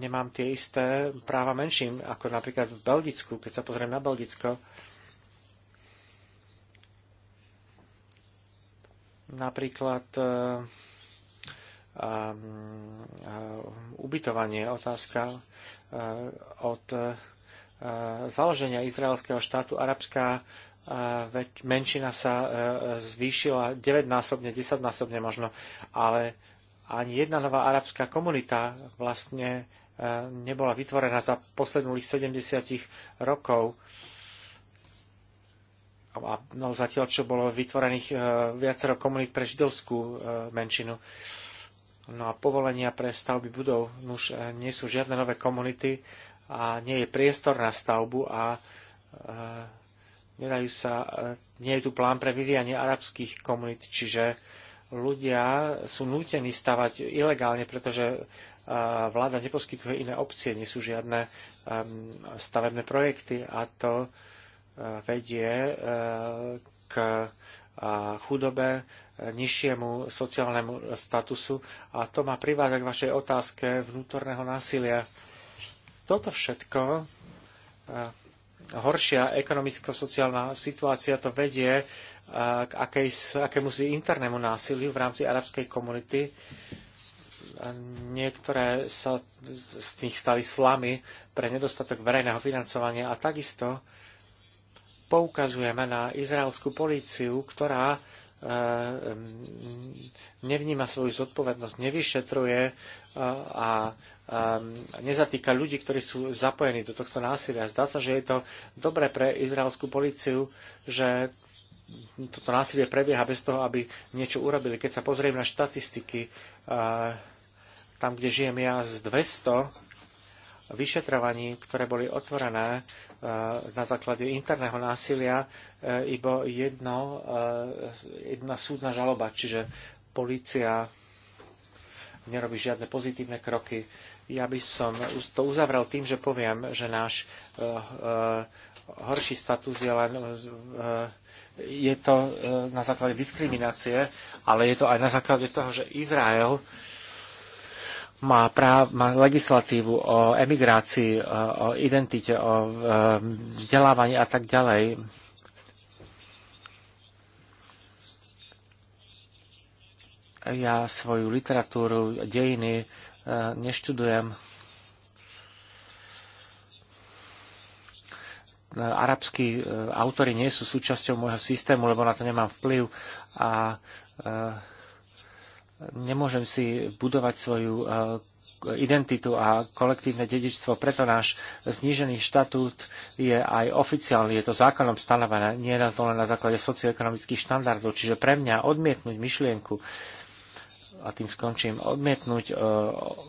nemám tie isté práva menším, ako napríklad v Belgicku, keď sa pozriem na Belgicko. Napríklad Ehm, ehm, ubytovanie, otázka ehm, od založenia izraelského štátu arabská menšina sa zvýšila 9-násobne, 10-násobne možno, ale ani jedna nová arabská komunita vlastne nebola vytvorená za posledných 70 rokov. A no, zatiaľ, čo bolo vytvorených viacero komunít pre židovskú menšinu. No a povolenia pre stavby budov už e, nie sú žiadne nové komunity a nie je priestor na stavbu a e, nedajú sa, e, nie je tu plán pre vyvíjanie arabských komunít, čiže ľudia sú nútení stavať ilegálne, pretože e, vláda neposkytuje iné opcie, nie sú žiadne stavebné projekty a to e, vedie k chudobe, nižšiemu sociálnemu statusu a to ma privádza k vašej otázke vnútorného násilia. Toto všetko, e, horšia ekonomicko-sociálna situácia, to vedie e, k akej, akému si internému násiliu v rámci arabskej komunity. Niektoré sa z nich stali slamy pre nedostatok verejného financovania a takisto poukazujeme na izraelskú políciu, ktorá e, nevníma svoju zodpovednosť, nevyšetruje e, a e, nezatýka ľudí, ktorí sú zapojení do tohto násilia. Zdá sa, že je to dobre pre izraelskú políciu, že toto násilie prebieha bez toho, aby niečo urobili. Keď sa pozriem na štatistiky, tam, kde žijem ja z 200 vyšetrovaní, ktoré boli otvorené eh, na základe interného násilia, eh, iba jedno, eh, jedna súdna žaloba, čiže policia nerobí žiadne pozitívne kroky. Ja by som to uzavrel tým, že poviem, že náš horší status je len je to na základe diskriminácie, ale je to aj na základe toho, že Izrael má, práv, má legislatívu o emigrácii, o, o identite, o e, vzdelávaní a tak ďalej. Ja svoju literatúru, dejiny e, neštudujem. Arabskí e, autory nie sú súčasťou môjho systému, lebo na to nemám vplyv a nemôžem si budovať svoju e, identitu a kolektívne dedičstvo. Preto náš znížený štatút je aj oficiálny, je to zákonom stanovené, nie je to len na základe socioekonomických štandardov. Čiže pre mňa odmietnúť myšlienku, a tým skončím, odmietnúť e,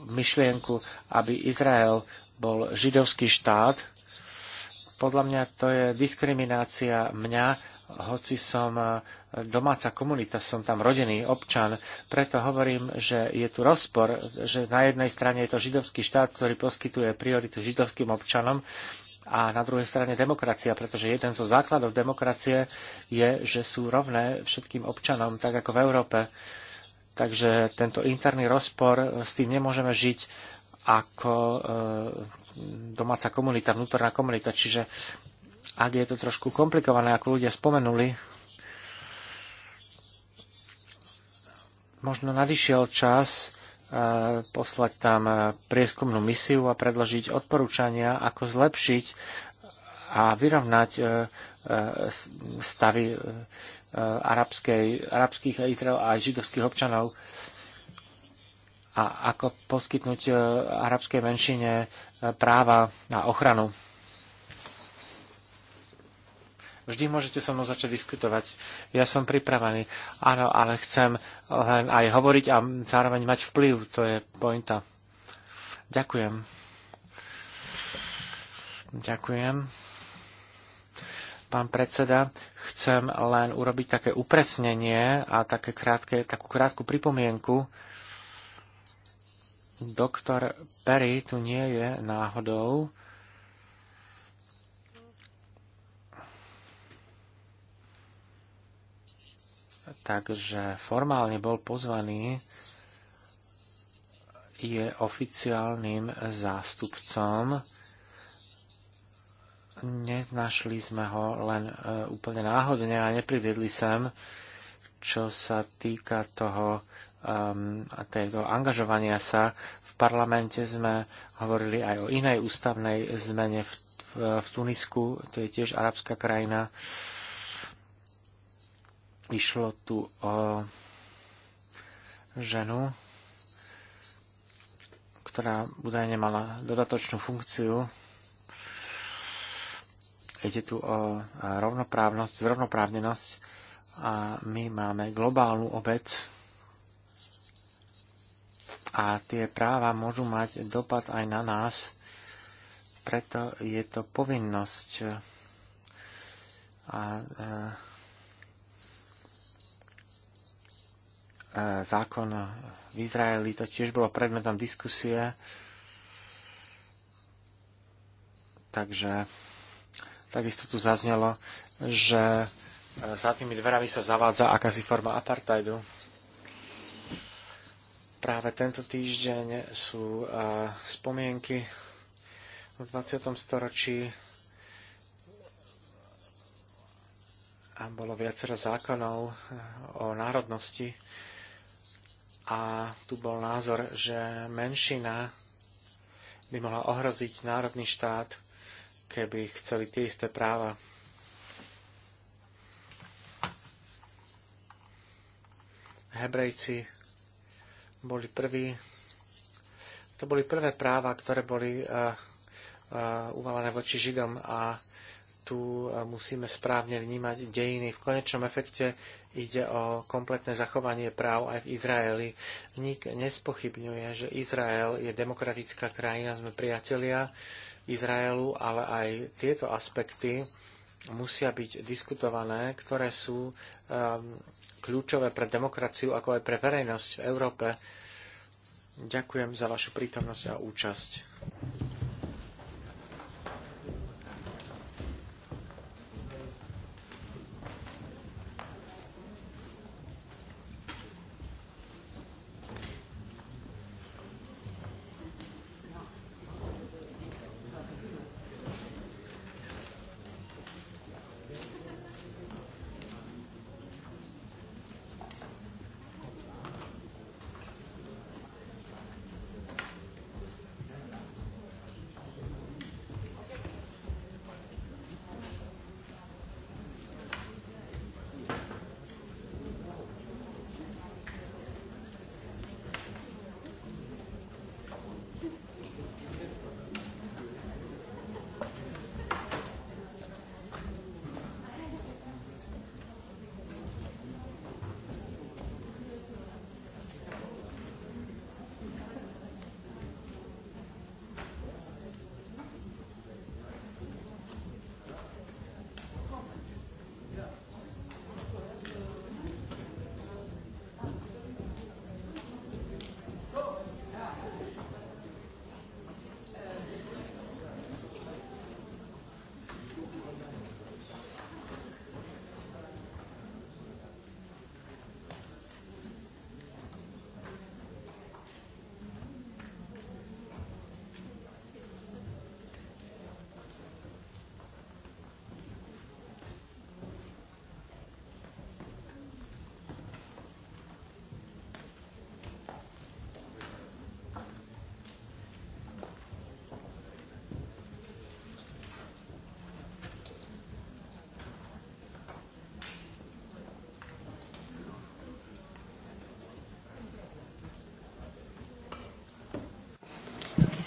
myšlienku, aby Izrael bol židovský štát, podľa mňa to je diskriminácia mňa hoci som e, domáca komunita, som tam rodený občan, preto hovorím, že je tu rozpor, že na jednej strane je to židovský štát, ktorý poskytuje prioritu židovským občanom a na druhej strane demokracia, pretože jeden zo základov demokracie je, že sú rovné všetkým občanom, tak ako v Európe. Takže tento interný rozpor, e, s tým nemôžeme žiť ako e, domáca komunita, vnútorná komunita. Čiže ak je to trošku komplikované, ako ľudia spomenuli, možno nadišiel čas e, poslať tam e, prieskumnú misiu a predložiť odporúčania, ako zlepšiť a vyrovnať e, stavy arabských a Izrael a židovských občanov a ako poskytnúť arabskej menšine práva na ochranu. Vždy môžete so mnou začať diskutovať. Ja som pripravený. Áno, ale chcem len aj hovoriť a zároveň mať vplyv. To je pointa. Ďakujem. Ďakujem. Pán predseda, chcem len urobiť také upresnenie a také krátke, takú krátku pripomienku. Doktor Perry tu nie je náhodou. takže formálne bol pozvaný, je oficiálnym zástupcom. Nenašli sme ho len e, úplne náhodne a nepriviedli sem, čo sa týka toho um, tejto angažovania sa. V parlamente sme hovorili aj o inej ústavnej zmene v, v, v Tunisku, to je tiež arabská krajina. Uh, Išlo tu o ženu, ktorá údajne mala dodatočnú funkciu. Ide tu o rovnoprávnosť, zrovnoprávnenosť a my máme globálnu obec a tie práva môžu mať dopad aj na nás, preto je to povinnosť a a e, E, zákon v Izraeli, to tiež bolo predmetom diskusie. Takže takisto tu zaznelo, že e, za tými dverami sa zavádza akási forma apartheidu. Práve tento týždeň sú e, spomienky v 20. storočí a bolo viacero zákonov o národnosti a tu bol názor, že menšina by mohla ohroziť národný štát, keby chceli tie isté práva. Hebrejci boli prví. To boli prvé práva, ktoré boli uh, uh, uvalené voči Židom a uh, tu musíme správne vnímať dejiny. V konečnom efekte ide o kompletné zachovanie práv aj v Izraeli. Nik nespochybňuje, že Izrael je demokratická krajina, sme priatelia Izraelu, ale aj tieto aspekty musia byť diskutované, ktoré sú um, kľúčové pre demokraciu, ako aj pre verejnosť v Európe. Ďakujem za vašu prítomnosť a účasť.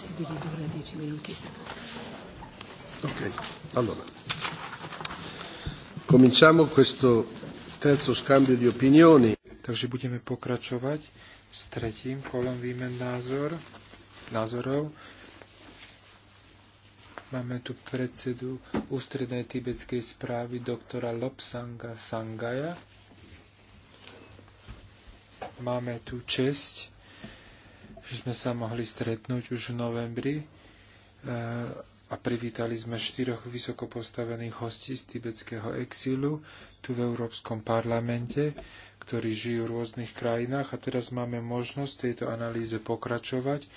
Questo devi durare dieci minuti. Ok, allora. Cominciamo questo terzo scambio di opinioni. Takže budeme pokračovať s tretím kolom výmen názor, názorov. Máme tu predsedu ústrednej tibetskej správy doktora Lopsanga Sangaja. Máme tu česť že sme sa mohli stretnúť už v novembri e, a privítali sme štyroch vysoko postavených hostí z tibetského exílu tu v Európskom parlamente, ktorí žijú v rôznych krajinách a teraz máme možnosť tejto analýze pokračovať,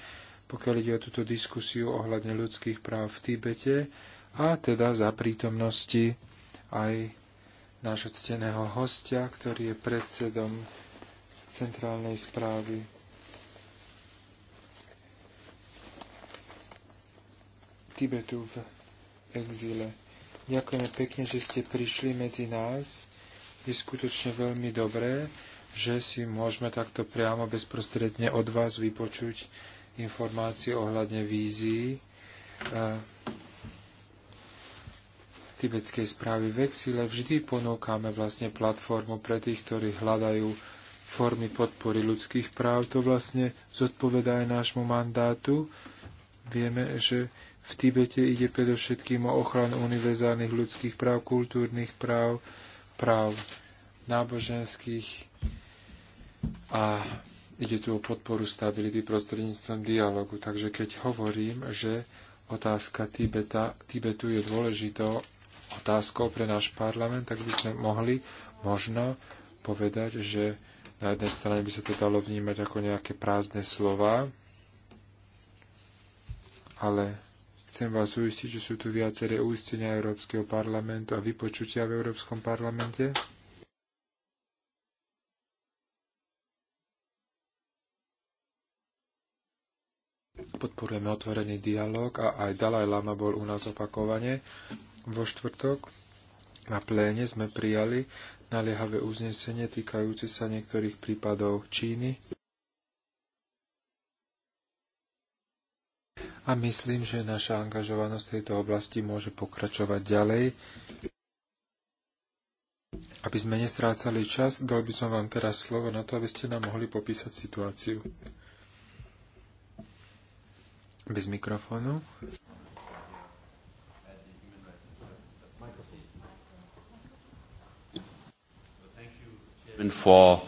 pokiaľ ide o túto diskusiu ohľadne ľudských práv v Tibete a teda za prítomnosti aj nášho cteného hostia, ktorý je predsedom centrálnej správy Tibetu v exíle. Ďakujeme pekne, že ste prišli medzi nás. Je skutočne veľmi dobré, že si môžeme takto priamo bezprostredne od vás vypočuť informácie ohľadne vízií eh, tibetskej správy v exíle. vždy ponúkame vlastne platformu pre tých, ktorí hľadajú formy podpory ľudských práv. To vlastne zodpovedá aj nášmu mandátu. Vieme, že v Tibete ide predovšetkým o ochranu univerzálnych ľudských práv, kultúrnych práv, práv náboženských a ide tu o podporu stability prostredníctvom dialogu. Takže keď hovorím, že otázka Tibeta, Tibetu je dôležitou otázkou pre náš parlament, tak by sme mohli možno povedať, že na jednej strane by sa to dalo vnímať ako nejaké prázdne slova, ale Chcem vás uistiť, že sú tu viaceré ústenia Európskeho parlamentu a vypočutia v Európskom parlamente. Podporujeme otvorený dialog a aj Dalaj Lama bol u nás opakovane. Vo štvrtok na pléne sme prijali naliehavé uznesenie týkajúce sa niektorých prípadov Číny. a myslím, že naša angažovanosť v tejto oblasti môže pokračovať ďalej. Aby sme nestrácali čas, dal by som vám teraz slovo na to, aby ste nám mohli popísať situáciu. Bez mikrofónu. for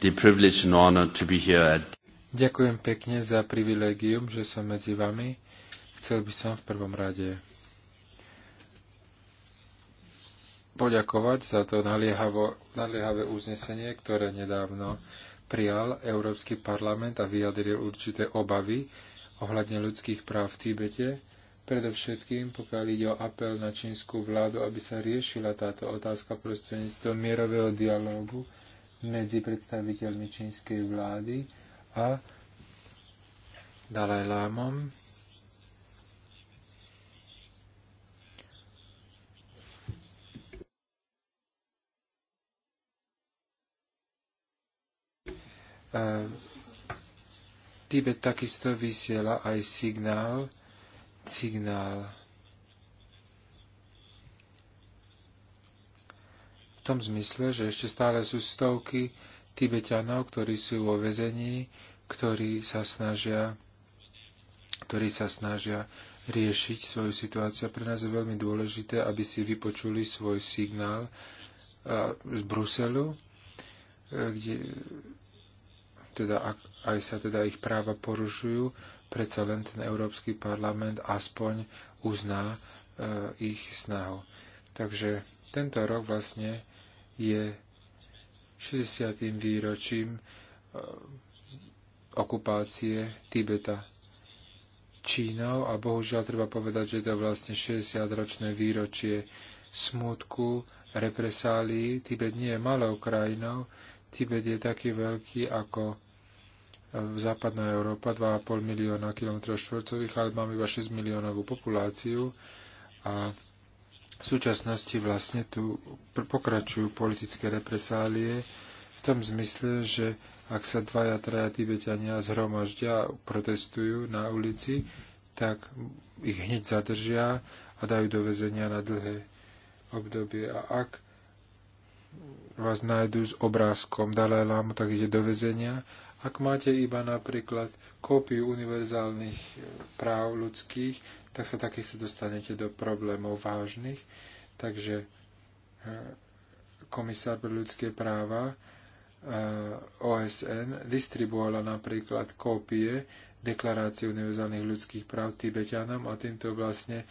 the privilege and honor to be here at Ďakujem pekne za privilégium, že som medzi vami. Chcel by som v prvom rade poďakovať za to naliehavé uznesenie, ktoré nedávno prijal Európsky parlament a vyjadril určité obavy ohľadne ľudských práv v Tibete, predovšetkým pokiaľ ide o apel na čínsku vládu, aby sa riešila táto otázka prostredníctvom mierového dialógu medzi predstaviteľmi čínskej vlády a Dalajlámom. Tibet takisto vysiela aj signál, signál v tom zmysle, že ešte stále sú stovky Tibetanov, ktorí sú vo vezení, ktorí sa snažia, ktorí sa snažia riešiť svoju situáciu. Pre nás je veľmi dôležité, aby si vypočuli svoj signál e, z Bruselu, e, kde teda aj sa teda ich práva porušujú, predsa len ten Európsky parlament aspoň uzná e, ich snahu. Takže tento rok vlastne je 60. výročím eh, okupácie Tibeta Čínou a bohužiaľ treba povedať, že to je vlastne 60-ročné výročie smutku, represálií. Tibet nie je malou krajinou, Tibet je taký veľký ako eh, západná Európa, 2,5 milióna km štvorcových, ale máme iba 6 miliónovú populáciu a v súčasnosti vlastne tu pokračujú politické represálie v tom zmysle, že ak sa dvaja, traja Tibetania zhromaždia a protestujú na ulici, tak ich hneď zadržia a dajú do väzenia na dlhé obdobie. A ak vás nájdu s obrázkom Dalaj Lámu, tak ide do väzenia. Ak máte iba napríklad kópiu univerzálnych práv ľudských, tak sa takisto dostanete do problémov vážnych. Takže e, komisár pre ľudské práva e, OSN distribuovala napríklad kópie deklarácie univerzálnych ľudských práv Tibetianom a týmto vlastne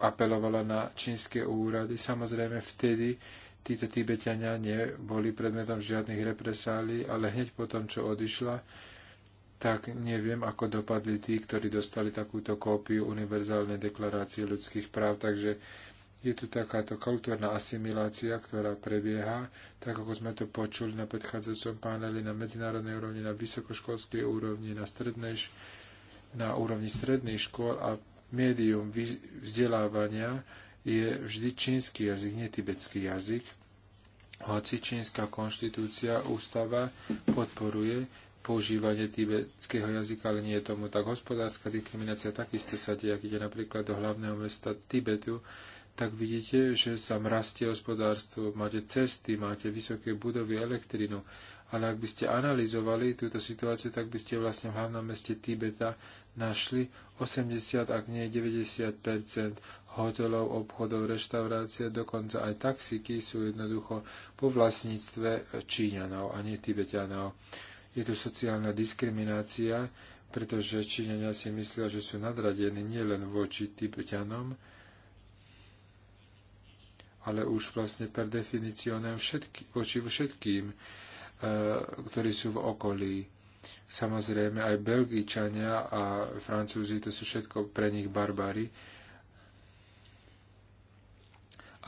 apelovala na čínske úrady. Samozrejme vtedy títo Tibetania neboli predmetom žiadnych represálií, ale hneď potom, čo odišla, tak neviem, ako dopadli tí, ktorí dostali takúto kópiu Univerzálnej deklarácie ľudských práv. Takže je tu takáto kultúrna asimilácia, ktorá prebieha, tak ako sme to počuli na predchádzajúcom paneli na medzinárodnej úrovni, na vysokoškolskej úrovni, na, strednej, na úrovni stredných škôl a médium vzdelávania je vždy čínsky jazyk, nie tibetský jazyk. Hoci čínska konštitúcia, ústava podporuje používanie tibetského jazyka, ale nie je tomu tak. Hospodárska diskriminácia takisto sa deje, ak ide napríklad do hlavného mesta Tibetu, tak vidíte, že tam rastie hospodárstvo, máte cesty, máte vysoké budovy, elektrinu. Ale ak by ste analyzovali túto situáciu, tak by ste vlastne v hlavnom meste Tibeta našli 80, ak nie 90 hotelov, obchodov, reštaurácie, dokonca aj taxíky sú jednoducho po vlastníctve Číňanov a nie Tibetanov je tu sociálna diskriminácia, pretože Číňania si myslia, že sú nadradení nielen voči Tibetanom, ale už vlastne per definíciónem všetky, voči všetkým, e, ktorí sú v okolí. Samozrejme, aj Belgičania a Francúzi, to sú všetko pre nich barbary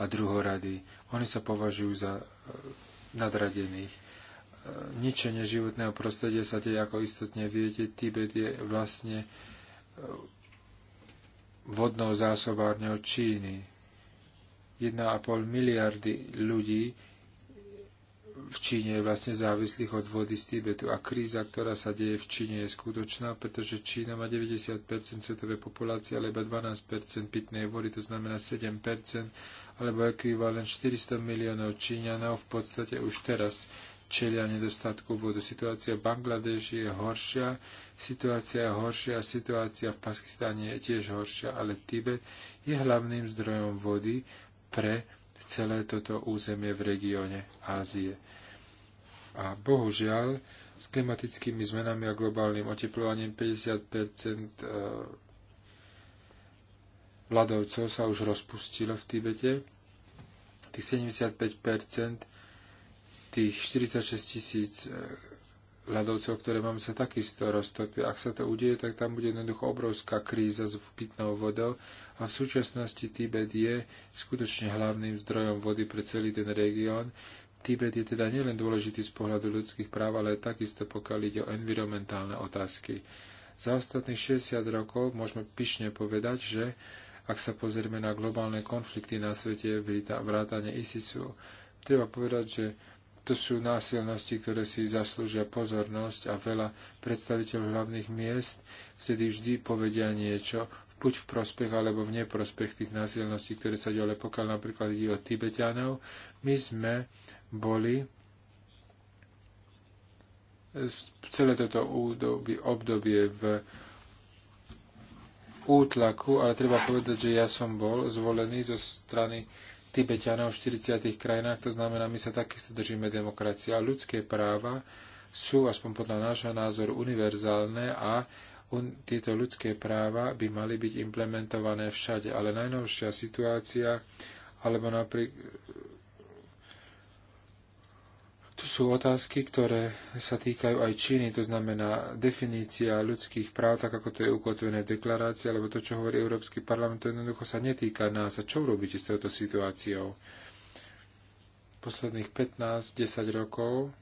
a druhorady. Oni sa považujú za eh, nadradených ničenie životného prostredia sa deje, ako istotne viete. Tibet je vlastne e, vodnou zásobárňou Číny. 1,5 miliardy ľudí v Číne je vlastne závislých od vody z Tibetu. A kríza, ktorá sa deje v Číne, je skutočná, pretože Čína má 90% svetovej populácie, ale iba 12% pitnej vody, to znamená 7%, alebo ekvivalent 400 miliónov Číňanov v podstate už teraz čelia nedostatku vodu. Situácia v Bangladeži je horšia, situácia je horšia, situácia v Pakistáne je tiež horšia, ale Tibet je hlavným zdrojom vody pre celé toto územie v regióne Ázie. A bohužiaľ, s klimatickými zmenami a globálnym oteplovaním 50 e, ľadovcov sa už rozpustilo v Tibete. Tých 75 tých 46 tisíc e, ľadovcov, ktoré máme, sa takisto roztopia. Ak sa to udeje, tak tam bude jednoducho obrovská kríza s pitnou vodou a v súčasnosti Tibet je skutočne hlavným zdrojom vody pre celý ten región. Tibet je teda nielen dôležitý z pohľadu ľudských práv, ale takisto pokiaľ ide o environmentálne otázky. Za ostatných 60 rokov môžeme pyšne povedať, že ak sa pozrieme na globálne konflikty na svete, vrátane ISISu, treba povedať, že to sú násilnosti, ktoré si zaslúžia pozornosť a veľa predstaviteľov hlavných miest vtedy vždy povedia niečo, buď v prospech alebo v neprospech tých násilností, ktoré sa ďalej, pokiaľ napríklad ide o Tibetanov. My sme boli celé toto údobie, obdobie v útlaku, ale treba povedať, že ja som bol zvolený zo strany Tibetianov v 40 krajinách, to znamená, my sa takisto držíme demokracie a ľudské práva sú, aspoň podľa nášho názoru, univerzálne a un- tieto ľudské práva by mali byť implementované všade. Ale najnovšia situácia, alebo napríklad tu sú otázky, ktoré sa týkajú aj Číny, to znamená definícia ľudských práv, tak ako to je ukotvené v deklarácii, alebo to, čo hovorí Európsky parlament, to jednoducho sa netýka nás. A čo robíte s touto situáciou? Posledných 15-10 rokov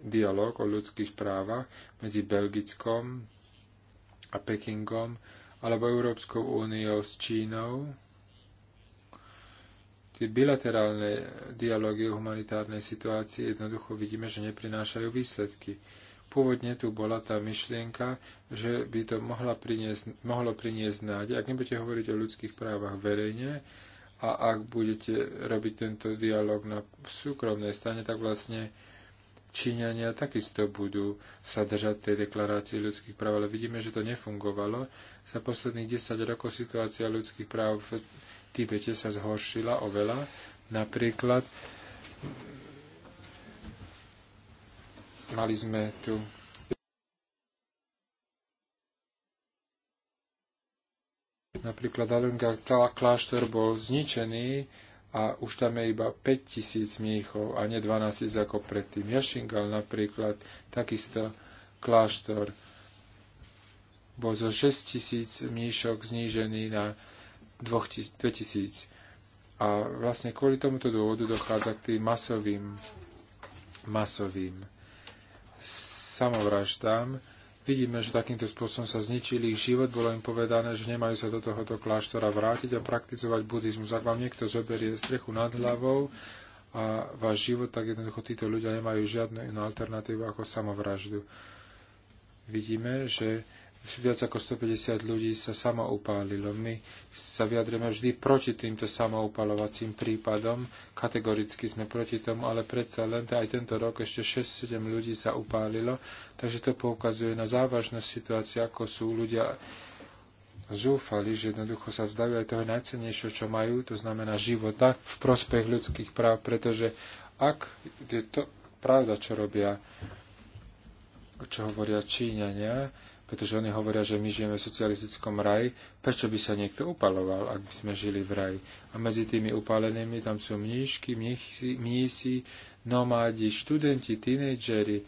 dialog o ľudských právach medzi Belgickom a Pekingom alebo Európskou úniou s Čínou tie bilaterálne dialógy o humanitárnej situácii jednoducho vidíme, že neprinášajú výsledky. Pôvodne tu bola tá myšlienka, že by to mohla priniesť, mohlo priniesť nádej. Ak nebudete hovoriť o ľudských právach verejne a ak budete robiť tento dialog na súkromnej strane, tak vlastne Číňania takisto budú sa držať tej deklarácii ľudských práv, ale vidíme, že to nefungovalo. Za posledných 10 rokov situácia ľudských práv v Tibete sa zhoršila oveľa. Napríklad mali sme tu Napríklad Alunga kláštor bol zničený a už tam je iba 5000 mníchov a ne 12 000 ako predtým. Jašingal napríklad, takisto kláštor bol zo 6000 mníšok znížený na 2000. A vlastne kvôli tomuto dôvodu dochádza k tým masovým, masovým samovraždám. Vidíme, že takýmto spôsobom sa zničil ich život, bolo im povedané, že nemajú sa do tohoto kláštora vrátiť a praktizovať buddhizmus. Ak vám niekto zoberie strechu nad hlavou a váš život, tak jednoducho títo ľudia nemajú žiadnu inú alternatívu ako samovraždu. Vidíme, že viac ako 150 ľudí sa samoupálilo. My sa vyjadrujeme vždy proti týmto samoupalovacím prípadom. Kategoricky sme proti tomu, ale predsa len aj tento rok ešte 6-7 ľudí sa upálilo. Takže to poukazuje na závažnosť situácie, ako sú ľudia zúfali, že jednoducho sa vzdajú aj toho najcennejšieho, čo majú, to znamená života v prospech ľudských práv, pretože ak je to pravda, čo robia, čo hovoria Číňania, pretože oni hovoria, že my žijeme v socialistickom raji, prečo by sa niekto upaloval, ak by sme žili v raji. A medzi tými upálenými tam sú mníšky, mnísi, nomádi, študenti, tínejdžeri,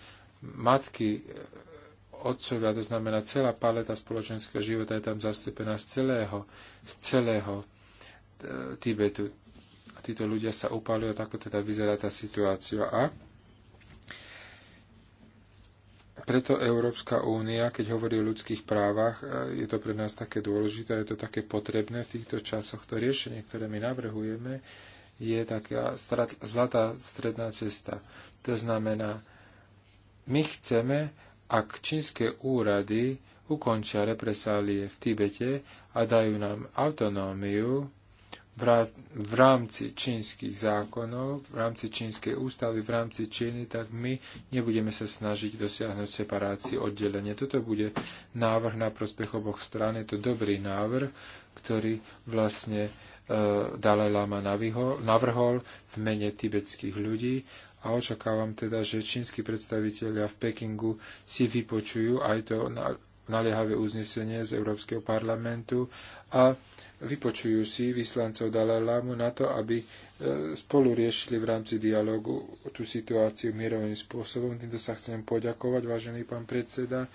matky, eh, otcovia, to znamená celá paleta spoločenského života je tam zastúpená z celého, z celého eh, Tibetu. A títo ľudia sa upalujú, tak teda vyzerá tá situácia. A preto Európska únia, keď hovorí o ľudských právach, e, je to pre nás také dôležité, je to také potrebné v týchto časoch. To riešenie, ktoré my navrhujeme, je taká zlatá stredná cesta. To znamená, my chceme, ak čínske úrady ukončia represálie v Tibete a dajú nám autonómiu, v rámci čínskych zákonov, v rámci čínskej ústavy, v rámci Číny, tak my nebudeme sa snažiť dosiahnuť separáciu, oddelenie. Toto bude návrh na prospech oboch strán. Je to dobrý návrh, ktorý vlastne e, Dalaj Lama navrhol v mene tibetských ľudí a očakávam teda, že čínsky predstavitelia v Pekingu si vypočujú aj to naliehavé uznesenie z Európskeho parlamentu a vypočujú si vyslancov Dalajlámu na to, aby e, spolu riešili v rámci dialogu tú situáciu mierovým spôsobom. Týmto sa chcem poďakovať, vážený pán predseda,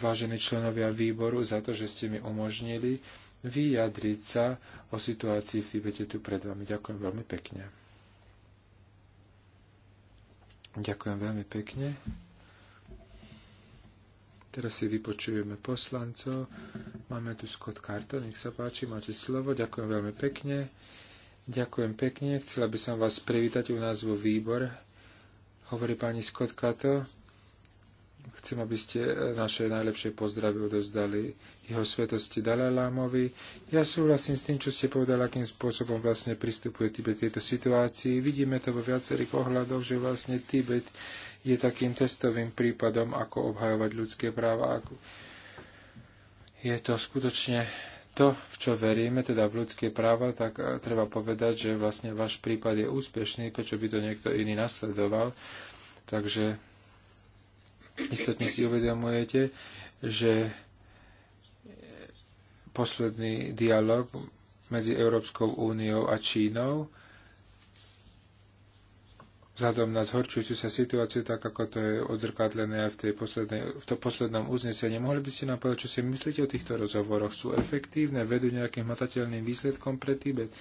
vážení členovia výboru, za to, že ste mi umožnili vyjadriť sa o situácii v Tibete tu pred vami. Ďakujem veľmi pekne. Ďakujem veľmi pekne. Teraz si vypočujeme poslancov. Máme tu Scott Carton, nech sa páči, máte slovo. Ďakujem veľmi pekne. Ďakujem pekne. Chcela by som vás privítať u nás vo výbore. Hovorí pani Scott Cato. Chcem, aby ste e, naše najlepšie pozdravy odozdali jeho svetosti Dalajlámovi. Ja súhlasím s tým, čo ste povedali, akým spôsobom vlastne pristupuje Tibet tejto situácii. Vidíme to vo viacerých ohľadoch, že vlastne Tibet je takým testovým prípadom, ako obhajovať ľudské práva. Je to skutočne to, v čo veríme, teda v ľudské práva, tak e, treba povedať, že vlastne váš prípad je úspešný, prečo by to niekto iný nasledoval. Takže Istotne si uvedomujete, že posledný dialog medzi Európskou úniou a Čínou vzhľadom na zhorčujúcu sa situáciu, tak ako to je odzrkadlené aj v, tej poslednej, v to poslednom uznesení. Mohli by ste nám povedať, čo si myslíte o týchto rozhovoroch? Sú efektívne? Vedú nejakým hmatateľným výsledkom pre Tibet?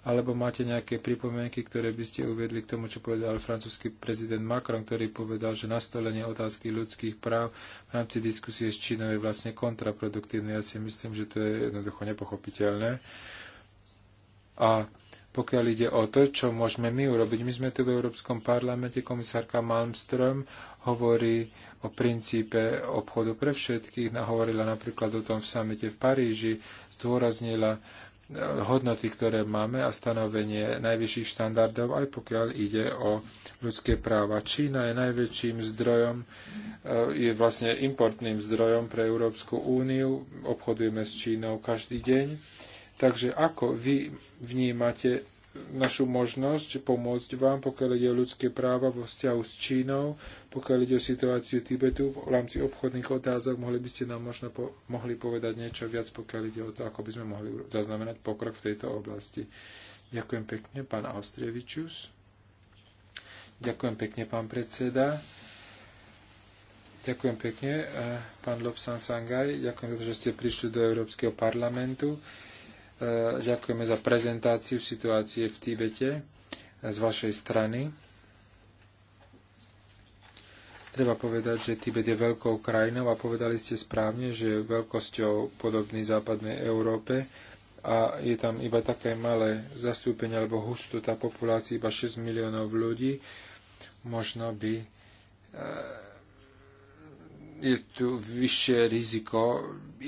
alebo máte nejaké pripomienky, ktoré by ste uviedli k tomu, čo povedal francúzsky prezident Macron, ktorý povedal, že nastolenie otázky ľudských práv v rámci diskusie s Čínou je vlastne kontraproduktívne. Ja si myslím, že to je jednoducho nepochopiteľné. A pokiaľ ide o to, čo môžeme my urobiť, my sme tu v Európskom parlamente, komisárka Malmström hovorí o princípe obchodu pre všetkých, hovorila napríklad o tom v samite v Paríži, zdôraznila hodnoty, ktoré máme a stanovenie najvyšších štandardov, aj pokiaľ ide o ľudské práva. Čína je najväčším zdrojom, eh, je vlastne importným zdrojom pre Európsku úniu. Obchodujeme s Čínou každý deň. Takže ako vy vnímate našu možnosť pomôcť vám, pokiaľ ide o ľudské práva vo vzťahu s Čínou, pokiaľ ide o situáciu Tibetu v rámci obchodných otázok, mohli by ste nám možno po, mohli povedať niečo viac, pokiaľ ide o to, ako by sme mohli zaznamenať pokrok v tejto oblasti. Ďakujem pekne, pán Austrievičus. Ďakujem pekne, pán predseda. Ďakujem pekne, eh, pán Lobsan Sangaj. Ďakujem za to, že ste prišli do Európskeho parlamentu. E, ďakujeme za prezentáciu situácie v Tibete z vašej strany. Treba povedať, že Tibet je veľkou krajinou a povedali ste správne, že je veľkosťou podobný západnej Európe a je tam iba také malé zastúpenie alebo hustota populácií, iba 6 miliónov ľudí. Možno by e, je tu vyššie riziko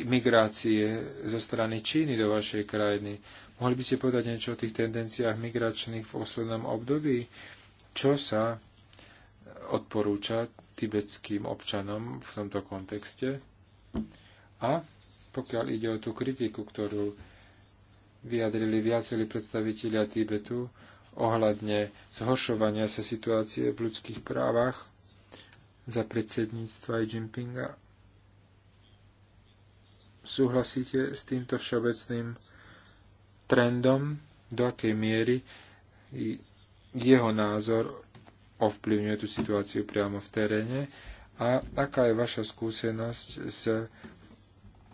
migrácie zo strany Číny do vašej krajiny. Mohli by ste povedať niečo o tých tendenciách migračných v poslednom období? Čo sa odporúča tibetským občanom v tomto kontexte? A pokiaľ ide o tú kritiku, ktorú vyjadrili viacerí predstavitelia Tibetu ohľadne zhoršovania sa situácie v ľudských právach, za predsedníctva Xi Jinpinga. Súhlasíte s týmto všeobecným trendom, do akej miery jeho názor ovplyvňuje tú situáciu priamo v teréne a aká je vaša skúsenosť s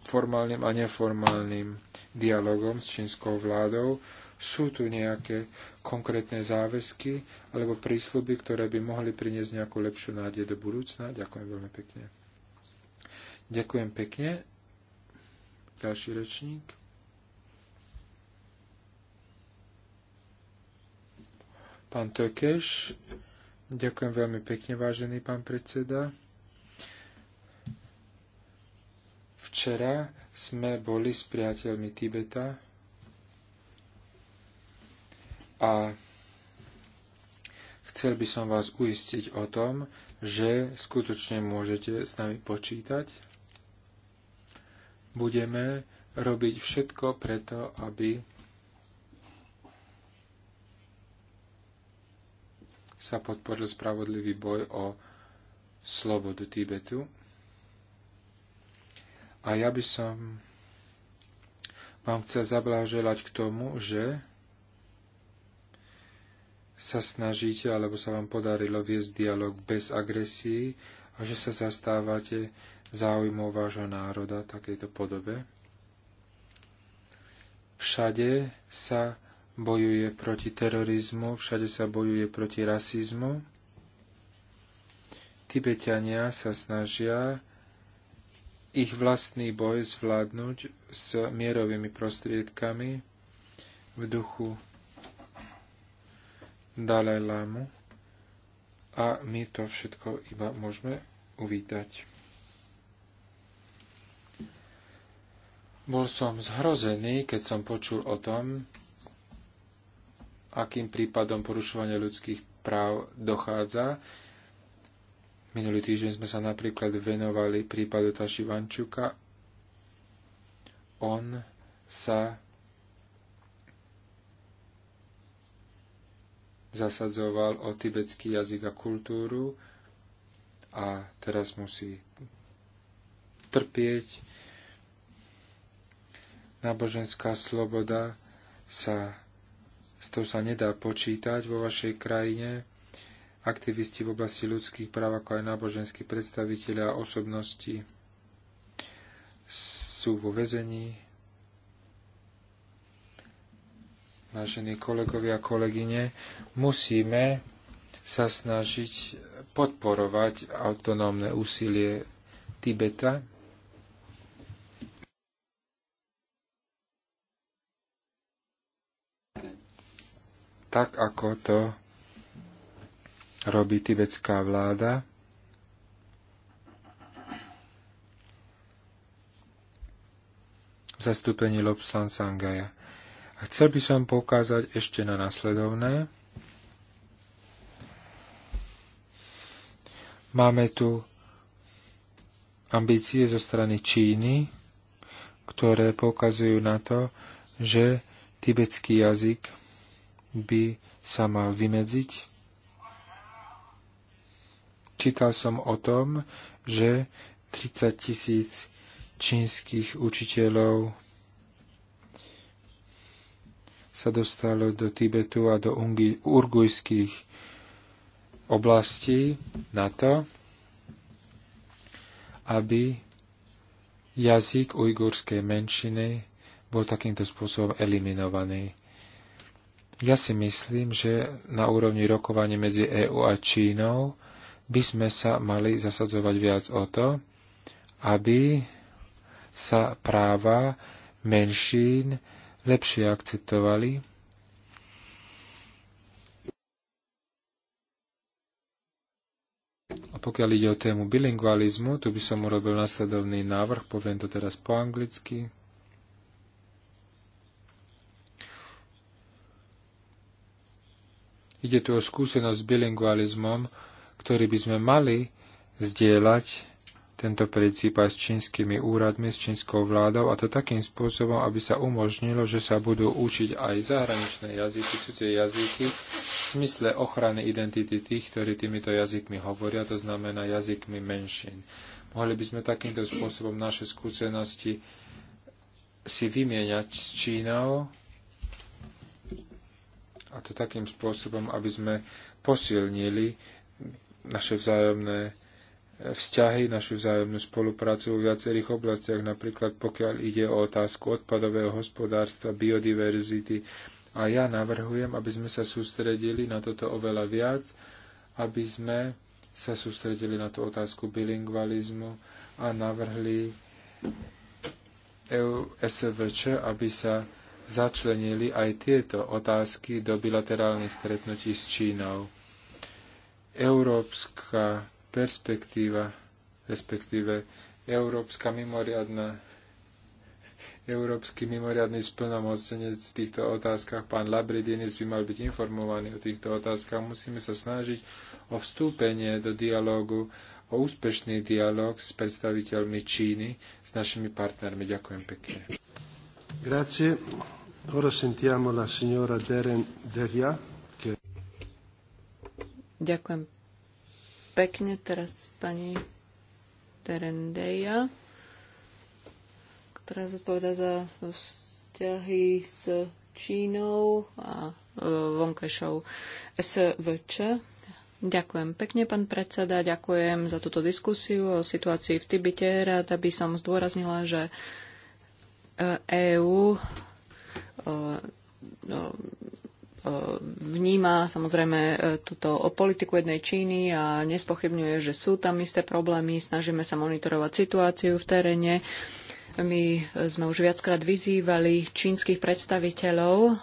formálnym a neformálnym dialogom s čínskou vládou sú tu nejaké konkrétne záväzky alebo prísľuby, ktoré by mohli priniesť nejakú lepšiu nádej do budúcna? Ďakujem veľmi pekne. Ďakujem pekne. Ďalší rečník. Pán Tökeš, ďakujem veľmi pekne, vážený pán predseda. Včera sme boli s priateľmi Tibeta a chcel by som vás uistiť o tom, že skutočne môžete s nami počítať. Budeme robiť všetko preto, aby sa podporil spravodlivý boj o slobodu Tibetu. A ja by som vám chcel zablahoželať k tomu, že sa snažíte, alebo sa vám podarilo viesť dialog bez agresí a že sa zastávate záujmov vášho národa v takejto podobe. Všade sa bojuje proti terorizmu, všade sa bojuje proti rasizmu. Tibetania sa snažia ich vlastný boj zvládnuť s mierovými prostriedkami v duchu Dalaj Lámu a my to všetko iba môžeme uvítať. Bol som zhrozený, keď som počul o tom, akým prípadom porušovania ľudských práv dochádza. Minulý týždeň sme sa napríklad venovali prípadu Vančuka. On sa zasadzoval o tibetský jazyk a kultúru a teraz musí trpieť. Náboženská sloboda sa, s tou sa nedá počítať vo vašej krajine. Aktivisti v oblasti ľudských práv, ako aj náboženskí predstavitelia a osobnosti sú vo vezení, vážení kolegovia a kolegyne, musíme sa snažiť podporovať autonómne úsilie Tibeta. Tak ako to robí tibetská vláda. v zastúpení Lobsan Sangaja. Chcel by som poukázať ešte na nasledovné. Máme tu ambície zo strany Číny, ktoré poukazujú na to, že tibetský jazyk by sa mal vymedziť. Čítal som o tom, že 30 tisíc čínskych učiteľov sa dostalo do Tibetu a do Ungi, urgujských oblastí na to, aby jazyk ujgurskej menšiny bol takýmto spôsobom eliminovaný. Ja si myslím, že na úrovni rokovania medzi EÚ a Čínou by sme sa mali zasadzovať viac o to, aby sa práva menšín lepšie akceptovali. A pokiaľ ide o tému bilingualizmu, tu by som urobil nasledovný návrh, poviem to teraz po anglicky. Ide tu o skúsenosť s bilingualizmom, ktorý by sme mali zdieľať tento princíp aj s čínskymi úradmi, s čínskou vládou a to takým spôsobom, aby sa umožnilo, že sa budú učiť aj zahraničné jazyky, cudzie jazyky v smysle ochrany identity tých, ktorí týmito jazykmi hovoria, to znamená jazykmi menšín. Mohli by sme takýmto spôsobom naše skúsenosti si vymieňať s Čínou a to takým spôsobom, aby sme posilnili naše vzájomné vzťahy, našu vzájomnú spoluprácu vo viacerých oblastiach, napríklad pokiaľ ide o otázku odpadového hospodárstva, biodiverzity. A ja navrhujem, aby sme sa sústredili na toto oveľa viac, aby sme sa sústredili na tú otázku bilingvalizmu a navrhli EU SVČ, aby sa začlenili aj tieto otázky do bilaterálnych stretnutí s Čínou. Európska perspektíva, respektíve Európska mimoriadna Európsky mimoriadný splnomocenec v týchto otázkach, pán Labridinis, by mal byť informovaný o týchto otázkach. Musíme sa snažiť o vstúpenie do dialógu, o úspešný dialóg s predstaviteľmi Číny, s našimi partnermi. Ďakujem pekne. Grazie. Ora sentiamo la signora Deren Che... Ďakujem pekne. Teraz pani Terendeja, ktorá zodpoveda za vzťahy s Čínou a e, vonkajšou SVČ. Ďakujem pekne, pán predseda. Ďakujem za túto diskusiu o situácii v Tibite. Rada by som zdôraznila, že EÚ e vníma samozrejme e, túto politiku jednej Číny a nespochybňuje, že sú tam isté problémy, snažíme sa monitorovať situáciu v teréne. My sme už viackrát vyzývali čínskych predstaviteľov,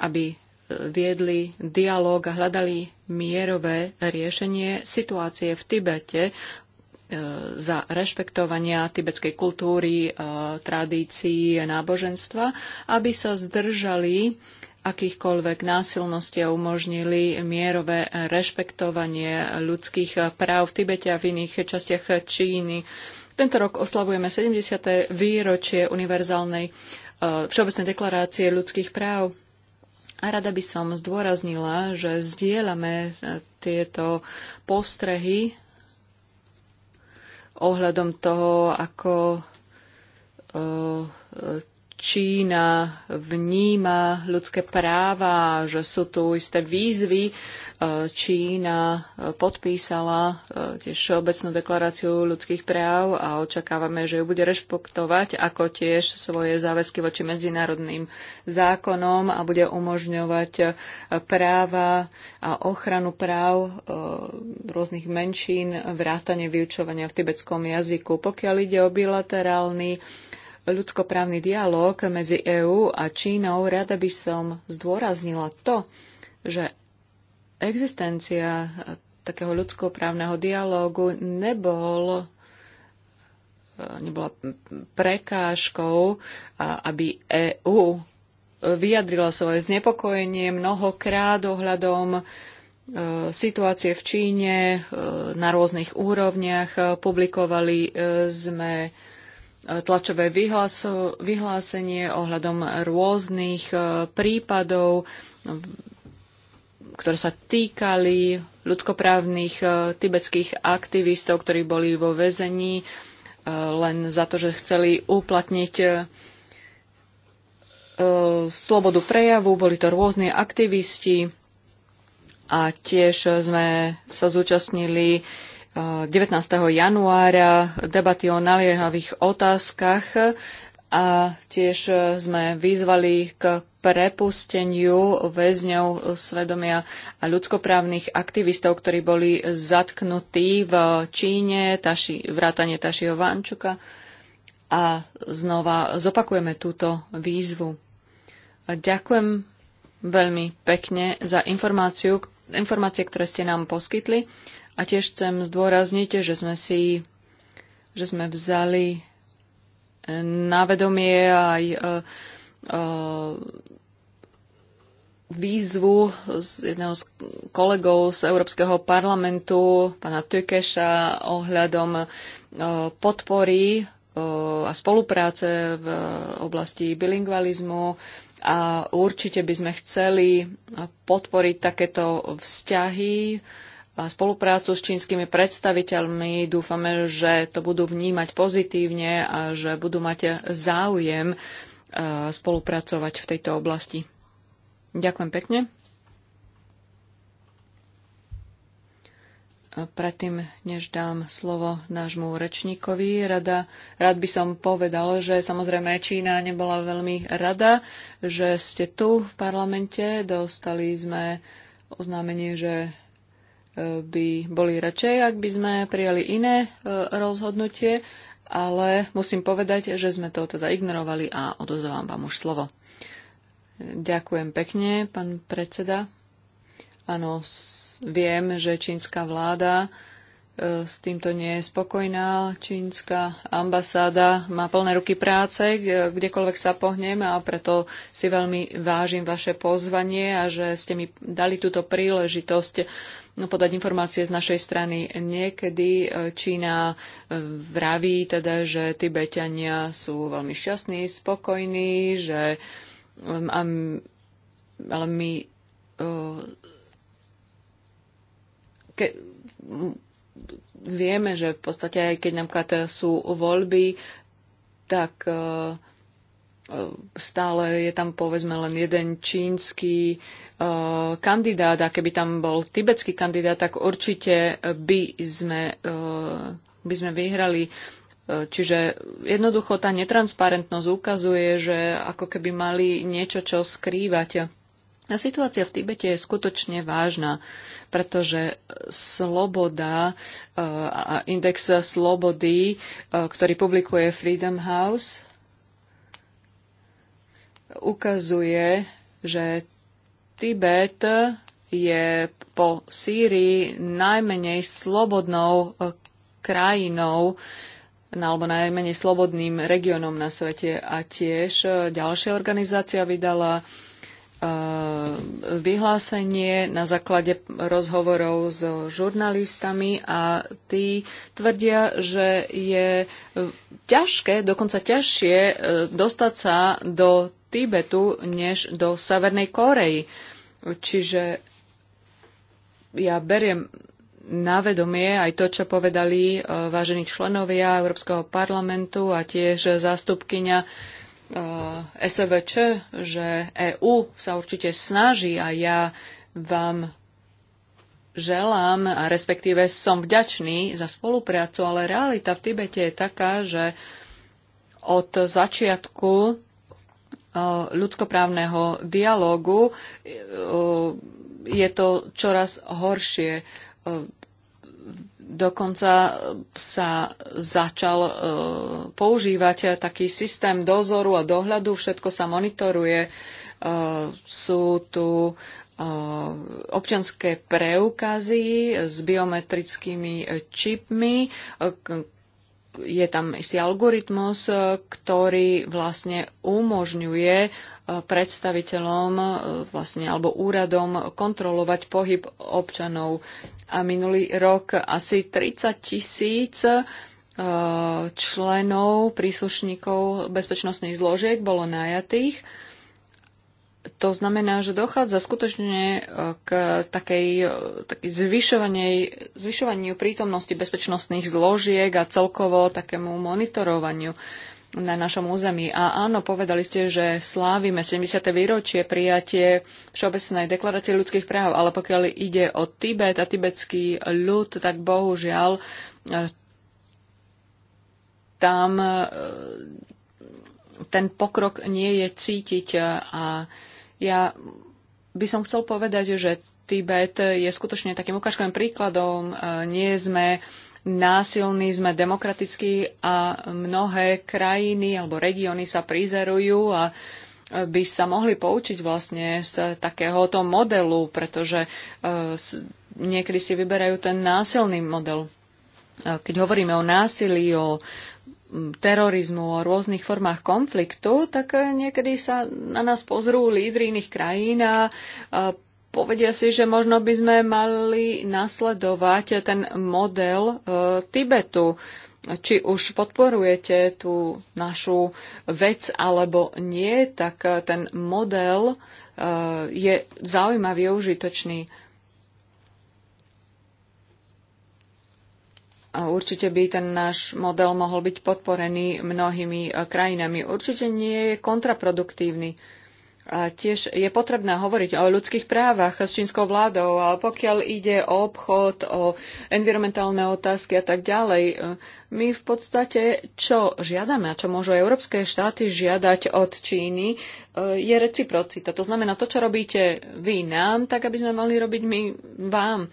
aby e, viedli dialog a hľadali mierové riešenie situácie v Tibete E, za rešpektovania tibetskej kultúry, e, tradícií, náboženstva, aby sa zdržali akýchkoľvek násilnosti a umožnili mierové rešpektovanie ľudských práv v Tibete a v iných častiach Číny. Tento rok oslavujeme 70. výročie univerzálnej e, Všeobecnej deklarácie ľudských práv. A rada by som zdôraznila, že zdieľame tieto postrehy ohľadom toho, ako eh, Čína vníma ľudské práva, že sú tu isté výzvy, Čína podpísala e, tiež Všeobecnú deklaráciu ľudských práv a očakávame, že ju bude rešpektovať ako tiež svoje záväzky voči medzinárodným zákonom a bude umožňovať e, práva a ochranu práv e, rôznych menšín, vrátanie vyučovania v tibetskom jazyku. Pokiaľ ide o bilaterálny ľudskoprávny dialog medzi EÚ a Čínou, rada by som zdôraznila to, že existencia e, takého ľudskoprávneho dialógu nebol e, nebola prekážkou, aby EÚ vyjadrila svoje znepokojenie mnohokrát ohľadom e, situácie v Číne na rôznych úrovniach. Publikovali sme tlačové vyhlásenie ohľadom rôznych prípadov ktoré sa týkali ľudskoprávnych e, tibetských aktivistov, ktorí boli vo väzení e, len za to, že chceli uplatniť e, slobodu prejavu. Boli to rôzni aktivisti a tiež sme sa zúčastnili 19. januára debaty o naliehavých otázkach a tiež e, sme vyzvali k prepusteniu väzňov svedomia a ľudskoprávnych aktivistov, ktorí boli zatknutí v Číne, taši, vrátane Tašiho Vančuka. A znova zopakujeme túto výzvu. A ďakujem veľmi pekne za informáciu, informácie, ktoré ste nám poskytli. A tiež chcem zdôrazniť, že sme si že sme vzali na vedomie aj e, e, výzvu z jedného z kolegov z Európskeho parlamentu, pána Tökeša, ohľadom e, podpory a spolupráce v oblasti bilingvalizmu a určite by sme chceli podporiť takéto vzťahy spoluprácu s čínskymi predstaviteľmi. Dúfame, že to budú vnímať pozitívne a že budú mať záujem e, spolupracovať v tejto oblasti. Ďakujem pekne. Predtým, než dám slovo nášmu rečníkovi, rada, rád by som povedal, že samozrejme Čína nebola veľmi rada, že ste tu v parlamente. Dostali sme oznámenie, že by boli radšej, ak by sme prijali iné e, rozhodnutie, ale musím povedať, že sme to teda ignorovali a odozdávam vám už slovo. Ďakujem pekne, pán predseda. Áno, viem, že čínska vláda e, s týmto nie je spokojná. Čínska ambasáda má plné ruky práce, e, kdekoľvek sa pohnem a preto si veľmi vážim vaše pozvanie a že ste mi dali túto príležitosť No, podať informácie z našej strany. Niekedy e, Čína e, vraví teda, že Tibetania sú veľmi šťastní, spokojní, že um, ale my e, ke, vieme, že v podstate aj keď napríklad sú voľby, tak stále je tam povedzme len jeden čínsky Eh, kandidát a keby tam bol tibetský kandidát, tak určite by sme, eh, by sme vyhrali. Eh, čiže jednoducho tá netransparentnosť ukazuje, že ako keby mali niečo, čo skrývať. A situácia v Tibete je skutočne vážna, pretože sloboda a index slobody, ktorý publikuje Freedom House, ukazuje, že Tibet je po Sýrii najmenej slobodnou eh, krajinou alebo najmenej slobodným regiónom na svete. A tiež eh, ďalšia organizácia vydala eh, vyhlásenie na základe rozhovorov s žurnalistami a tí tvrdia, že je ťažké, dokonca ťažšie dostať sa do Tibetu než do Severnej Korei Čiže ja beriem na vedomie aj to, čo povedali e, vážení členovia Európskeho parlamentu a tiež zástupkyňa e, SVČ, že EÚ sa určite snaží a ja vám želám a respektíve som vďačný za spoluprácu, ale realita v Tibete je taká, že od začiatku ľudskoprávneho dialógu e, je to čoraz horšie. E, dokonca sa začal e, používať taký systém dozoru a dohľadu, všetko sa monitoruje. Sú tu občianské preukazy s biometrickými čipmi, je tam istý algoritmus, e, ktorý vlastne umožňuje e, predstaviteľom e, vlastne, alebo úradom kontrolovať pohyb občanov. A minulý rok asi 30 tisíc členov príslušníkov bezpečnostných zložiek bolo najatých to znamená, že dochádza skutočne e, k takej, e, takej zvyšovaniu prítomnosti bezpečnostných zložiek a celkovo takému monitorovaniu na našom území. A áno, povedali ste, že slávime 70. výročie prijatie Všeobecnej deklarácie ľudských práv, ale pokiaľ ide o Tibet a tibetský ľud, tak bohužiaľ e, tam ten pokrok nie je cítiť a ja by som chcel povedať, že Tibet je skutočne takým ukážkovým príkladom. E, nie sme násilní, sme demokratickí a mnohé krajiny alebo regióny sa prizerujú a by sa mohli poučiť vlastne z takéhoto modelu, pretože e, niekedy si vyberajú ten násilný model. E, keď hovoríme o násilí, o terorizmu, o rôznych formách konfliktu, tak eh, niekedy sa na nás pozrú lídry iných krajín a povedia si, že možno by sme mali nasledovať ten model eh, Tibetu či už podporujete tú našu vec alebo nie, tak eh, ten model je zaujímavý užitočný. Určite by ten náš model mohol byť podporený mnohými e, krajinami. Určite nie je kontraproduktívny. A tiež je potrebné hovoriť o ľudských právach s čínskou vládou, a pokiaľ ide o obchod, o environmentálne otázky a tak ďalej, e, my v podstate, čo žiadame a čo môžu európske štáty žiadať od Číny, e, je reciprocita. To znamená, to, čo robíte vy nám, tak aby sme mali robiť my vám.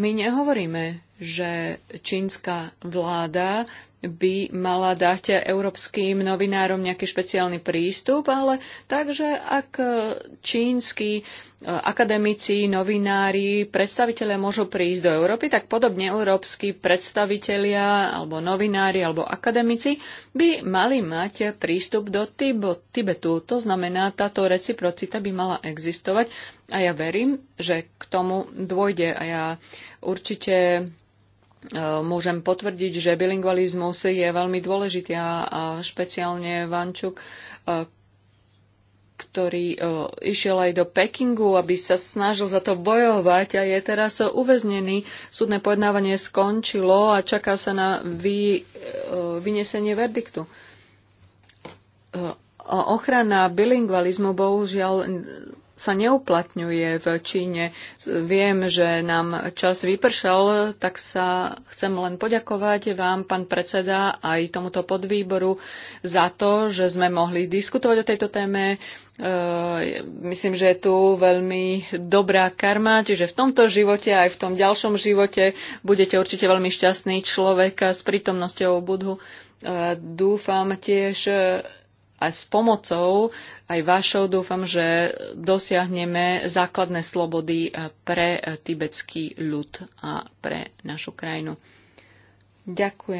My nehovoríme že čínska vláda by mala dať európskym novinárom nejaký špeciálny prístup, ale takže ak čínsky e, akademici, novinári, predstavitelia môžu prísť do Európy, tak podobne európsky predstavitelia alebo novinári alebo akademici by mali mať prístup do Tibetu. To znamená, táto reciprocita by mala existovať a ja verím, že k tomu dôjde a ja určite môžem potvrdiť, že bilingualizmus je veľmi dôležitý a špeciálne Vančuk, e, ktorý e, išiel aj do Pekingu, aby sa snažil za to bojovať a je teraz uväznený. Súdne pojednávanie skončilo a čaká sa na vy, e, vynesenie verdiktu. Ochrana bilingualizmu bohužiaľ sa neuplatňuje v Číne. Viem, že nám čas vypršal, tak sa chcem len poďakovať vám, pán predseda, aj tomuto podvýboru za to, že sme mohli diskutovať o tejto téme. E, myslím, že je tu veľmi dobrá karma, čiže v tomto živote aj v tom ďalšom živote budete určite veľmi šťastný človek s prítomnosťou Budhu. E, dúfam tiež, a s pomocou aj vašou dúfam, že dosiahneme základné slobody eh, pre eh, tibetský ľud a pre našu krajinu. Ďakujem.